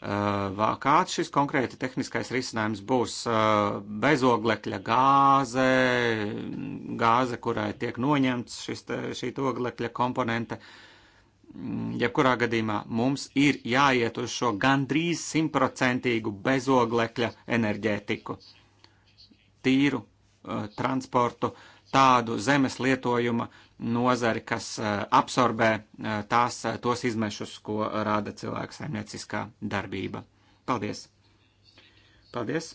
Uh, kāds šis konkrēti tehniskais risinājums būs? Uh, bezoglekļa gāze, gāze, kurai tiek noņemts šis, šī oglekļa komponente. Uh, Mm, jebkurā gadījumā mums ir jāiet uz šo gandrīz simtprocentīgu bezoglekļa enerģētiku, tīru uh, transportu, tādu zemes lietojuma nozari, kas uh, absorbē uh, tās, uh, tos izmešus, ko rāda cilvēka saimnieciskā darbība. Paldies! Paldies!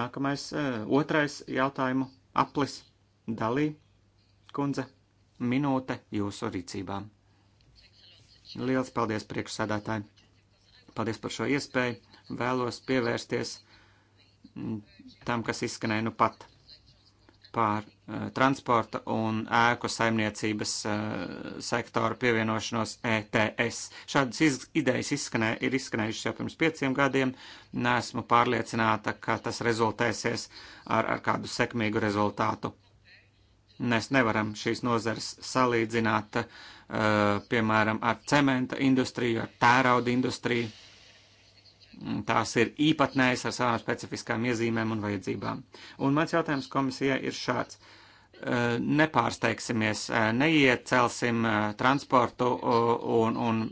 Nākamais, uh, otrais jautājumu aplis dalī, kundze, minūte jūsu rīcībām. Liels paldies priekšsēdētāji. Paldies par šo iespēju. Vēlos pievērsties mm, tam, kas izskanēja nu pat pār uh, transporta un ēku saimniecības uh, eh, sektoru pievienošanos ETS. Šādas iz, idejas izskanē, ir izskanējušas jau pirms pieciem gadiem. Nesmu pārliecināta, ka tas rezultēsies ar, ar kādu sekmīgu rezultātu. Mēs nevaram šīs nozars salīdzināt, uh, piemēram, ar cementa industriju, ar tērauda industriju. Mm, tās ir īpatnējas ar savām specifiskām iezīmēm un vajadzībām. Un mans jautājums komisijai ir šāds. Uh, nepārsteigsimies, uh, neiecelsim transportu un, un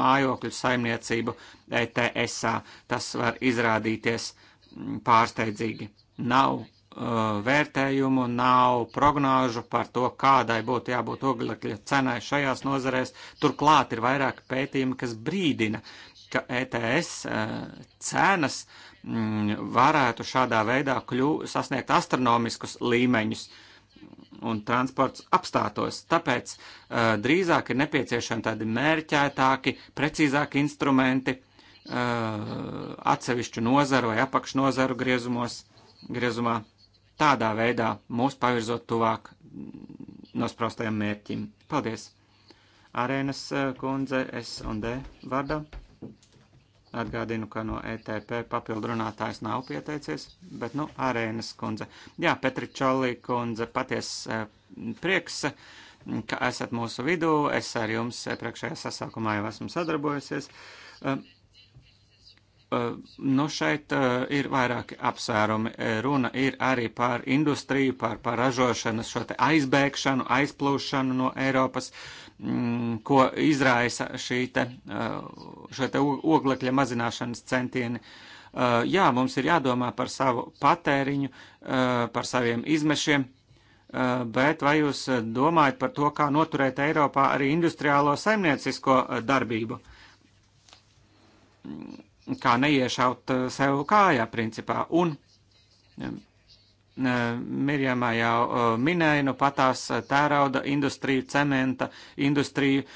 mājokļu saimniecību ETS-ā. Tas var izrādīties mm, pārsteidzīgi. Nav Uh, vērtējumu, nav prognožu par to, kādai būtu jābūt oglekļa cenai šajās nozarēs. Turklāt ir vairāk pētījumi, kas brīdina, ka ETS uh, cenas mm, varētu šādā veidā kļu, sasniegt astronomiskus līmeņus un transports apstātos. Tāpēc uh, drīzāk ir nepieciešami tādi mērķētāki, precīzāki instrumenti uh, atsevišķu nozaru vai apakšnozaru griezumos, griezumā. Uh, tādā veidā mūs pavirzot tuvāk nospraustajam mērķim. Paldies! Arēnas eh, kundze S un D vārdā. Atgādinu, ka no ETP papildu runātājs nav pieteicies, bet nu Arēnas kundze. Jā, Petri Čolī kundze, paties eh, prieks, ka esat mūsu vidū. Es ar jums iepriekšējā eh, sasākumā jau esmu sadarbojusies. Eh, nu, šeit eh, ir vairāki apsvērumi. Eh, runa ir arī par industriju, par, par ražošanas šo te aizbēgšanu, aizplūšanu no Eiropas, m, mm, ko izraisa šī te, šo te oglekļa mazināšanas centieni. Jā, mums ir jādomā par savu patēriņu, par saviem izmešiem, bet vai jūs domājat par to, kā noturēt Eiropā arī industriālo saimniecisko darbību? Mm, kā neiešaut eh, sev kājā principā. Un eh, Mirjamā jau eh, minēja, nu patās tērauda industrija, cementa industrija.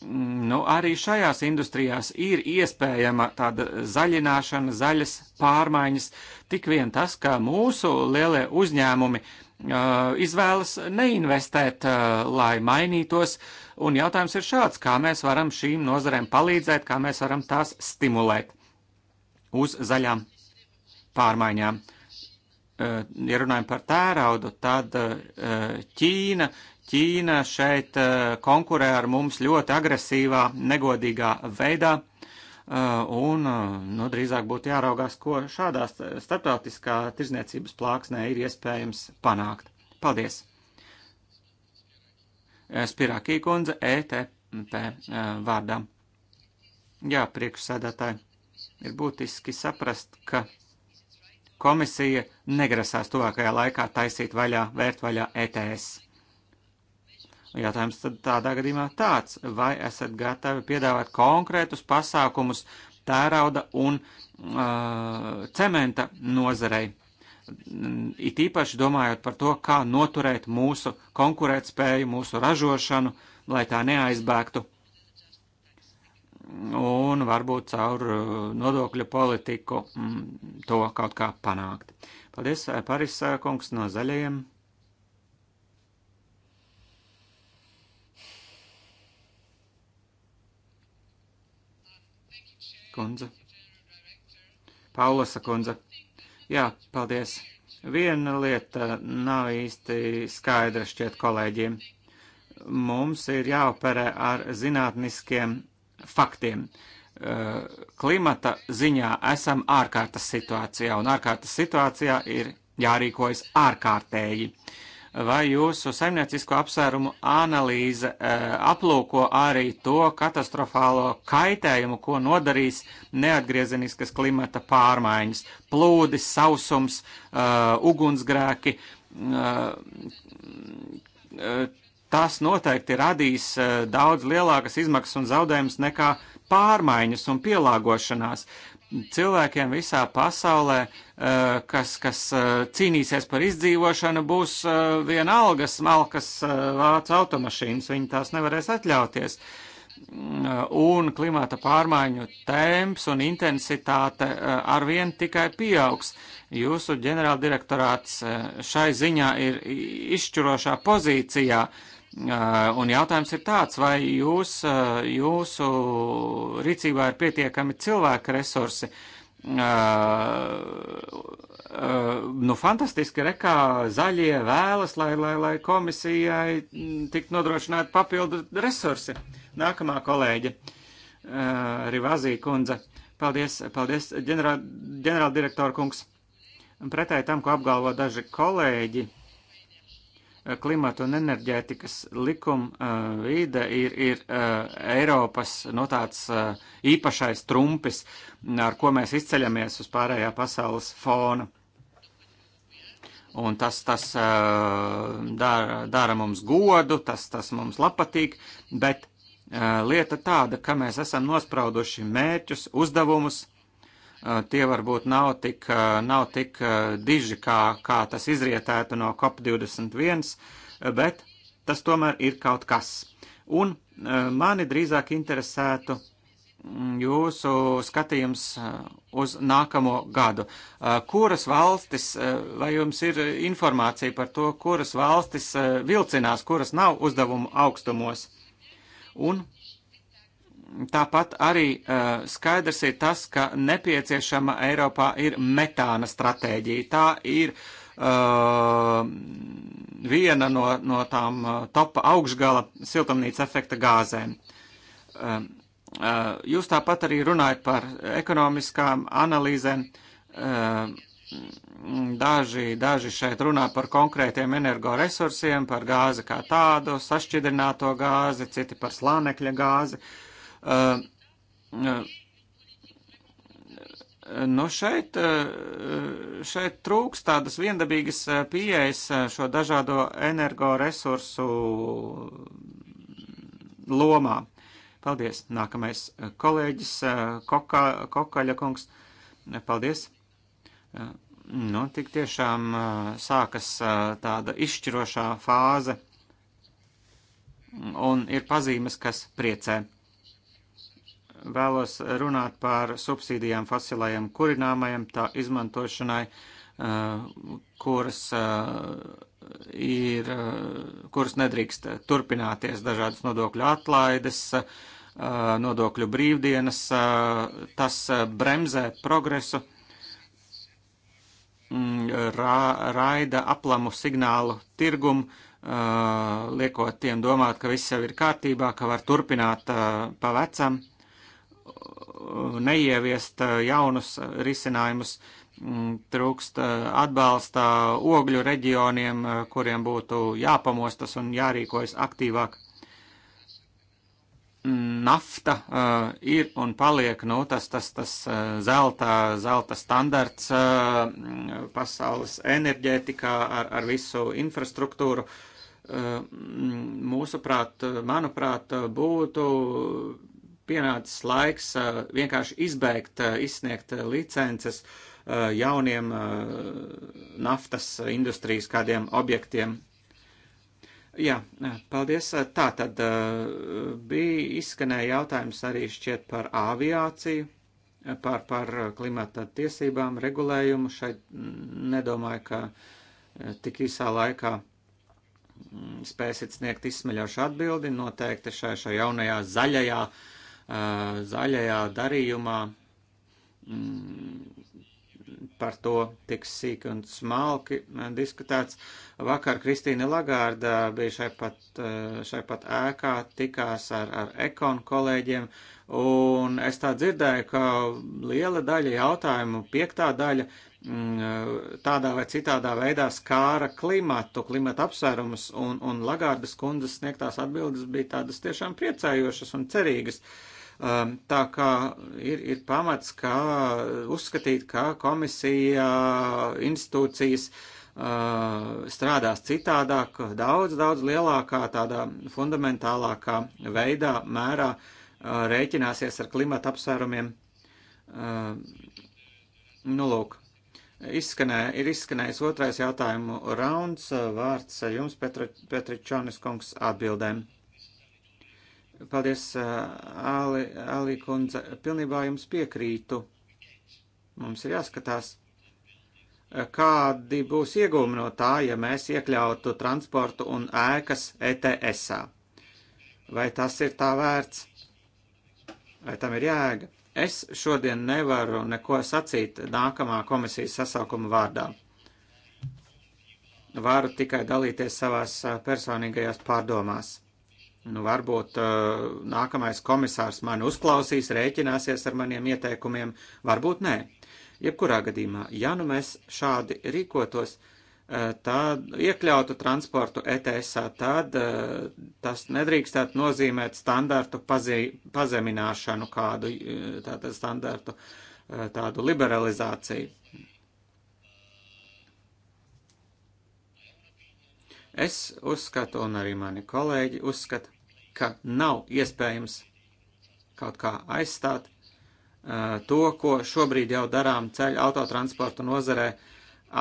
Nu, arī šajās industrijās ir iespējama tāda zaļināšana, zaļas pārmaiņas, tik vien tas, ka mūsu lielie uzņēmumi uh, izvēlas neinvestēt, uh, lai mainītos uh, Un jautājums ir šāds, kā mēs varam šīm nozarēm palīdzēt, kā mēs varam tās stimulēt uz zaļām pārmaiņām. E, ja runājam par tēraudu, tad e, Ķīna, Ķīna šeit e, konkurē ar mums ļoti agresīvā, negodīgā veidā. Un nu, drīzāk būtu jāraugās, ko šādā starptautiskā tirzniecības plāksnē ir iespējams panākt. Paldies! Eh, Spirākī kundze ETP eh, vārdā. Jā, priekšsēdētāji, ir būtiski saprast, ka komisija negrasās tuvākajā laikā taisīt vaļā, vērt vaļā ETS. Jautājums tad tādā gadījumā tāds, vai esat gatavi piedāvāt konkrētus pasākumus tērauda un uh, cementa nozarei, it īpaši domājot par to, kā noturēt mūsu konkurētspēju, mūsu ražošanu, lai tā neaizbēgtu. Un varbūt caur uh, nodokļu politiku mm, to kaut kā panākt. Paldies, uh, Paris uh, kungs no zaļajiem. Kundze. Paulasa kundze. Jā, paldies. Viena lieta nav īsti skaidra šķiet kolēģiem. Mums ir jāoperē ar zinātniskiem faktiem. Eh, klimata ziņā esam ārkārtas situācijā, un ārkārtas situācijā ir jārīkojas ārkārtēji. Uh, vai jūsu saimniecisko apsvērumu analīze e, aplūko arī to katastrofālo kaitējumu, ko nodarīs neatgriezeniskas klimata pārmaiņas - plūdi, sausums, e, ugunsgrēki. E, tas noteikti radīs daudz lielākas izmaksas un zaudējumus nekā pārmaiņas un pielāgošanās cilvēkiem visā pasaulē, eh, kas, kas eh, cīnīsies par izdzīvošanu, būs eh, viena alga smalkas vācu automašīnas, viņi tās nevarēs atļauties. Mm, un klimata pārmaiņu temps un intensitāte arvien tikai pieaugs. Jūsu ģenerāldirektorāts šai ziņā ir izšķirošā pozīcijā. Uh, Eh, un jautājums ir tāds, vai jūs, eh, jūsu rīcībā ir pietiekami cilvēka resursi. Eh, nu, fantastiski rekā zaļie vēlas, lai, lai, lai komisijai mm, tik nodrošinātu papildu resursi. Nākamā kolēģe, Rivazī kundze. Paldies, paldies, ģenerāldirektora kungs. Pretēji tam, ko apgalvo daži kolēģi Eh, klimata un enerģētikas likuma eh, vīde ir, ir eh, Eiropas no nu, tāds īpašais trumpis, ar ko mēs izceļamies uz pārējā pasaules fona. Un tas, tas dara, dara mums godu, tas, tas mums patīk, bet lieta tāda, ka mēs esam nosprauduši mērķus, uzdevumus, Eh, tie varbūt nav tik, eh, nav tik eh, diži, kā, kā tas izrietētu no COP21, bet tas tomēr ir kaut kas. Un mani drīzāk interesētu mm, jūsu skatījums uz nākamo gadu. Kuras valstis, vai jums ir informācija par to, kuras valstis vilcinās, kuras nav uzdevumu augstumos? Un Tāpat arī uh, skaidrs ir tas, ka nepieciešama Eiropā ir metāna stratēģija. Tā ir uh, viena no, no tām e, topa augšgala siltumnīca efekta gāzēm. Uh, uh, jūs tāpat arī runājat par ekonomiskām analīzēm. Uh, Daži, daži šeit runā par konkrētiem energoresursiem, par gāzi kā tādu, sašķidrināto gāzi, citi par slānekļa gāzi. Uh, Nu šeit, eh, šeit trūks tādas viendabīgas pieejas šo dažādo energoresursu lomā. Paldies. Nākamais kolēģis Koka, Kokaļa kungs. Paldies. Nu, tik tiešām sākas tāda izšķirošā fāze un ir pazīmes, kas priecē vēlos runāt par subsīdijām fosilajiem kurināmajiem, tā izmantošanai, eh, kuras eh, ir, eh, kuras nedrīkst turpināties dažādas nodokļu atlaides, nodokļu brīvdienas, tas bremzē progresu, mm, ra, raida aplamu signālu tirgumu, liekot tiem domāt, ka viss jau ir kārtībā, ka var turpināt pa vecam neieviest jaunus risinājumus, mm, trūkst atbalsta ogļu reģioniem, kuriem būtu jāpamostas un jārīkojas aktīvāk. Nafta uh, ir un paliek nu, tas, tas, tas zelta, zelta standarts uh, pasaules enerģētikā ar, ar visu infrastruktūru. Uh, mūsuprāt, manuprāt, būtu pienācis laiks uh, vienkārši izbeigt, uh, izsniegt uh, licences jauniem naftas industrijas kādiem objektiem. Jā, paldies. Tā tad bija izskanēja jautājums arī šķiet par aviāciju, par, par klimata tiesībām, regulējumu. Šeit mm, nedomāju, ka tik īsā laikā mm, spēsit sniegt izsmeļošu atbildi. Noteikti šajā, šajā jaunajā zaļajā uh, zaļajā darījumā mm, par to tiks sīk un smalki diskutēts. Vakar Kristīna Lagārda bija šai pat, šai pat ēkā, tikās ar, ar ekonu kolēģiem, un es tā dzirdēju, ka liela daļa jautājumu, piektā daļa, mm, tādā vai citādā veidā skāra klimatu, klimata apsvērumus, un, un Lagārdas kundzes sniegtās atbildes bija tādas tiešām priecējošas un cerīgas. Uh, Um, tā kā ir, ir pamats, kā uzskatīt, ka komisija, institūcijas uh, strādās citādāk, daudz, daudz lielākā, tādā fundamentālākā veidā, mērā uh, rēķināsies ar klimata apsvērumiem. Um, nu, lūk, Izskanē, ir izskanējis otrais jautājumu rauns. Vārds jums, Petra, Petričonis kungs, atbildēm. Paldies, Ali, Ali kundze. Pilnībā jums piekrītu. Mums ir jāskatās, kādi būs iegūmi no tā, ja mēs iekļautu transportu un ēkas ETS-ā. Vai tas ir tā vērts? Vai tam ir jēga? Es šodien nevaru neko sacīt nākamā komisijas sasaukuma vārdā. Varu tikai dalīties savās personīgajās pārdomās. Nu, varbūt uh, nākamais komisārs mani uzklausīs, rēķināsies ar maniem ieteikumiem, varbūt nē. Jebkurā gadījumā, ja nu mēs šādi rīkotos, uh, tad iekļautu transportu ETS-ā, tad uh, tas nedrīkstētu nozīmēt standartu pazī, pazemināšanu kādu, uh, tātad standartu uh, tādu liberalizāciju. Es uzskatu, un arī mani kolēģi uzskata, ka nav iespējams kaut kā aizstāt uh, to, ko šobrīd jau darām ceļu autotransporta nozarē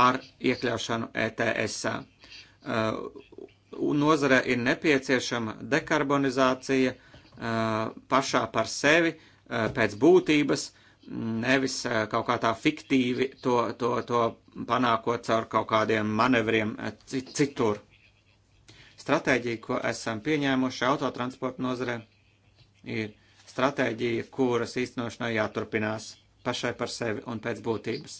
ar iekļaušanu ETS. Uh, nozarē ir nepieciešama dekarbonizācija uh, pašā par sevi uh, pēc būtības, nevis uh, kaut kā tā fiktīvi to, to, to panākot caur kaut kādiem manevriem uh, citur. Stratēģija, ko esam pieņēmuši autotransporta nozare, ir stratēģija, kuras īstenošanai jāturpinās pašai par sevi un pēc būtības.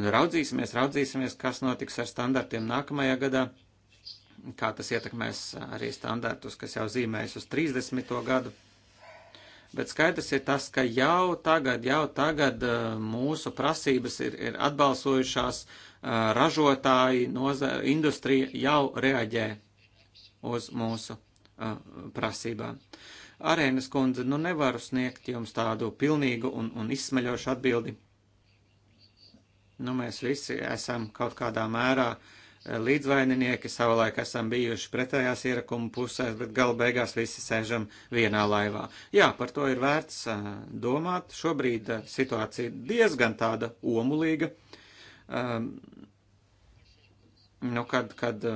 Un raudzīsimies, raudzīsimies, kas notiks ar standartiem nākamajā gadā, kā tas ietekmēs arī standartus, kas jau zīmējas uz 30. gadu. Bet skaidrs ir tas, ka jau tagad, jau tagad uh, mūsu prasības ir, ir atbalsojušās, uh, ražotāji, noza, industrija jau reaģē uz mūsu uh, prasībām. Arēnas kundze, nu nevaru sniegt jums tādu pilnīgu un, un izsmeļošu atbildi. Nu, mēs visi esam kaut kādā mērā eh, līdzvaininieki, savulaik esam bijuši pretējās ierakuma pusēs, bet galu beigās visi sēžam vienā laivā. Jā, par to ir vērts uh, domāt. Šobrīd uh, situācija diezgan tāda omulīga. Um, nu, kad, kad uh,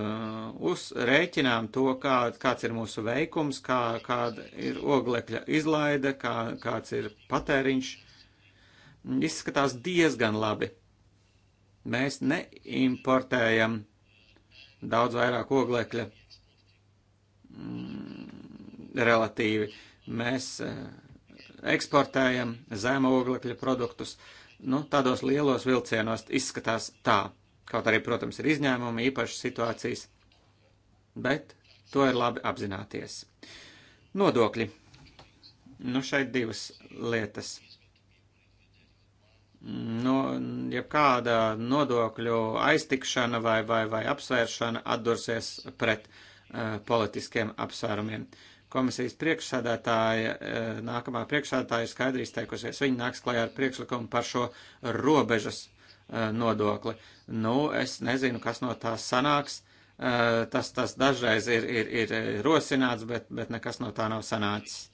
uzrēķinām to, kā, kāds ir mūsu veikums, kā, kāda ir oglekļa izlaide, kā, kāds ir patēriņš, izskatās diezgan labi. Mēs neimportējam daudz vairāk oglekļa mm, relatīvi. Mēs uh, eksportējam zemu oglekļa produktus. Nu, tādos lielos vilcienos izskatās tā. Kaut arī, protams, ir izņēmumi, īpašas situācijas, bet to ir labi apzināties. Nodokļi. Nu, šeit divas lietas. Nu, ja kāda nodokļu aiztikšana vai, vai, vai apsvēršana atdursies pret uh, politiskiem apsvērumiem. Komisijas priekšsādātāja, uh, e, nākamā priekšsādātāja ir skaidri izteikusies, viņa nāks klajā ar priekšlikumu par šo robežas uh, Uh, nodokli. Nu, es nezinu, kas no tā sanāks. Uh, tas, tas dažreiz ir, ir, ir uh, rosināts, bet, bet nekas no tā nav sanācis.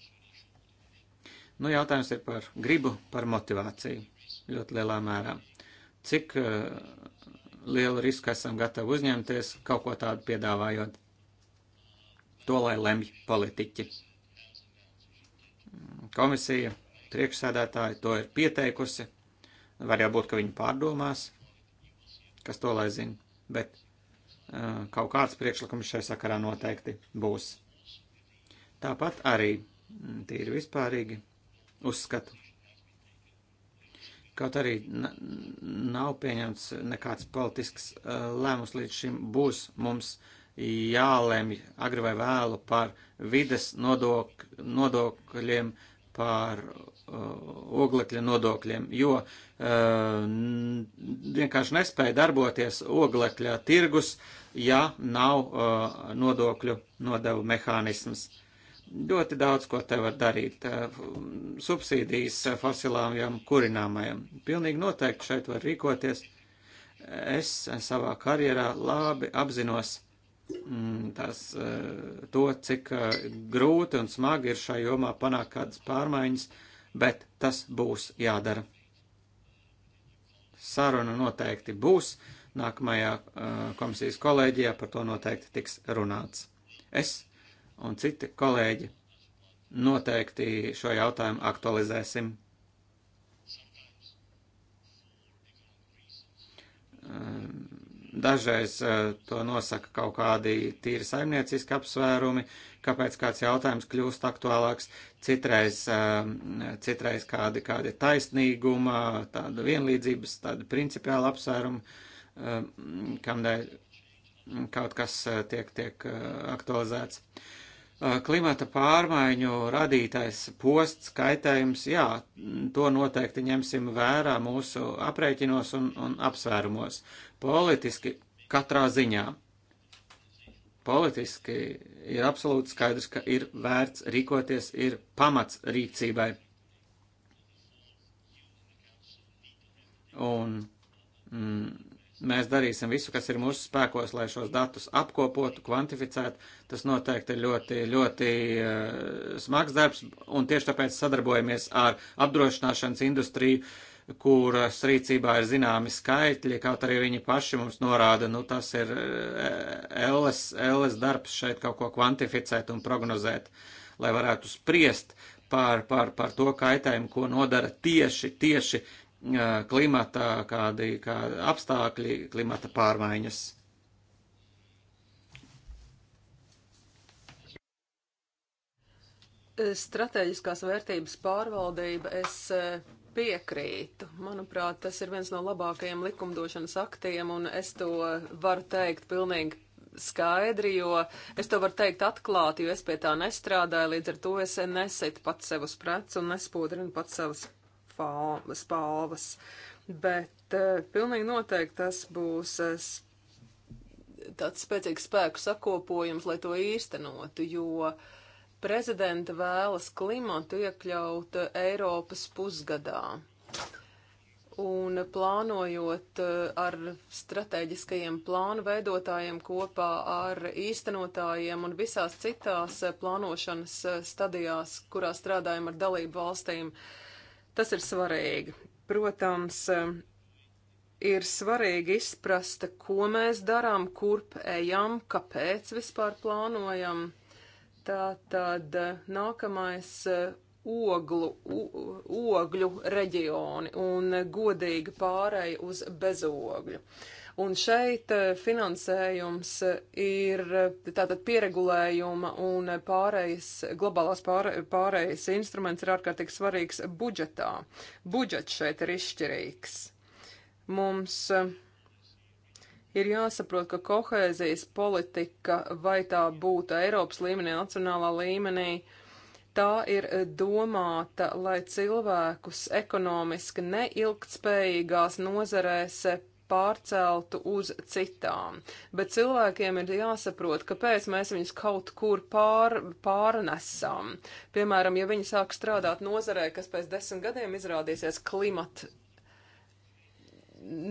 Nu, jautājums ir par gribu, par motivāciju ļoti lielā mērā. Cik lielu risku esam gatavi uzņemties, kaut ko tādu piedāvājot? To lai lemj politiķi komisija, priekšsēdētāji to ir pieteikusi. Var jau būt, ka viņi pārdomās, kas to lai zina, bet uh, kaut kāds priekšlikums šai sakarā noteikti būs. Tāpat arī tīri vispārīgi uzskatu. Kaut arī nav pieņemts nekāds politisks uh, lēmums līdz šim, būs mums jālemj agri vai vēlu par vides nodok nodokļiem, uh, par uh, oglekļa nodokļiem, jo uh, vienkārši nespēja darboties oglekļa tirgus, ja nav uh, nodokļu nodevu mehānisms. Ļoti daudz, ko te var darīt. Subsīdijas fosilām kurināmajam. Pilnīgi noteikti šeit var rīkoties. Es savā karjerā labi apzinos Mm, tas, eh, to, cik eh, grūti un smagi ir šajā jomā panākt kādas pārmaiņas, bet tas būs jādara. Saruna noteikti būs nākamajā eh, komisijas kolēģijā, par to noteikti tiks runāts. Es un citi kolēģi noteikti šo jautājumu aktualizēsim. Um, Dažreiz eh, to nosaka kaut kādi tīri saimnieciski apsvērumi, kāpēc kāds jautājums kļūst aktuālāks, citreiz, eh, citreiz kādi, kādi taisnīguma, tāda vienlīdzības, tāda principiāla apsvēruma, eh, kamdēļ kaut kas tiek, tiek aktualizēts. Uh, klimata pārmaiņu radītais posts, kaitējums, jā, to noteikti ņemsim vērā mūsu aprēķinos un, un apsvērumos. Politiski katrā ziņā. Politiski ir absolūti skaidrs, ka ir vērts rīkoties, ir pamats rīcībai. Un mm, Mēs darīsim visu, kas ir mūsu spēkos, lai šos datus apkopotu, kvantificētu. Tas noteikti ir ļoti, ļoti uh, smags darbs, un tieši tāpēc sadarbojamies ar apdrošināšanas industriju, kuras rīcībā ir zināmi skaitļi, kaut arī viņi paši mums norāda, nu tas ir eh, LS, LS darbs šeit kaut ko kvantificēt un prognozēt, lai varētu spriest par, par, par to kaitējumu, ko nodara tieši, tieši klimata kādi, kādi apstākļi, klimata pārmaiņas. Stratēģiskās vērtības pārvaldība es piekrītu. Manuprāt, tas ir viens no labākajiem likumdošanas aktiem, un es to varu teikt pilnīgi skaidri, jo es to varu teikt atklāti, jo es pie tā nestrādāju, līdz ar to es nesitu pats sev uz preci un nespūdrinu pats savas spalvas, bet eh, pilnīgi noteikti tas būs eh, tāds spēcīgs spēku sakopojums, lai to īstenotu, jo prezidenta vēlas klimatu iekļaut eh, Eiropas pusgadā. Un plānojot ar strateģiskajiem plānu veidotājiem kopā ar īstenotājiem un visās citās plānošanas stadijās, kurā strādājam ar dalību valstīm, uh, Tas ir svarīgi. Protams, ir svarīgi izprast, ko mēs darām, kurp ejam, kāpēc vispār plānojam. Tā tad eh, nākamais eh, oglu, ogļu reģioni un eh, godīga pārēja uz bezogļu. Uh, Un šeit eh, finansējums eh, ir eh, tātad pieregulējuma un pārējas, globālās pārē, pārējas instruments ir ārkārtīgi svarīgs budžetā. Budžets šeit ir izšķirīgs. Mums ir jāsaprot, ka kohēzijas politika, vai tā būtu Eiropas līmenī, nacionālā līmenī, tā ir domāta, lai cilvēkus ekonomiski neilgtspējīgās nozarēs pārceltu uz citām. Bet cilvēkiem ir jāsaprot, kāpēc mēs viņus kaut kur pār, pārnesam. Piemēram, ja viņi sāk strādāt nozarē, kas pēc desmit gadiem izrādīsies klimata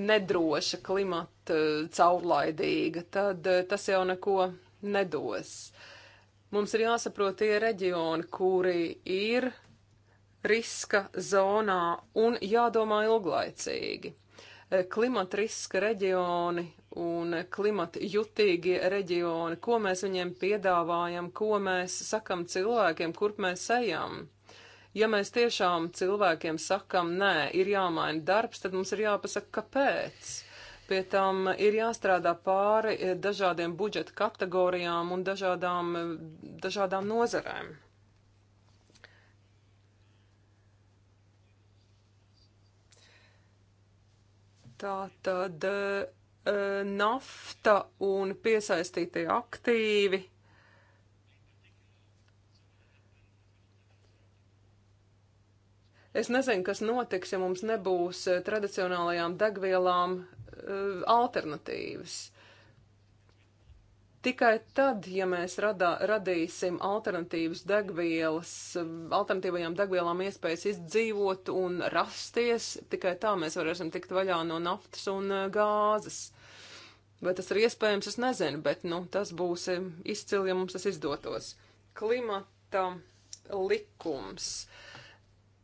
nedroša, klimata eh, caurlaidīga, tad eh, tas jau neko nedos. Mums ir jāsaprot tie reģioni, kuri ir riska zonā un jādomā ilglaicīgi klimata riska reģioni un klimata jutīgie reģioni, ko mēs viņiem piedāvājam, ko mēs sakam cilvēkiem, kurp mēs ejam. Ja mēs tiešām cilvēkiem sakam, nē, ir jāmaina darbs, tad mums ir jāpasaka, kāpēc. Pie tam ir jāstrādā pāri eh, dažādiem budžeta kategorijām un dažādām, eh, dažādām nozarēm. Tā tad e, nafta un piesaistītie aktīvi. Es nezinu, kas notiks, ja mums nebūs tradicionālajām degvielām e, alternatīvas. Tikai tad, ja mēs radā, radīsim alternatīvas degvielas, alternatīvajām degvielām iespējas izdzīvot un rasties, tikai tā mēs varēsim tikt vaļā no naftas un eh, gāzes. Vai tas ir iespējams, es nezinu, bet, nu, tas būs eh, izcili, ja mums tas izdotos. Klimata likums. Uh,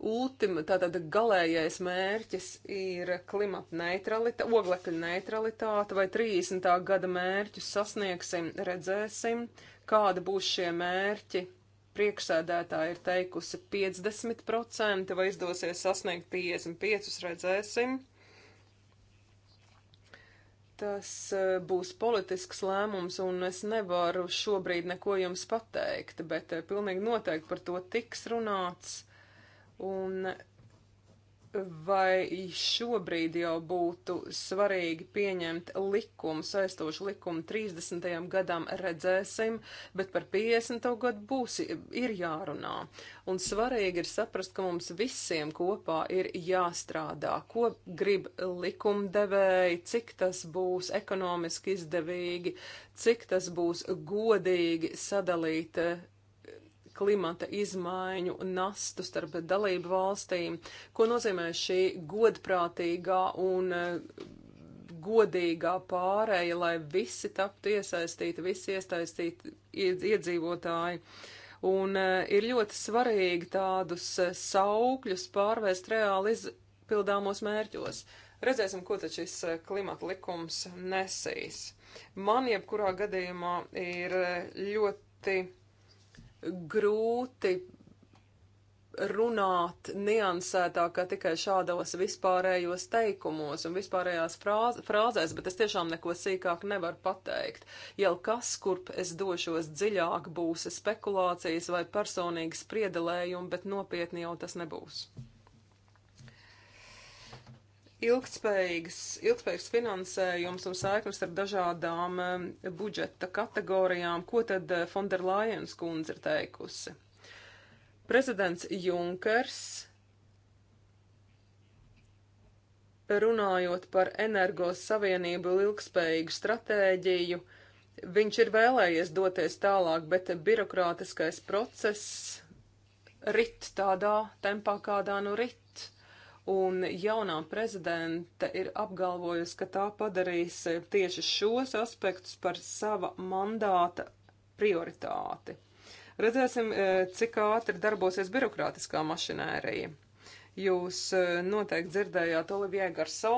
ultima, tātad galējais mērķis ir klimata neutralitāte, oglekļa neutralitāte vai 30. gada mērķus sasniegsim, redzēsim, kāda būs šie mērķi. Priekšsēdētāja ir teikusi 50% vai izdosies sasniegt 55, redzēsim. Tas eh, būs politisks lēmums, un es nevaru šobrīd neko jums pateikt, bet eh, pilnīgi noteikti par to tiks runāts Un vai šobrīd jau būtu svarīgi pieņemt likumu, saistošu likumu 30. gadam redzēsim, bet par 50. gadu būs, ir jārunā. Un svarīgi ir saprast, ka mums visiem kopā ir jāstrādā, ko grib likumdevēji, cik tas būs ekonomiski izdevīgi, cik tas būs godīgi sadalīt klimata izmaiņu nastu starp dalību valstīm, ko nozīmē šī godprātīgā un eh, godīgā pārēja, lai visi taptu iesaistīti, visi iesaistīti iedzīvotāji. Un eh, ir ļoti svarīgi tādus eh, saukļus pārvērst reāli izpildāmos mērķos. Redzēsim, ko tad šis klimata likums nesīs. Man jebkurā gadījumā ir ļoti grūti runāt niansētākā tikai šādos vispārējos teikumos un vispārējās frāz, frāzēs, bet es tiešām neko sīkāk nevaru pateikt. Jau kas, kurp es došos dziļāk, būs spekulācijas vai personīgi spriedelējumi, bet nopietni jau tas nebūs ilgspējīgs, ilgspējīgs finansējums un saiknes ar dažādām eh, budžeta kategorijām, ko tad Fonderlajens eh, kundze ir teikusi. Prezidents Junkers runājot par energos savienību un ilgspējīgu stratēģiju, viņš ir vēlējies doties tālāk, bet birokrātiskais process rit tādā tempā, kādā nu rit un jaunā prezidenta ir apgalvojusi, ka tā padarīs tieši šos aspektus par sava mandāta prioritāti. Redzēsim, eh, cik ātri darbosies birokrātiskā mašinērija. Jūs eh, noteikti dzirdējāt Olivier Garso.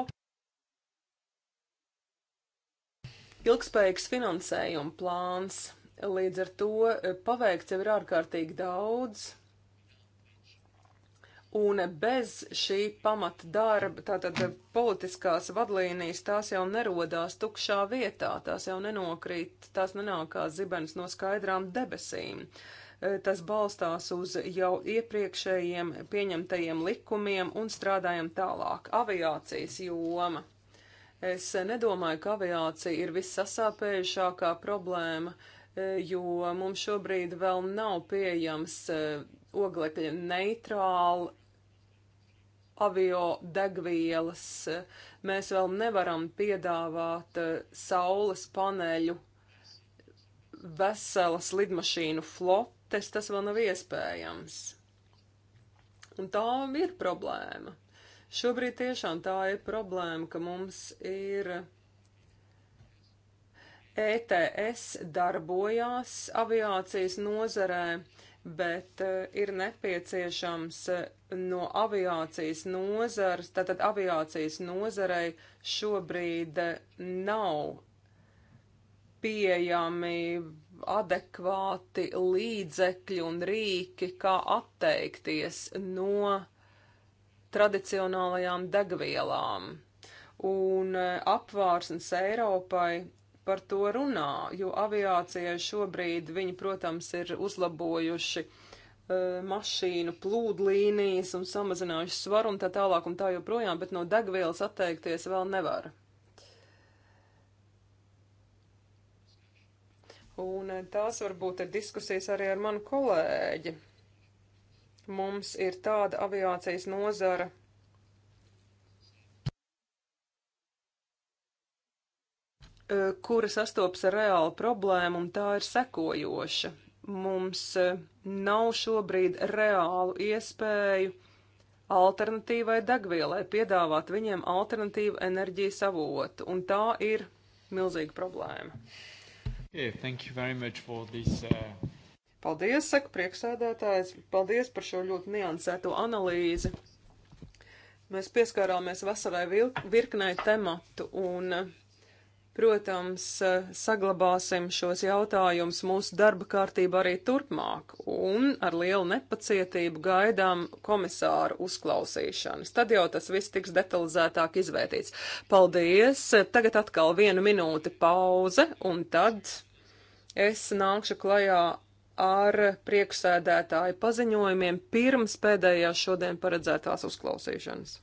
Ilgspējīgs finansējuma plāns. Līdz ar to eh, paveikts jau ir ārkārtīgi daudz, Un bez šī pamata darba, tātad politiskās vadlīnijas, tās jau nerodās tukšā vietā, tās jau nenokrīt, tās nenāk kā zibens no skaidrām debesīm. E, tas balstās uz jau iepriekšējiem pieņemtajiem likumiem un strādājam tālāk. Aviācijas joma. Es nedomāju, ka aviācija ir vissasāpējušākā problēma, e, jo mums šobrīd vēl nav pieejams e, oglekļa neitrāla avio degvielas, mēs vēl nevaram piedāvāt eh, saules paneļu veselas lidmašīnu flotes, tas vēl nav iespējams. Un tā ir problēma. Šobrīd tiešām tā ir problēma, ka mums ir ETS darbojās aviācijas nozarē, bet eh, ir nepieciešams eh, no aviācijas nozares, tātad aviācijas nozarei šobrīd eh, nav pieejami adekvāti līdzekļi un rīki, kā atteikties no tradicionālajām degvielām. Un apvārsnes Eiropai par to runā, jo aviācijai šobrīd viņi, protams, ir uzlabojuši uh, mašīnu plūdlīnijas un samazinājuši svaru un tā tālāk un tā joprojām, bet no degvielas atteikties vēl nevar. Un e, tās varbūt ir diskusijas arī ar manu kolēģi. Mums ir tāda aviācijas nozara, Eh, kura sastopas ar reālu problēmu, un tā ir sekojoša. Mums eh, nav šobrīd reālu iespēju alternatīvai degvielai piedāvāt viņiem alternatīvu enerģijas avotu, un tā ir milzīga problēma. Yeah, this, uh... Paldies, saka prieksēdētājs, paldies par šo ļoti niansēto analīzi. Mēs pieskārāmies vasarai virknai tematu un uh, Protams, eh, saglabāsim šos jautājumus mūsu darba kārtībā arī turpmāk, un ar lielu nepacietību gaidām komisāru uzklausīšanas. Tad jau tas viss tiks detalizētāk izvērtīts. Paldies! Tagad atkal vienu minūti pauze, un tad es nākšu klajā ar priekšsēdētāju paziņojumiem pirms pēdējās šodien paredzētās uzklausīšanas.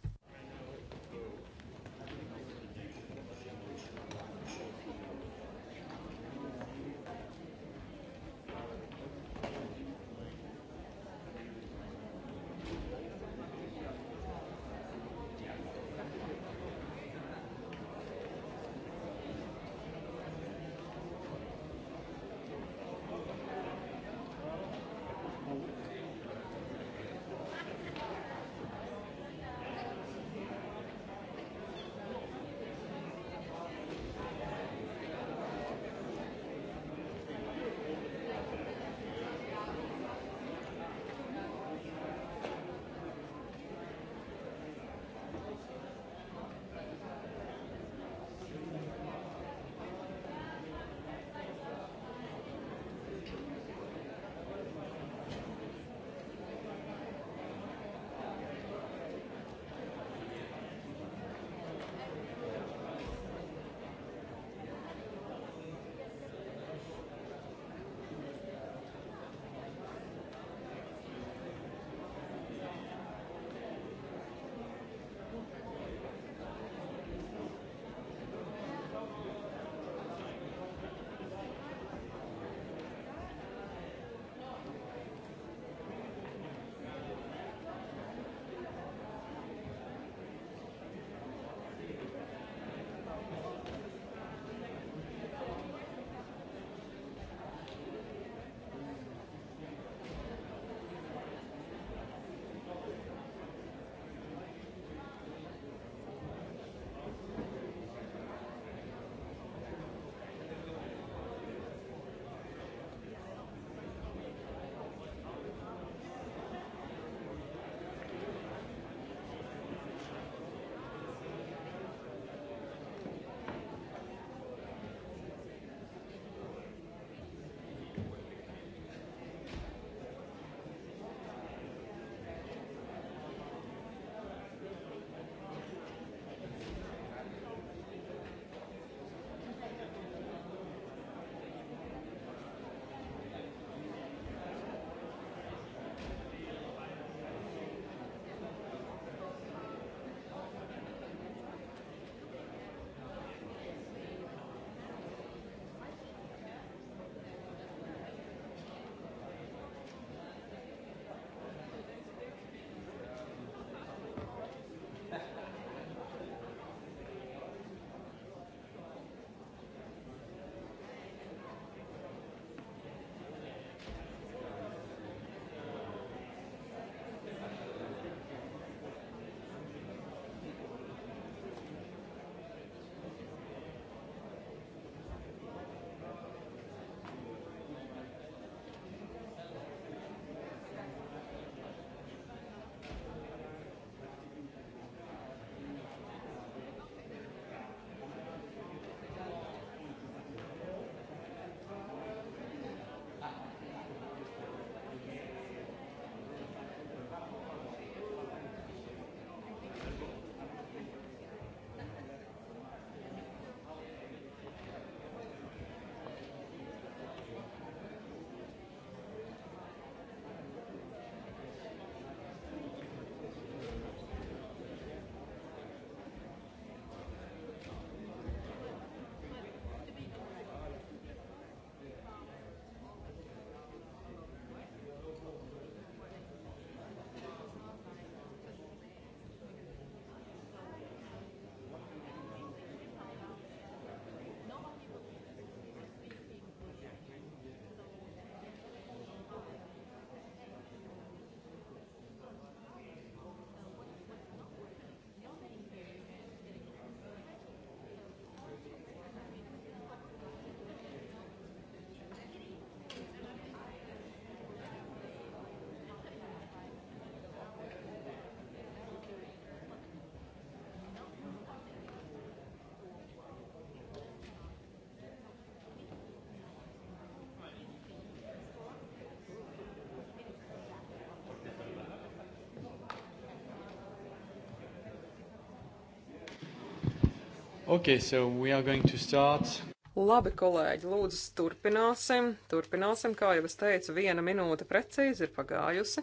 Okay, so we are going to start. Labi, kolēģi, lūdzu, turpināsim. Turpināsim, kā jau es teicu, viena minūte precīzi ir pagājusi.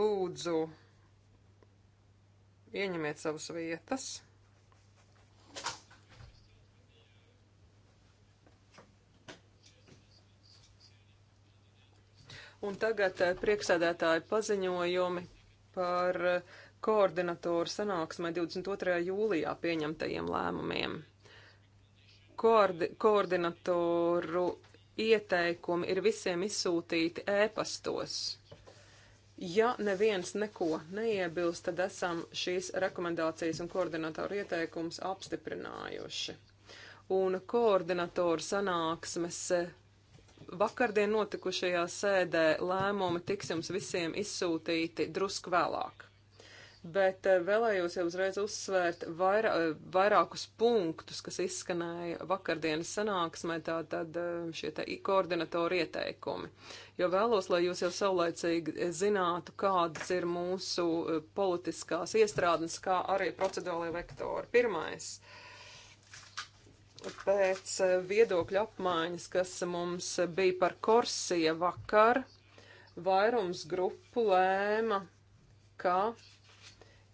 Lūdzu, ieņemiet savas vietas. Un tagad eh, prieksēdētāji paziņojumi par eh, koordinatoru sanāksmē 22. jūlijā pieņemtajiem lēmumiem. Koordi koordinatoru ieteikumi ir visiem izsūtīti ēpastos. Ja neviens neko neiebilst, tad esam šīs rekomendācijas un koordinatoru ieteikumus apstiprinājuši. Un koordinatoru sanāksmes eh, vakardien notikušajā sēdē lēmumi tiks jums visiem izsūtīti drusku vēlāk. Bet eh, vēlējos jau uzreiz uzsvērt vairā, vairākus punktus, kas izskanēja vakardienas sanāksmē, tātad eh, šie te koordinatori ieteikumi. Jo vēlos, lai jūs jau saulēcīgi zinātu, kādas ir mūsu eh, politiskās iestrādnes, kā arī procedūrālie vektori. Pirmais. Uh, pēc eh, viedokļa apmaiņas, kas mums bija par Korsija vakar, vairums grupu lēma, ka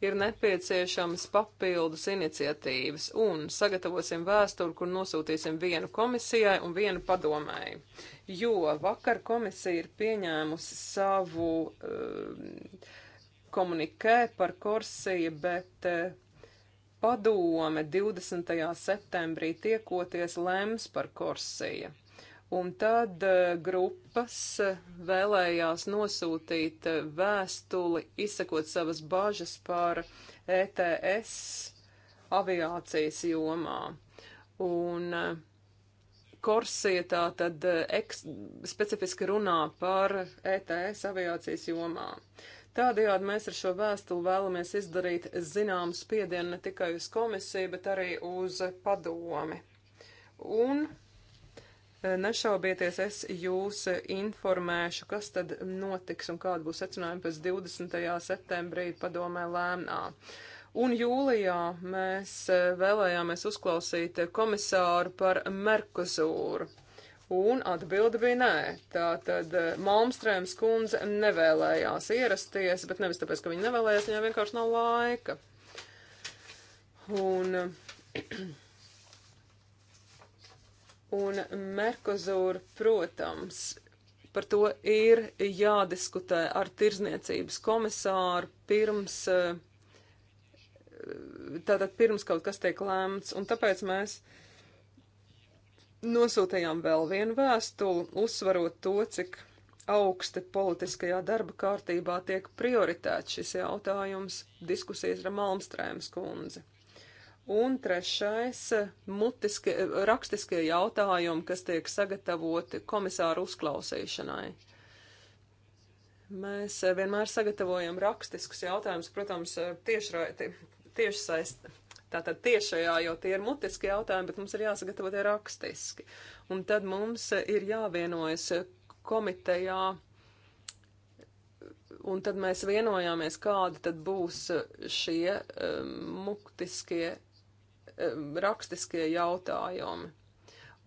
ir nepieciešamas papildus iniciatīvas un sagatavosim vēstuli, kur nosūtīsim vienu komisijai un vienu padomēji. Jo vakar komisija ir pieņēmusi savu uh, komunikē par Korsiju, bet uh, padome 20. septembrī tiekoties lems par Korsiju. Un tad eh, grupas eh, vēlējās nosūtīt eh, vēstuli, izsakot savas bažas par ETS aviācijas jomā. Un Korsija tā tad ek, specifiski runā par ETS aviācijas jomā. Uh, Tādējādi mēs ar šo vēstuli vēlamies izdarīt zināmu spiedienu ne tikai uz komisiju, bet arī uz padomi. Un e, nešaubieties, es jūs informēšu, kas tad notiks un kāda būs secinājuma pēc 20. septembrī padomē lēmnā. Un jūlijā mēs e, vēlējāmies uzklausīt komisāru par Merkuzūru. Un atbilde bija nē. Tātad eh, Malmstrēms kundze nevēlējās ierasties, bet nevis tāpēc, ka viņa nevēlējās, viņai vienkārši nav laika. Un, eh, un Merkozūra, protams, par to ir jādiskutē ar tirzniecības komisāru pirms, eh, tātad pirms kaut kas tiek lēmts, un tāpēc mēs. Uh, Nosūtījām vēl vienu vēstuli, uzsvarot to, cik augsti politiskajā darba kārtībā tiek prioritēts šis jautājums diskusijas ar Malmstrēmas kundzi. Un trešais - mutiskie, rakstiskie jautājumi, kas tiek sagatavoti komisāru uzklausīšanai. Mēs vienmēr sagatavojam rakstiskus jautājumus, protams, tiešraiti, tiešsaist, tātad tiešajā, jo tie ir mutiski jautājumi, bet mums ir jāsagatavo tie rakstiski. Un tad mums ir jāvienojas komitejā, un tad mēs vienojāmies, kādi tad būs šie um, muktiskie, um, rakstiskie jautājumi.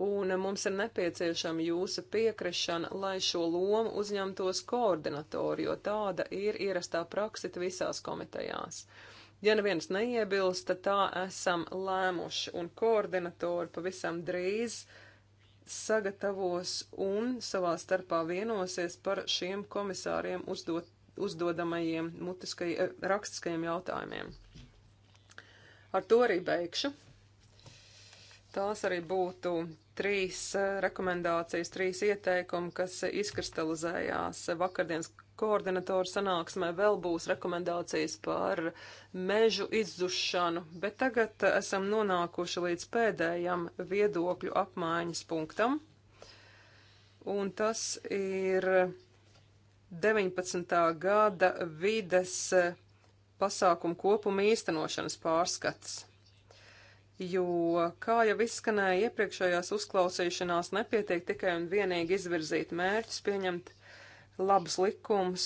Un mums ir nepieciešama jūsu piekrišana, lai šo lomu uzņemtos koordinatori, jo tāda ir ierastā praksita visās komitejās. Uh, Ja neviens neiebilst, tad tā esam lēmuši, un koordinatori pavisam drīz sagatavos un savā starpā vienosies par šiem komisāriem uzdot, uzdodamajiem mutiskai, eh, rakstiskajiem jautājumiem. Ar to arī beigšu. Tās arī būtu trīs eh, rekomendācijas, trīs ieteikumi, kas izkristalizējās vakardienas koordinatoru sanāksmē vēl būs rekomendācijas par mežu izzušanu, bet tagad esam nonākuši līdz pēdējam viedokļu apmaiņas punktam. Un tas ir 19. gada vides pasākumu kopuma īstenošanas pārskats jo, kā jau izskanēja iepriekšējās uzklausīšanās, nepietiek tikai un vienīgi izvirzīt mērķus, pieņemt labus likumus,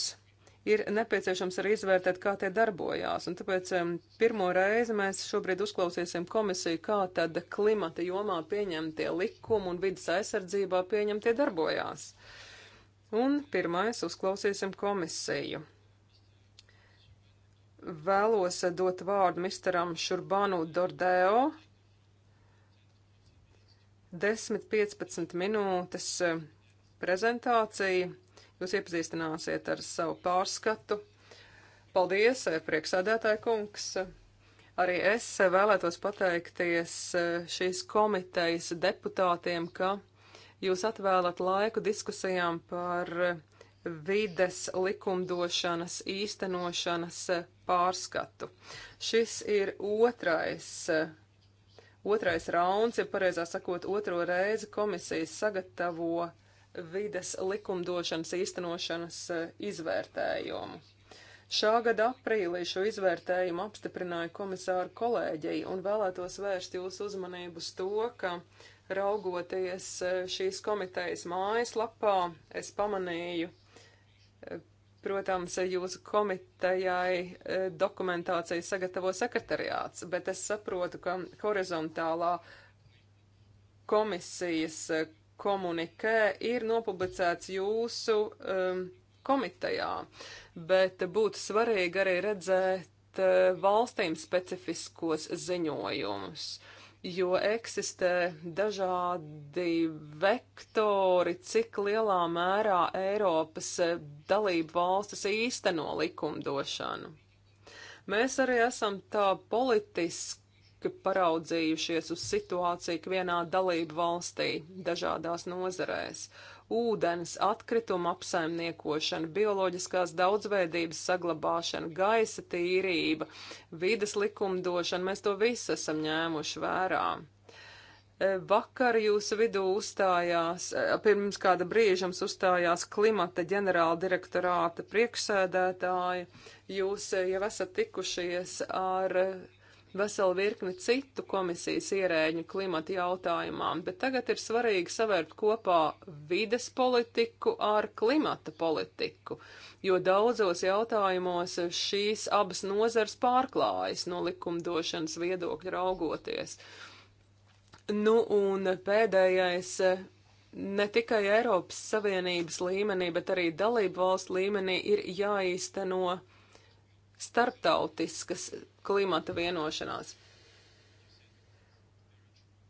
ir nepieciešams arī izvērtēt, kā tie darbojās. Un tāpēc pirmo reizi mēs šobrīd uzklausīsim komisiju, kā tad klimata jomā pieņemtie likumi un vidas aizsardzībā pieņemtie darbojās. Un pirmais uzklausīsim komisiju. Vēlos dot vārdu misteram Šurbanu Dordeo. 10-15 minūtes prezentācija Jūs iepazīstināsiet ar savu pārskatu. Paldies, eh, prieksēdētāji kungs! Arī es eh, vēlētos pateikties eh, šīs komitejas deputātiem, ka jūs atvēlat laiku diskusijām par vides likumdošanas īstenošanas pārskatu. Šis ir otrais, otrais rauns, ja pareizā sakot, otro reizi komisijas sagatavo vides likumdošanas īstenošanas e, izvērtējumu. Šā gada aprīlī šo izvērtējumu apstiprināja komisāra kolēģija un vēlētos vērst jūsu uzmanību uz to, ka raugoties e, šīs komitejas mājaslapā, es pamanīju, e, protams, jūsu komitejai dokumentāciju sagatavo sekretariāts, bet es saprotu, ka horizontālā komisijas komunikē ir nopublicēts jūsu um, komitejā, bet būtu svarīgi arī redzēt uh, valstīm specifiskos ziņojumus, jo eksistē dažādi vektori, cik lielā mērā Eiropas uh, dalību valstis īsteno likumdošanu. Mēs arī esam tā politiski paraudzījušies uz situāciju ikvienā dalību valstī, dažādās nozarēs. Ūdens, atkrituma apsaimniekošana, bioloģiskās daudzveidības saglabāšana, gaisa tīrība, vides likumdošana, mēs to visu esam ņēmuši vērā. E, vakar jūsu vidū uzstājās, e, pirms kāda brīža jums uzstājās klimata ģenerāla direktorāta priekšsēdētāja. Jūs e, jau esat tikušies ar veselu virkni citu komisijas ierēģu klimata jautājumām, bet tagad ir svarīgi savērt kopā vides politiku ar klimata politiku, jo daudzos jautājumos šīs abas nozars pārklājas no likumdošanas viedokļa raugoties. Nu un pēdējais ne tikai Eiropas Savienības līmenī, bet arī dalību valstu līmenī ir jāīsteno starptautiskas klimata vienošanās.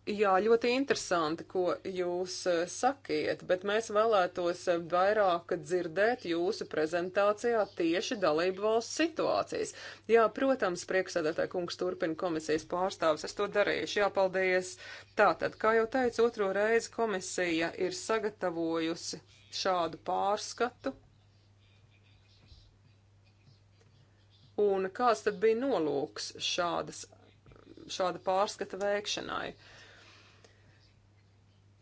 Jā, ļoti interesanti, ko jūs eh, sakiet, bet mēs vēlētos eh, vairāk dzirdēt jūsu prezentācijā tieši dalību valsts situācijas. Jā, protams, priekšsēdētāja kungs turpina komisijas pārstāvis, es to darīšu, jā, paldies. Tātad, kā jau teicu, otro reizi komisija ir sagatavojusi šādu pārskatu Un kāds tad bija nolūks šādas, šāda pārskata veikšanai?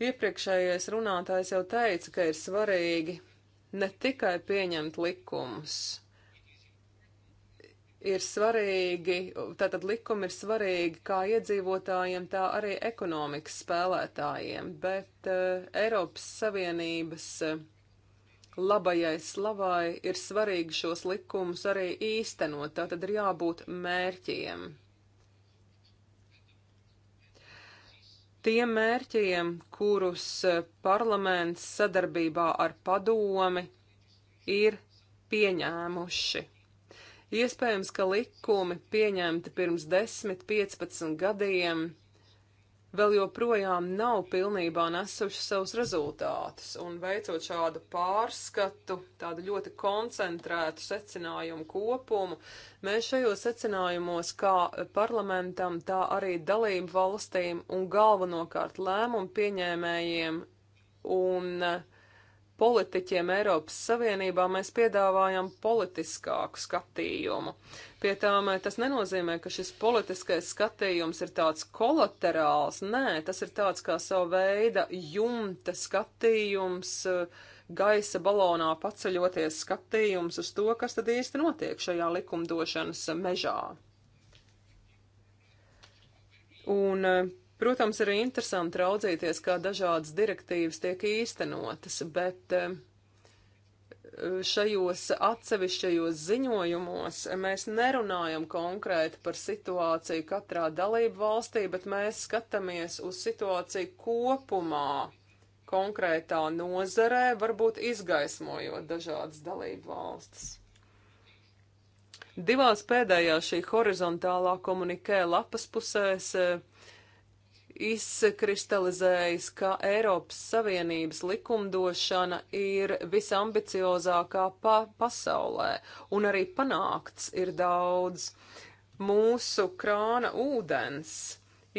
Iepriekšējais runātājs jau teica, ka ir svarīgi ne tikai pieņemt likumus, ir svarīgi, tātad likumi ir svarīgi kā iedzīvotājiem, tā arī ekonomikas spēlētājiem, bet uh, Eiropas Savienības uh, labajai slavai ir svarīgi šos likumus arī īstenot, tā tad ir jābūt mērķiem. Tiem mērķiem, kurus eh, parlaments sadarbībā ar padomi ir pieņēmuši. Iespējams, ka likumi pieņemti pirms 10, 15 gadiem vēl joprojām nav pilnībā nesuši savus rezultātus, un veicot šādu pārskatu, tādu ļoti koncentrētu secinājumu kopumu, mēs šajos secinājumos kā parlamentam, tā arī dalību valstīm un galvenokārt lēmumu pieņēmējiem un politiķiem Eiropas Savienībā mēs piedāvājam politiskāku skatījumu. Pie tām eh, tas nenozīmē, ka šis politiskais skatījums ir tāds kolaterāls. Nē, tas ir tāds kā sava veida jumta skatījums, eh, gaisa balonā paceļoties skatījums uz to, kas tad īsti notiek šajā likumdošanas mežā. Un, eh, protams, arī interesanti raudzīties, kā dažādas direktīvas tiek īstenotas, bet šajos atsevišķajos ziņojumos mēs nerunājam konkrēti par situāciju katrā dalību valstī, bet mēs skatāmies uz situāciju kopumā konkrētā nozarē, varbūt izgaismojot dažādas dalību valstis. Divās pēdējās šī horizontālā komunikē lapas pusēs eh, izkristalizējis, ka Eiropas Savienības likumdošana ir visambiciozākā pa pasaulē, un arī panākts ir daudz. Mūsu krāna ūdens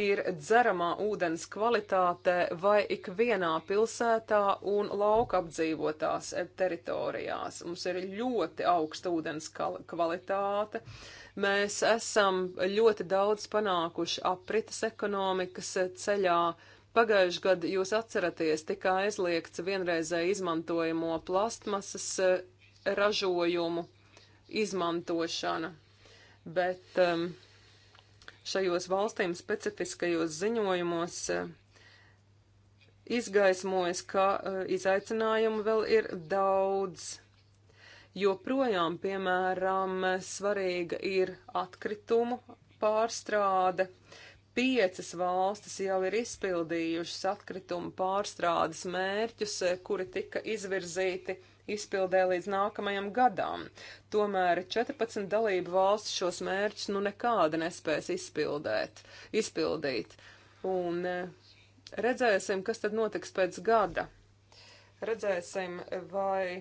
ir dzeramā ūdens kvalitāte vai ikvienā pilsētā un lauka apdzīvotās teritorijās. Mums ir ļoti augsta ūdens kvalitāte. Uh, Mēs esam ļoti daudz panākuši aprites ekonomikas ceļā. Pagājuši gadu jūs atceraties, tika aizliegts vienreizē izmantojamo plastmasas eh, ražojumu izmantošana, bet um, šajos valstīm specifiskajos ziņojumos eh, izgaismojas, ka eh, izaicinājumu vēl ir daudz joprojām, piemēram, svarīga ir atkritumu pārstrāde. Piecas valstis jau ir izpildījušas atkritumu pārstrādes mērķus, eh, kuri tika izvirzīti izpildē līdz nākamajam gadam. Tomēr 14 dalību valstis šos mērķus nu nekāda nespēs izpildēt, izpildīt. Un eh, redzēsim, kas tad notiks pēc gada. Redzēsim, vai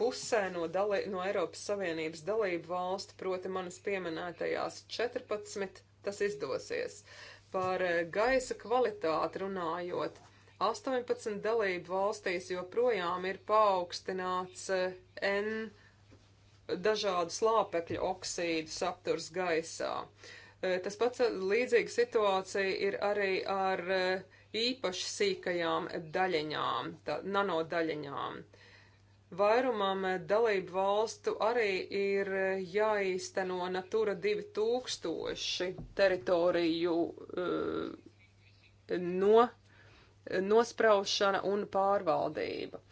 pusē no, dalī, no Eiropas Savienības dalību valstu, proti manas pieminētajās 14, tas izdosies. Par eh, gaisa kvalitāti runājot, 18 dalību valstīs joprojām ir paaugstināts eh, N dažādu slāpekļu oksīdu saturs gaisā. Eh, tas pats līdzīga situācija ir arī ar īpaši sīkajām daļiņām, tā, nanodaļiņām. Vairumam eh, dalību valstu arī ir eh, jāīsteno Natura 2000 teritoriju eh, no, nospraušana un pārvaldība.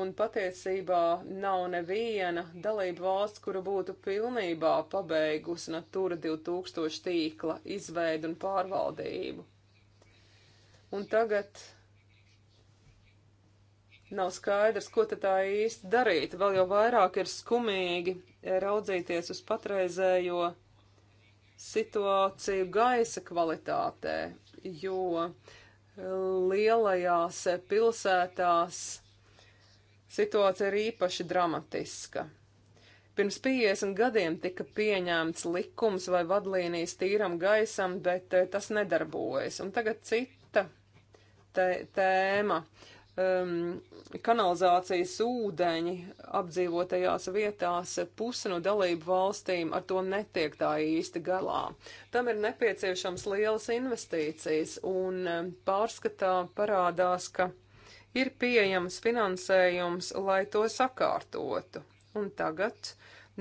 Un patiesībā nav neviena dalība valsts, kura būtu pilnībā pabeigusi Natura 2000 tīkla izveidu un pārvaldību. Un tagad nav skaidrs, ko tad tā īsti darīt. Vēl jau vairāk ir skumīgi raudzīties uz patreizējo situāciju gaisa kvalitātē, jo lielajās pilsētās situācija ir īpaši dramatiska. Pirms 50 gadiem tika pieņemts likums vai vadlīnijas tīram gaisam, bet eh, tas nedarbojas. Un tagad cita tēma. Uh, um, kanalizācijas ūdeņi apdzīvotajās vietās puse no dalību valstīm ar to netiek tā īsti galā. Tam ir nepieciešams lielas investīcijas, un um, pārskatā parādās, ka ir pieejams finansējums, lai to sakārtotu. Un tagad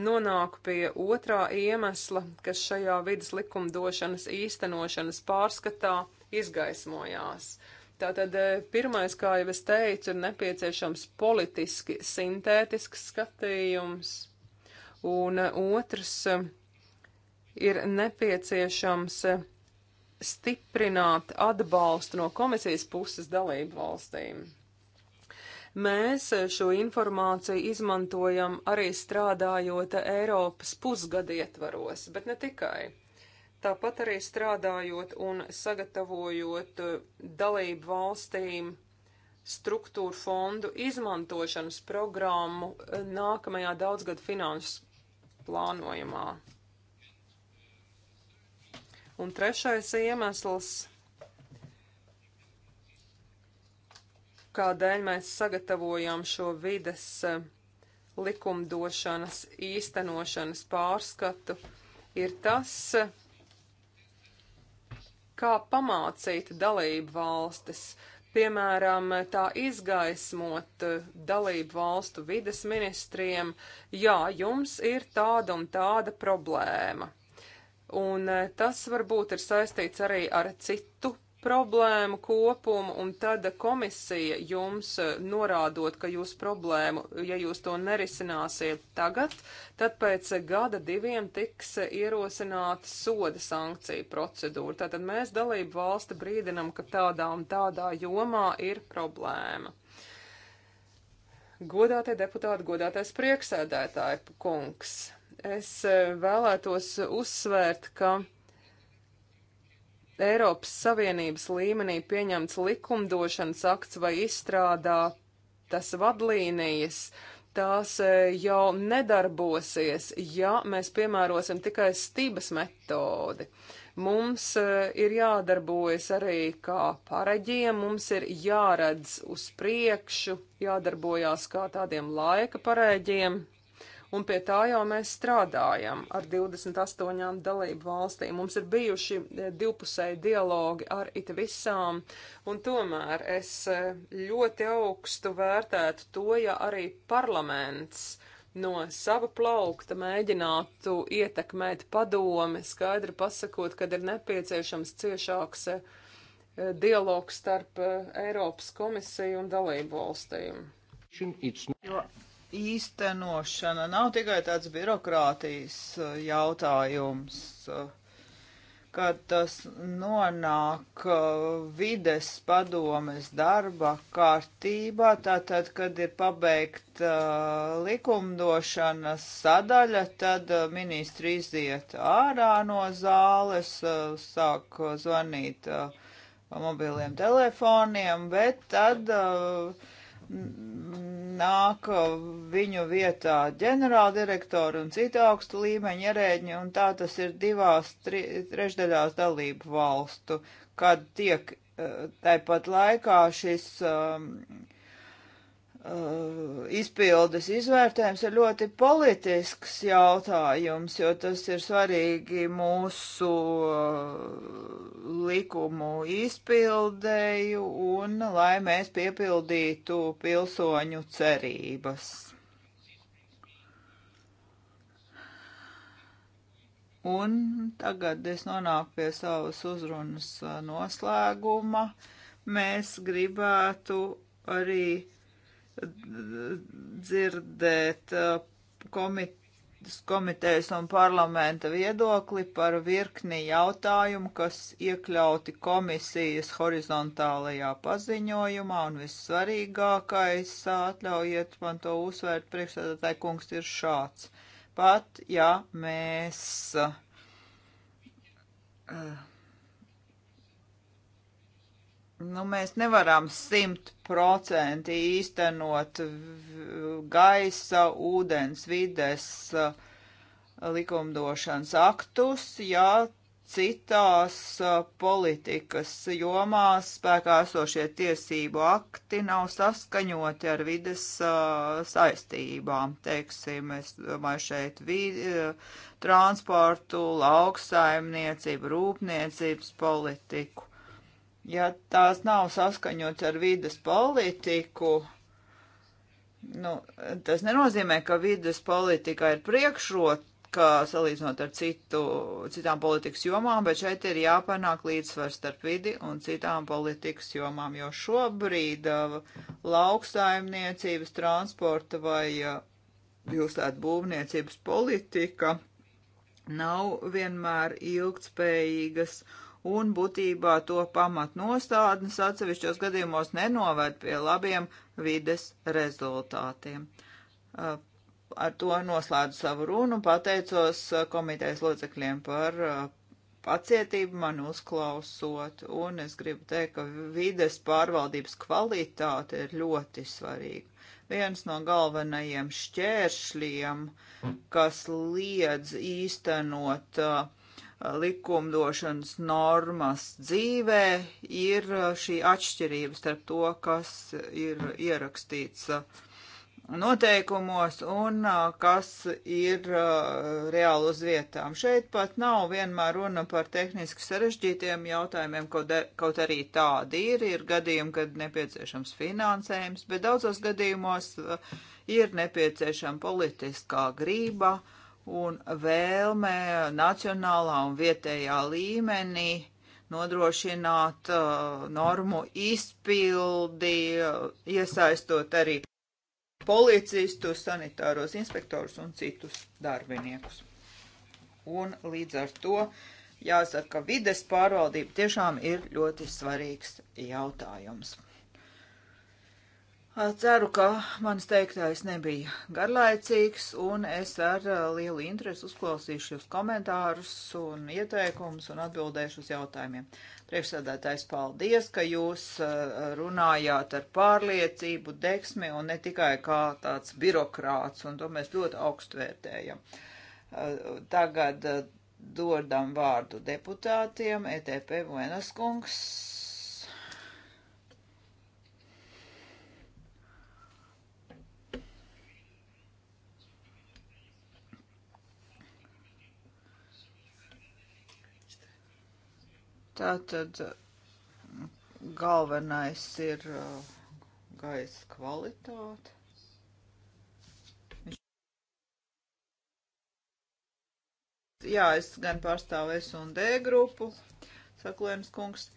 nonāku pie otrā iemesla, kas šajā vidas likumdošanas īstenošanas pārskatā izgaismojās. Uh, Tātad eh, pirmais, kā jau es teicu, ir nepieciešams politiski sintētisks skatījums, un eh, otrs eh, ir nepieciešams stiprināt atbalstu no komisijas puses dalību valstīm. Mēs šo informāciju izmantojam arī strādājot Eiropas pusgadietvaros, bet ne tikai. Tāpat arī strādājot un sagatavojot eh, dalību valstīm struktūru fondu izmantošanas programmu eh, nākamajā daudzgadu finanšu plānojumā. Un trešais iemesls, kādēļ mēs sagatavojam šo vides eh, likumdošanas īstenošanas pārskatu, ir tas, ka kā pamācīt dalību valstis, piemēram, tā izgaismot eh, dalību valstu vides ministriem, jā, jums ir tāda un tāda problēma. Un eh, tas varbūt ir saistīts arī ar citu problēmu kopumu, un tad komisija jums eh, norādot, ka jūs problēmu, ja jūs to nerisināsiet tagad, tad pēc gada diviem tiks eh, ierosināta soda sankcija procedūra. Tātad mēs dalību valsti brīdinam, ka tādā un tādā jomā ir problēma. Godātie deputāti, godātais prieksēdētāji kungs, es eh, vēlētos uzsvērt, ka Eiropas Savienības līmenī pieņemts likumdošanas akts vai izstrādātas vadlīnijas, tās e, jau nedarbosies, ja mēs piemērosim tikai stības metodi. Mums e, ir jādarbojas arī kā pareģiem, mums ir jāredz uz priekšu, jādarbojas kā tādiem laika pareģiem un pie tā jau mēs strādājam ar 28 dalību valstīm. Mums ir bijuši eh, divpusēji dialogi ar it visām, un tomēr es eh, ļoti augstu vērtētu to, ja arī parlaments no sava plaukta mēģinātu ietekmēt padomi, skaidri pasakot, kad ir nepieciešams ciešāks eh, dialogs starp Eiropas komisiju un dalību valstīm. Jo īstenošana nav tikai tāds birokrātijas uh, jautājums, uh, kad tas nonāk uh, vides padomes darba kārtībā, tātad, kad ir pabeigta likumdošanas sadaļa, tad ministri iziet ārā no zāles, sāk zvanīt mobiliem telefoniem, bet tad nāk uh, viņu vietā ģenerāldirektori un citi augstu līmeņu ierēģi, un tā tas ir divās tri, trešdaļās dalību valstu, kad tiek uh, tāpat laikā šis um, uh, Uh, izpildes izvērtējums ir ļoti politisks jautājums, jo tas ir svarīgi mūsu uh, likumu izpildēju un lai mēs piepildītu pilsoņu cerības. Un tagad es nonāku pie savas uzrunas uh, noslēguma. Mēs gribētu arī dzirdēt uh, komit komitejas un parlamenta viedokli par virkni jautājumu, kas iekļauti komisijas horizontālajā paziņojumā, un vissvarīgākais, atļaujiet man to uzsvērt, priekšsēdētāji kungs ir šāds. Pat ja mēs uh, nu, mēs nevaram simtprocenti īstenot gaisa, ūdens, vides uh, likumdošanas aktus, ja citās uh, politikas jomās spēkā esošie tiesību akti nav saskaņoti ar vides uh, saistībām. Teiksim, es domāju šeit vidi, transportu, lauksaimniecību, rūpniecības politiku ja tās nav saskaņots ar vidas politiku, nu, tas nenozīmē, ka vidas politikā ir priekšrot, ka salīdzinot ar citu, citām politikas jomām, bet šeit ir jāpanāk līdzsvars starp vidi un citām politikas jomām, jo šobrīd uh, lauksaimniecības, transporta vai uh, jūs tāda būvniecības politika nav vienmēr ilgtspējīgas un būtībā to pamatnostādnes atsevišķos gadījumos nenovērt pie labiem vides rezultātiem. Uh, ar to noslēdzu savu runu, pateicos uh, komitejas locekļiem par uh, pacietību man uzklausot, un es gribu teikt, ka vides pārvaldības kvalitāte ir ļoti svarīga. Viens no galvenajiem šķēršļiem, kas liedz īstenot uh, likumdošanas normas dzīvē ir uh, šī atšķirība starp to, kas ir ierakstīts uh, noteikumos un uh, kas ir reāli uz vietām. Šeit pat nav vienmēr runa par tehniski sarežģītiem jautājumiem, kaut, ar, kaut arī tādi ir. Ir gadījumi, kad nepieciešams finansējums, bet daudzos gadījumos ir nepieciešama politiskā grība. Uh, un vēlme nacionālā un vietējā līmenī nodrošināt uh, normu izpildi, uh, iesaistot arī policistus, sanitāros inspektorus un citus darbiniekus. Un līdz ar to jāsaka, ka vides pārvaldība tiešām ir ļoti svarīgs jautājums. Ceru, ka mans teiktais nebija garlaicīgs, un es ar lielu interesi uzklausīšu jūs komentārus un ieteikumus un atbildēšu uz jautājumiem. Priekšsēdētājs, paldies, ka jūs runājāt ar pārliecību, deksmi un ne tikai kā tāds birokrāts, un to mēs ļoti augstu vērtējam. Tagad dodam vārdu deputātiem, ETP Buenas kungs. Tātad galvenais ir uh, gaisa kvalitāte. Jā, es gan pārstāvu S un D grupu, saka Lēns kungs.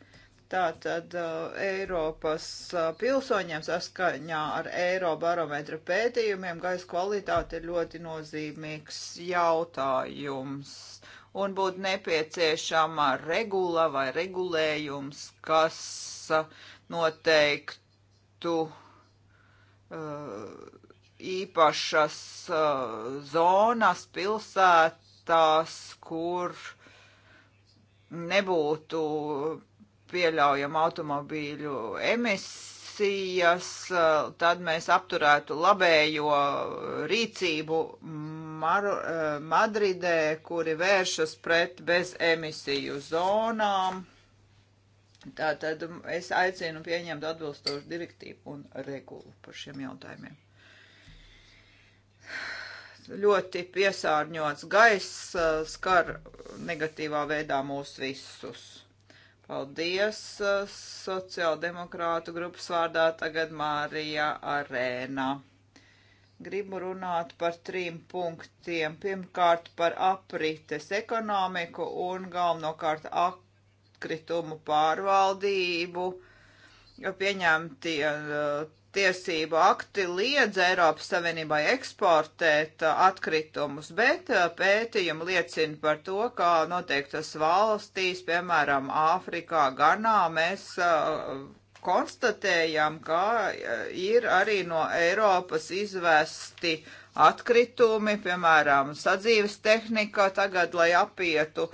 Tātad uh, Eiropas uh, pilsoņiem saskaņā ar Eirobarometra pētījumiem gaisa kvalitāte ir ļoti nozīmīgs jautājums un būtu nepieciešama regula vai regulējums, kas uh, noteiktu uh, īpašas uh, zonas pilsētās, kur nebūtu pieļaujama automobīļu emisija sankcijas, eh, tad mēs apturētu labējo rīcību Mar eh, Madridē, kuri vēršas pret bezemisiju zonām. Tātad es aicinu pieņemt atbilstošu direktīvu un regulu par šiem jautājumiem. Ļoti piesārņots gaiss eh, skar negatīvā veidā mūs visus Paldies uh, sociāldemokrātu grupas vārdā tagad Mārija Arēna. Gribu runāt par trim punktiem. Pirmkārt par aprites ekonomiku un galvenokārt atkritumu pārvaldību. Jo pieņemtie uh, tiesību akti liedz Eiropas Savienībai eksportēt uh, atkritumus, bet uh, pētījumi liecina par to, ka noteiktas valstīs, piemēram, Āfrikā, Ganā, mēs uh, konstatējām, ka uh, ir arī no Eiropas izvesti atkritumi, piemēram, sadzīves tehnika tagad, lai apietu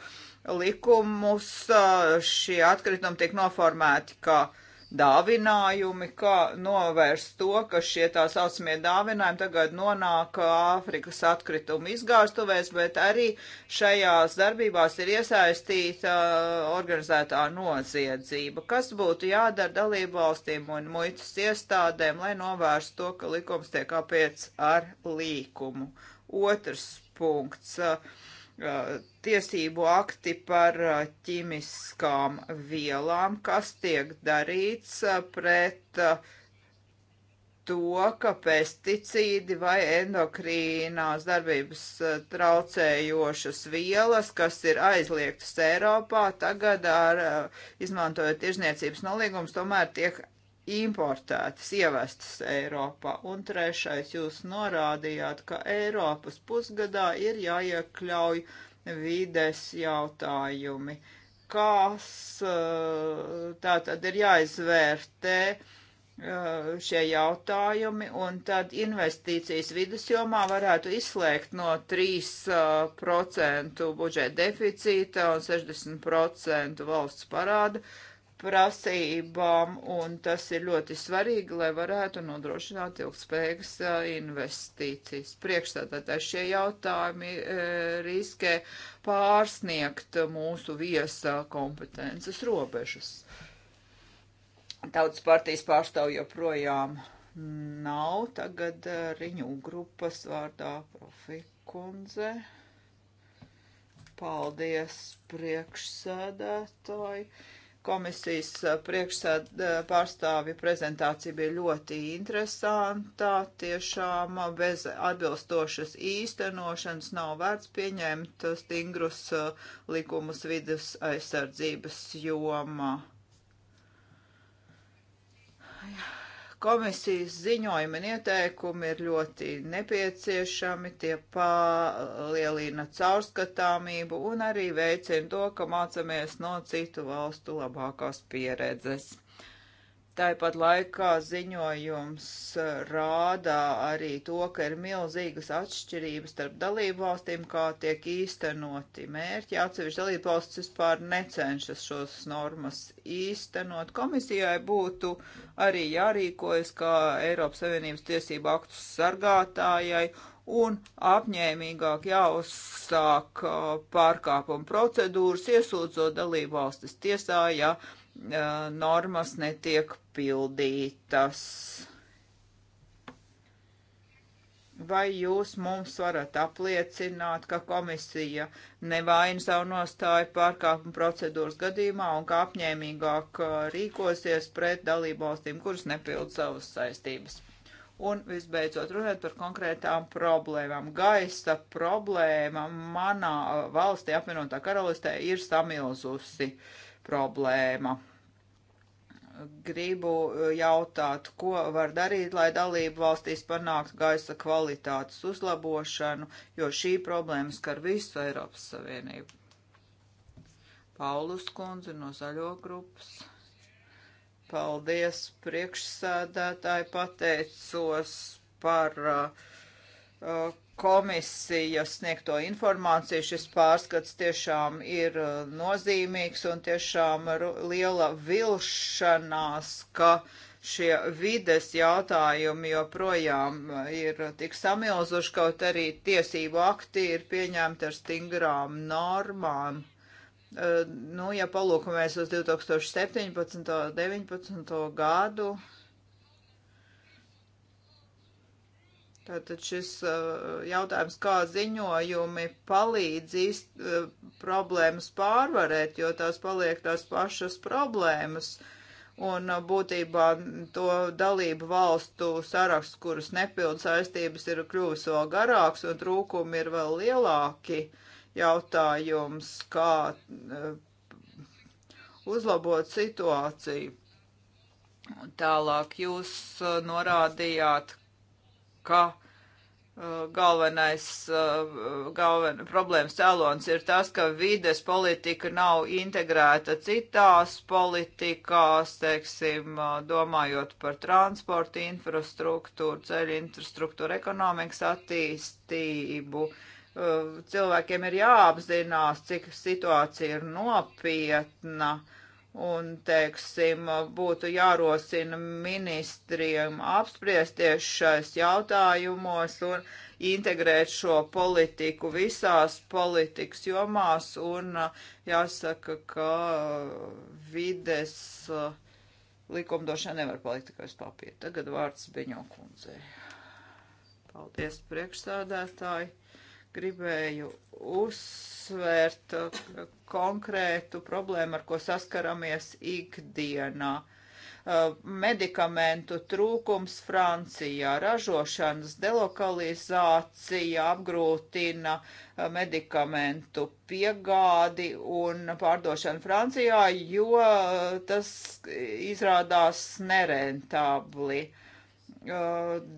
likumus, šie atkritumi tiek noformēti kā uh, dāvinājumi, kā novērst to, ka šie tā saucamie dāvinājumi tagad nonāk Āfrikas atkritumu izgāstuvēs, bet arī šajās darbībās ir iesaistīta uh, organizētā noziedzība. Kas būtu jādara dalību valstīm un muitas iestādēm, lai novērstu to, ka likums tiek apiets ar līkumu? Otrs punkts. Uh, uh tiesību akti par ķimiskām vielām, kas tiek darīts pret to, ka pesticīdi vai endokrīnās darbības traucējošas vielas, kas ir aizliegtas Eiropā, tagad ar, izmantojot tirzniecības nolīgumus, tomēr tiek importētas, ievestas Eiropā. Un trešais, jūs norādījāt, ka Eiropas pusgadā ir jāiekļauj uh, vides jautājumi. Kas eh, tā tad ir jāizvērtē eh, šie jautājumi, un tad investīcijas vidas jomā varētu izslēgt no 3% eh, budžeta deficīta un 60% valsts parāda prasībām, un tas ir ļoti svarīgi, lai varētu nodrošināt ilgspējīgas investīcijas. Priekšstādātāji šie jautājumi e, riskē pārsniegt mūsu viesā kompetences robežas. Tautas partijas pārstāv joprojām nav tagad riņu grupas vārdā profikundze. Paldies, priekšsēdētāji. Uh, Komisijas eh, priekšsēd eh, pārstāvi prezentācija bija ļoti interesantā, tiešām bez atbilstošas īstenošanas nav vērts pieņemt stingrus eh, likumus vidas aizsardzības jomā. Jā Komisijas ziņojumi un ieteikumi ir ļoti nepieciešami, tie palielina caurskatāmību un arī veicina to, ka mācamies no citu valstu labākās pieredzes. Tāpat laikā ziņojums uh, rādā arī to, ka ir milzīgas atšķirības starp dalību valstīm, kā tiek īstenoti mērķi. Atsevišķi dalību valsts vispār necenšas šos normas īstenot. Komisijai būtu arī jārīkojas kā Eiropas Savienības tiesību aktu sargātājai un apņēmīgāk jāuzsāk uh, pārkāpuma procedūras, iesūdzot dalību valstis tiesā, ja. Jā normas netiek pildītas. Vai jūs mums varat apliecināt, ka komisija nevaina savu nostāju pārkāpuma procedūras gadījumā un kā apņēmīgāk rīkosies pret dalību valstīm, kuras nepild savas saistības? Un visbeidzot runāt par konkrētām problēmām. Gaisa problēma manā valstī, apvienotā karalistē, ir samilzusi. Uh, problēma. Gribu e, jautāt, ko var darīt, lai dalību valstīs panāktu gaisa kvalitātes uzlabošanu, jo šī problēma skar visu Eiropas Savienību. Paulus kundze no zaļo grupas. Paldies priekšsēdētāji, pateicos par uh, komisijas sniegto informāciju. Šis pārskats tiešām ir uh, nozīmīgs un tiešām liela vilšanās, ka šie vides jautājumi joprojām uh, ir tik samilzuši, kaut arī tiesību akti ir pieņemti ar stingrām normām. Uh, nu, ja palūkamies uz 2017. un 2019. gadu, Tātad šis uh, jautājums, kā ziņojumi palīdzīs uh, problēmas pārvarēt, jo tās paliek tās pašas problēmas. Un uh, būtībā to dalību valstu saraksts, kuras nepilda saistības, ir kļuvis vēl garāks un trūkumi ir vēl lielāki. Jautājums, kā uzlabot situāciju. Tālāk jūs norādījāt, ka uh, galvenais uh, galven, problēmas cēlons ir tas, ka vides politika nav integrēta citās politikās, teiksim, uh, domājot par transportu, infrastruktūru, ceļu infrastruktūru, ekonomikas attīstību. Cilvēkiem ir jāapzinās, cik situācija ir nopietna. Uh, un, teiksim, būtu jārosina ministriem apspriesties šais jautājumos un integrēt šo politiku visās politikas jomās, un jāsaka, ka vides uh, likumdošana nevar palikt tikai uz papīra. Tagad vārds Beņo kundzei. Paldies, priekšsādātāji! gribēju uzsvērt konkrētu problēmu, ar ko saskaramies ikdienā. Uh, medikamentu trūkums Francijā, ražošanas delokalizācija apgrūtina uh, medikamentu piegādi un pārdošanu Francijā, jo uh, tas izrādās nerentabli. Uh,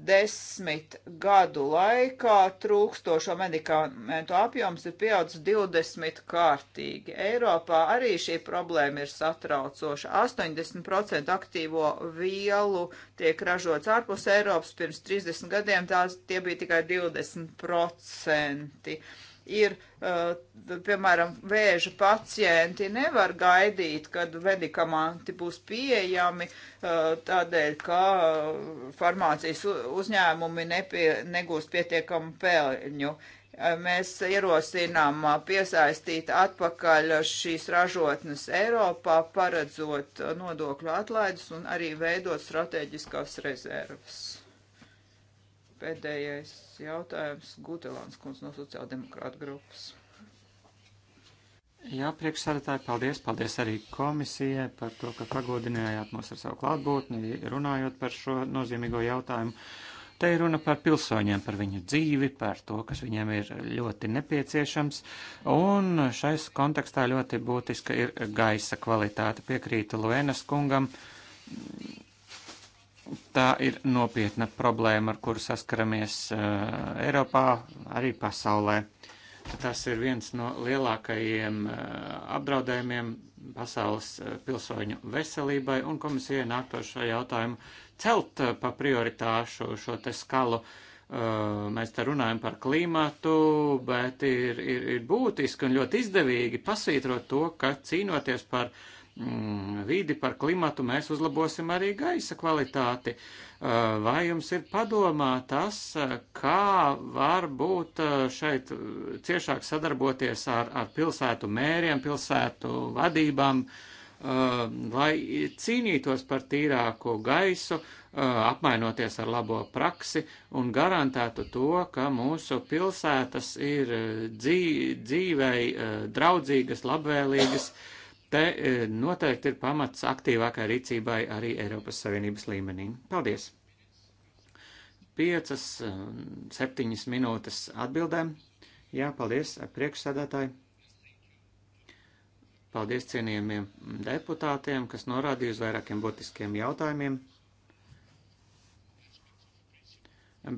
desmit gadu laikā trūkstošo medikamentu apjoms ir pieaudzis 20 kārtīgi. Eiropā arī šī problēma ir satraucoša. 80% aktīvo vielu tiek ražots ārpus Eiropas, pirms 30 gadiem tās tie bija tikai 20% ir, eh, piemēram, vēža pacienti nevar gaidīt, kad medikamenti būs pieejami, eh, tādēļ, ka eh, farmācijas uzņēmumi nepie, negūst pietiekamu peļņu. Mēs ierosinām piesaistīt atpakaļ šīs ražotnes Eiropā, paredzot nodokļu atlaidus un arī veidot strateģiskās rezervas. Pēdējais jautājums Gutelāns kundz no sociāldemokrāta grupas. Jā, priekšsādātāji, paldies, paldies arī komisijai par to, ka pagodinājāt mūs ar savu klātbūtni, runājot par šo nozīmīgo jautājumu. Te ir runa par pilsoņiem, par viņu dzīvi, par to, kas viņiem ir ļoti nepieciešams. Un šais kontekstā ļoti būtiska ir gaisa kvalitāte. Piekrītu Luenas kungam tā ir nopietna problēma, ar kuru saskaramies uh, Eiropā, arī pasaulē. Tas ir viens no lielākajiem uh, apdraudējumiem pasaules uh, pilsoņu veselībai, un komisija nāk ar šo jautājumu celt uh, pa prioritāšu šo te skalu. Uh, mēs te runājam par klimatu, bet ir, ir, ir būtiski un ļoti izdevīgi pasvītrot to, ka cīnoties par uh, Mm, vidi, par klimatu, mēs uzlabosim arī gaisa kvalitāti. Uh, vai jums ir padomā tas, uh, kā var būt uh, šeit ciešāk sadarboties ar, ar pilsētu mēriem, pilsētu vadībām, lai cīnītos par tīrāku gaisu, apmainoties ar labo praksi un garantētu to, ka mūsu pilsētas ir dzīvei draudzīgas, labvēlīgas, Te e, noteikti ir pamats aktīvākai rīcībai arī Eiropas Savienības līmenī. Paldies! Piecas, e, septiņas minūtes atbildēm. Jā, paldies, e, priekšsēdētāji. Paldies cienījamiem deputātiem, kas norādīja uz vairākiem būtiskiem jautājumiem.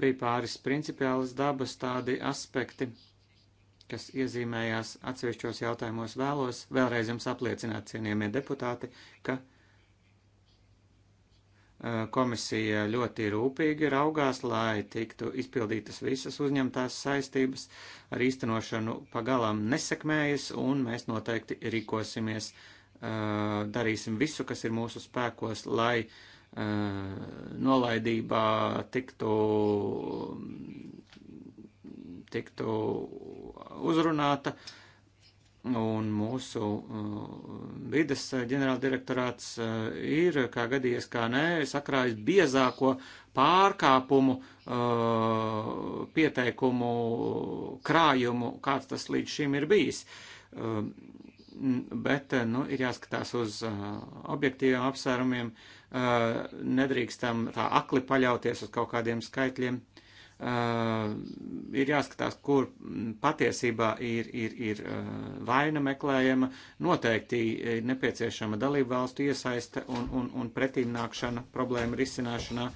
Bija pāris principiālas dabas tādi aspekti kas iezīmējās atsevišķos jautājumos, vēlos vēlreiz jums apliecināt, cienījamie deputāti, ka komisija ļoti rūpīgi raugās, lai tiktu izpildītas visas uzņemtās saistības, ar īstenošanu pagalām nesekmējas, un mēs noteikti rīkosimies, darīsim visu, kas ir mūsu spēkos, lai nolaidībā tiktu tiktu uzrunāta. Un mūsu uh, vides uh, ģenerāldirektorāts uh, ir, kā gadījies, kā nē, sakrājis biezāko pārkāpumu, pieteikumu, krājumu, kāds tas līdz šim ir bijis bet nu, ir jāskatās uz objektīviem apsvērumiem, nedrīkstam tā akli paļauties uz kaut kādiem skaitļiem. Uh, ir jāskatās, kur patiesībā ir, ir, ir uh, vaina meklējama. Noteikti ir nepieciešama dalību valstu iesaiste un, un, un pretīmnākšana problēma risināšanā.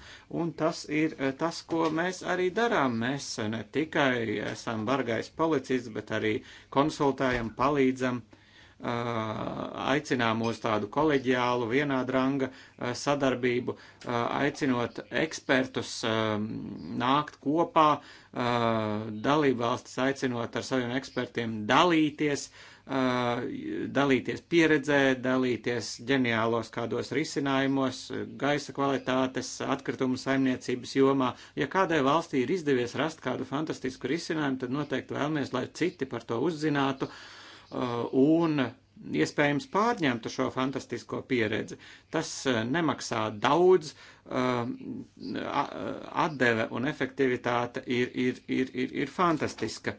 Un tas ir uh, tas, ko mēs arī darām. Mēs ne tikai esam bargais policists, bet arī konsultējam, palīdzam. Uh, aicinām uz tādu koleģiālu, vienāda ranga sadarbību, aicinot ekspertus nākt kopā, dalībvalstis aicinot ar saviem ekspertiem dalīties, dalīties pieredzē, dalīties ģeniālos kādos risinājumos, gaisa kvalitātes, atkritumu saimniecības jomā. Ja kādai valstī ir izdevies rast kādu fantastisku risinājumu, tad noteikti vēlamies, lai citi par to uzzinātu. Uh, Uh, un iespējams pārņemtu šo fantastisko pieredzi. Tas uh, nemaksā daudz, um, atdeve un efektivitāte ir, ir, ir, ir, ir fantastiska.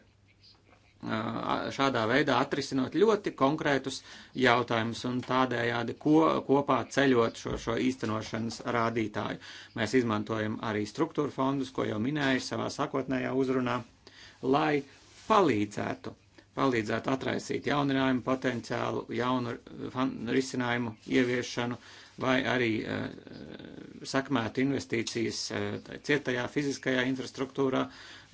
Uh, šādā veidā atrisinot ļoti konkrētus jautājumus un tādējādi ko, kopā ceļot šo, šo īstenošanas rādītāju. Mēs izmantojam arī struktūra fondus, ko jau minēju savā sakotnējā uzrunā, lai palīdzētu palīdzētu atraisīt jauninājumu potenciālu, jaunu eh, risinājumu ieviešanu vai arī eh, sakmētu investīcijas eh, cietajā fiziskajā infrastruktūrā,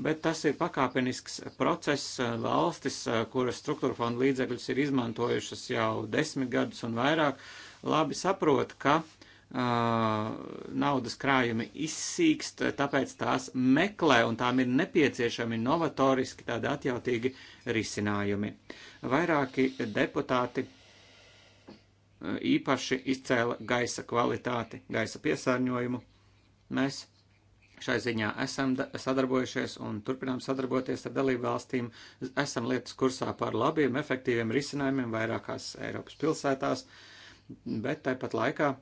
bet tas ir pakāpenisks process valstis, kuras struktūra fonda līdzekļus ir izmantojušas jau desmit gadus un vairāk, labi saprot, ka Uh, naudas krājumi izsīkst, tāpēc tās meklē un tām ir nepieciešami novatoriski tādi atjautīgi risinājumi. Vairāki deputāti uh, īpaši izcēla gaisa kvalitāti, gaisa piesārņojumu. Mēs šai ziņā esam sadarbojušies un turpinām sadarboties ar dalību valstīm, esam lietas kursā par labiem, efektīviem risinājumiem vairākās Eiropas pilsētās, bet tāpat laikā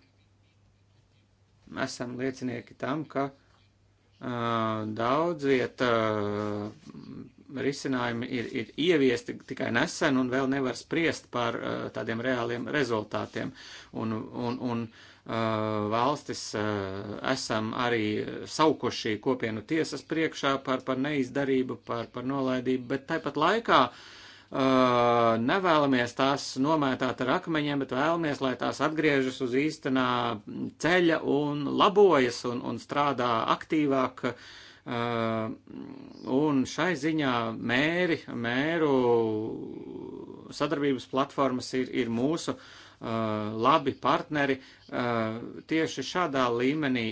esam liecinieki tam, ka uh, daudz vieta uh, risinājumi ir, ir ieviesti tikai nesen un vēl nevar spriest par uh, tādiem reāliem rezultātiem. Un, un, un uh, valstis uh, esam arī saukuši kopienu tiesas priekšā par, par neizdarību, par, par nolaidību, bet tāpat laikā uh, nevēlamies tās nomētāt ar akmeņiem, bet vēlamies, lai tās atgriežas uz īstenā ceļa un labojas un, un strādā aktīvāk. Un šai ziņā mēri, mēru sadarbības platformas ir, ir mūsu uh, labi partneri. Tieši šādā līmenī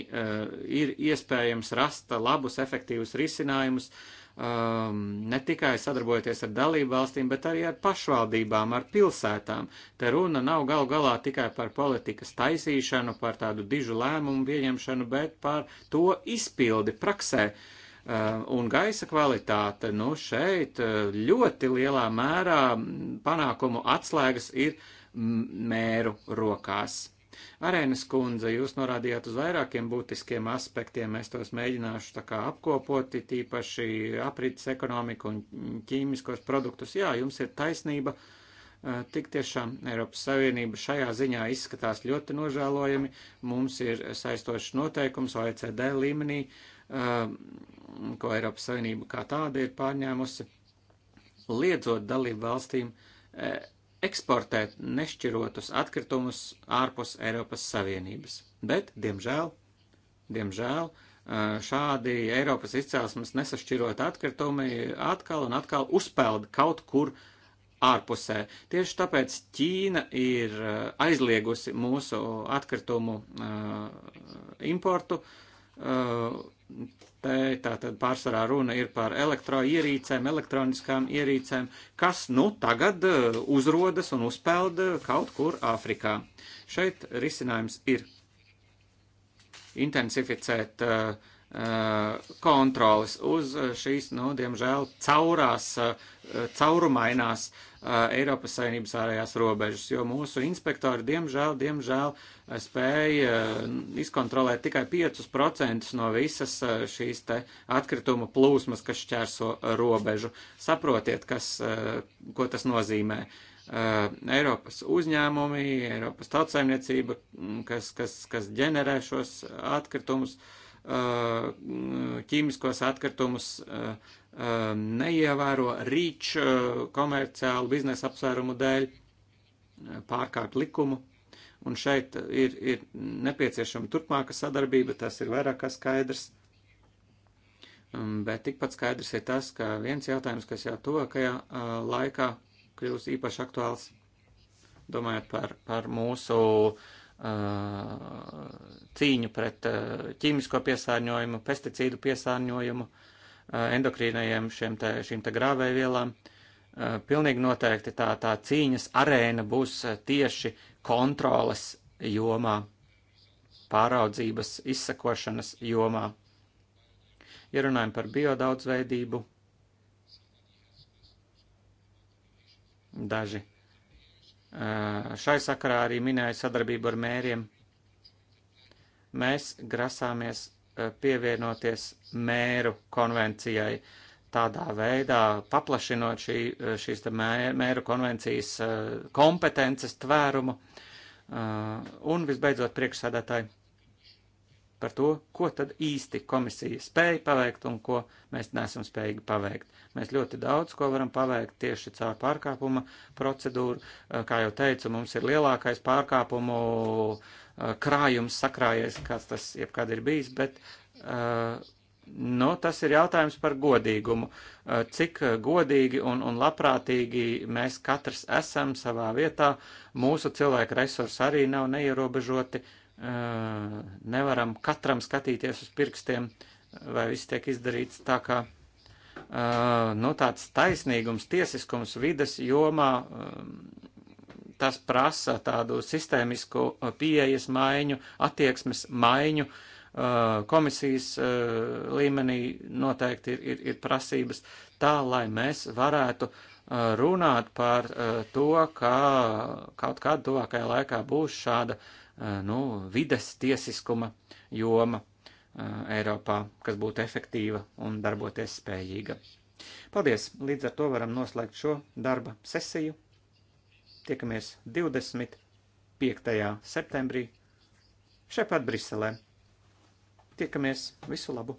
ir iespējams rast labus, efektīvus risinājumus, um, ne tikai sadarbojoties ar dalību valstīm, bet arī ar pašvaldībām, ar pilsētām. Te runa nav gal galā tikai par politikas taisīšanu, par tādu dižu lēmumu pieņemšanu, bet par to izpildi praksē. Uh, un gaisa kvalitāte, nu šeit uh, ļoti lielā mērā panākumu atslēgas ir mēru rokās. Arēnas kundze, jūs norādījāt uz vairākiem būtiskiem aspektiem, es tos mēģināšu tā kā apkopot, tīpaši aprits ekonomiku un ķīmiskos produktus. Jā, jums ir taisnība. Eh, tik tiešām Eiropas Savienība šajā ziņā izskatās ļoti nožēlojami. Mums ir saistošs noteikums OECD līmenī, eh, ko Eiropas Savienība kā tāda ir pārņēmusi liedzot dalību valstīm eh, eksportēt nešķirotus atkritumus ārpus Eiropas Savienības. Bet, diemžēl, diemžēl šādi Eiropas izcelsmes nesašķirot atkritumi atkal un atkal uzpeld kaut kur ārpusē. Tieši tāpēc Ķīna ir aizliegusi mūsu atkritumu importu Te tātad pārsvarā runa ir par elektroierīcēm, elektroniskām ierīcēm, kas nu tagad uh, uzrodas un uzpelda uh, kaut kur Āfrikā. Šeit risinājums ir intensificēt uh, uh kontrolas uz šīs, nu, diemžēl, caurās, caurumainās uh, Eiropas Savienības ārējās robežas, jo mūsu inspektori, diemžēl, diemžēl spēja izkontrolēt tikai 5% no visas šīs te atkrituma plūsmas, kas šķērso robežu. Saprotiet, kas, ko tas nozīmē. Eiropas uzņēmumi, Eiropas tautsaimniecība, kas, kas, kas ģenerē šos atkritumus, ķīmiskos atkritumus, Um, neievēro rīč uh, komerciālu biznesa apsvērumu dēļ, uh, pārkāp likumu. Un šeit ir, ir nepieciešama turpmāka sadarbība, tas ir vairāk kā skaidrs. Um, bet tikpat skaidrs ir tas, ka viens jautājums, kas jau tuvākajā uh, laikā kļūs īpaši aktuāls, domājot par, par mūsu uh, cīņu pret ķīmisko piesārņojumu, pesticīdu piesārņojumu, uh, endokrīnajiem šiem te, šīm te grāvējvielām. Pilnīgi noteikti tā, tā cīņas arēna būs tieši kontroles jomā, pāraudzības, izsakošanas jomā. Ja runājam par biodaudzveidību, daži šai sakarā arī minēja sadarbību ar mēriem. Mēs grasāmies Eh, pievienoties mēru konvencijai, tādā veidā paplašinot šī, eh, šīs mēru konvencijas eh, kompetences tvērumu. Un visbeidzot, priekšsēdētāji par to, ko tad īsti komisija spēja paveikt un ko mēs nesam spējīgi paveikt. Mēs ļoti daudz ko varam paveikt tieši caur pārkāpuma procedūru. Kā jau teicu, mums ir lielākais pārkāpumu uh, Uh, krājums sakrājies, kāds tas jebkad ir bijis, bet uh, nu, tas ir jautājums par godīgumu. Uh, cik godīgi un, un labprātīgi mēs katrs esam savā vietā, mūsu cilvēku resursi arī nav neierobežoti, nevaram katram skatīties uz pirkstiem, vai viss tiek izdarīts tā, kā nu, tāds taisnīgums, tiesiskums vides jomā um, tas prasa tādu sistēmisku uh, pieejas maiņu, attieksmes maiņu. Uh, komisijas uh, līmenī noteikti ir, ir, ir prasības tā, lai mēs varētu runāt par to, ka kaut kādā tuvākajā laikā būs šāda nu, vides tiesiskuma joma Eiropā, kas būtu efektīva un darboties spējīga. Paldies! Līdz ar to varam noslēgt šo darba sesiju. Tiekamies 25. septembrī šeit pat Briselē. Tiekamies visu labu!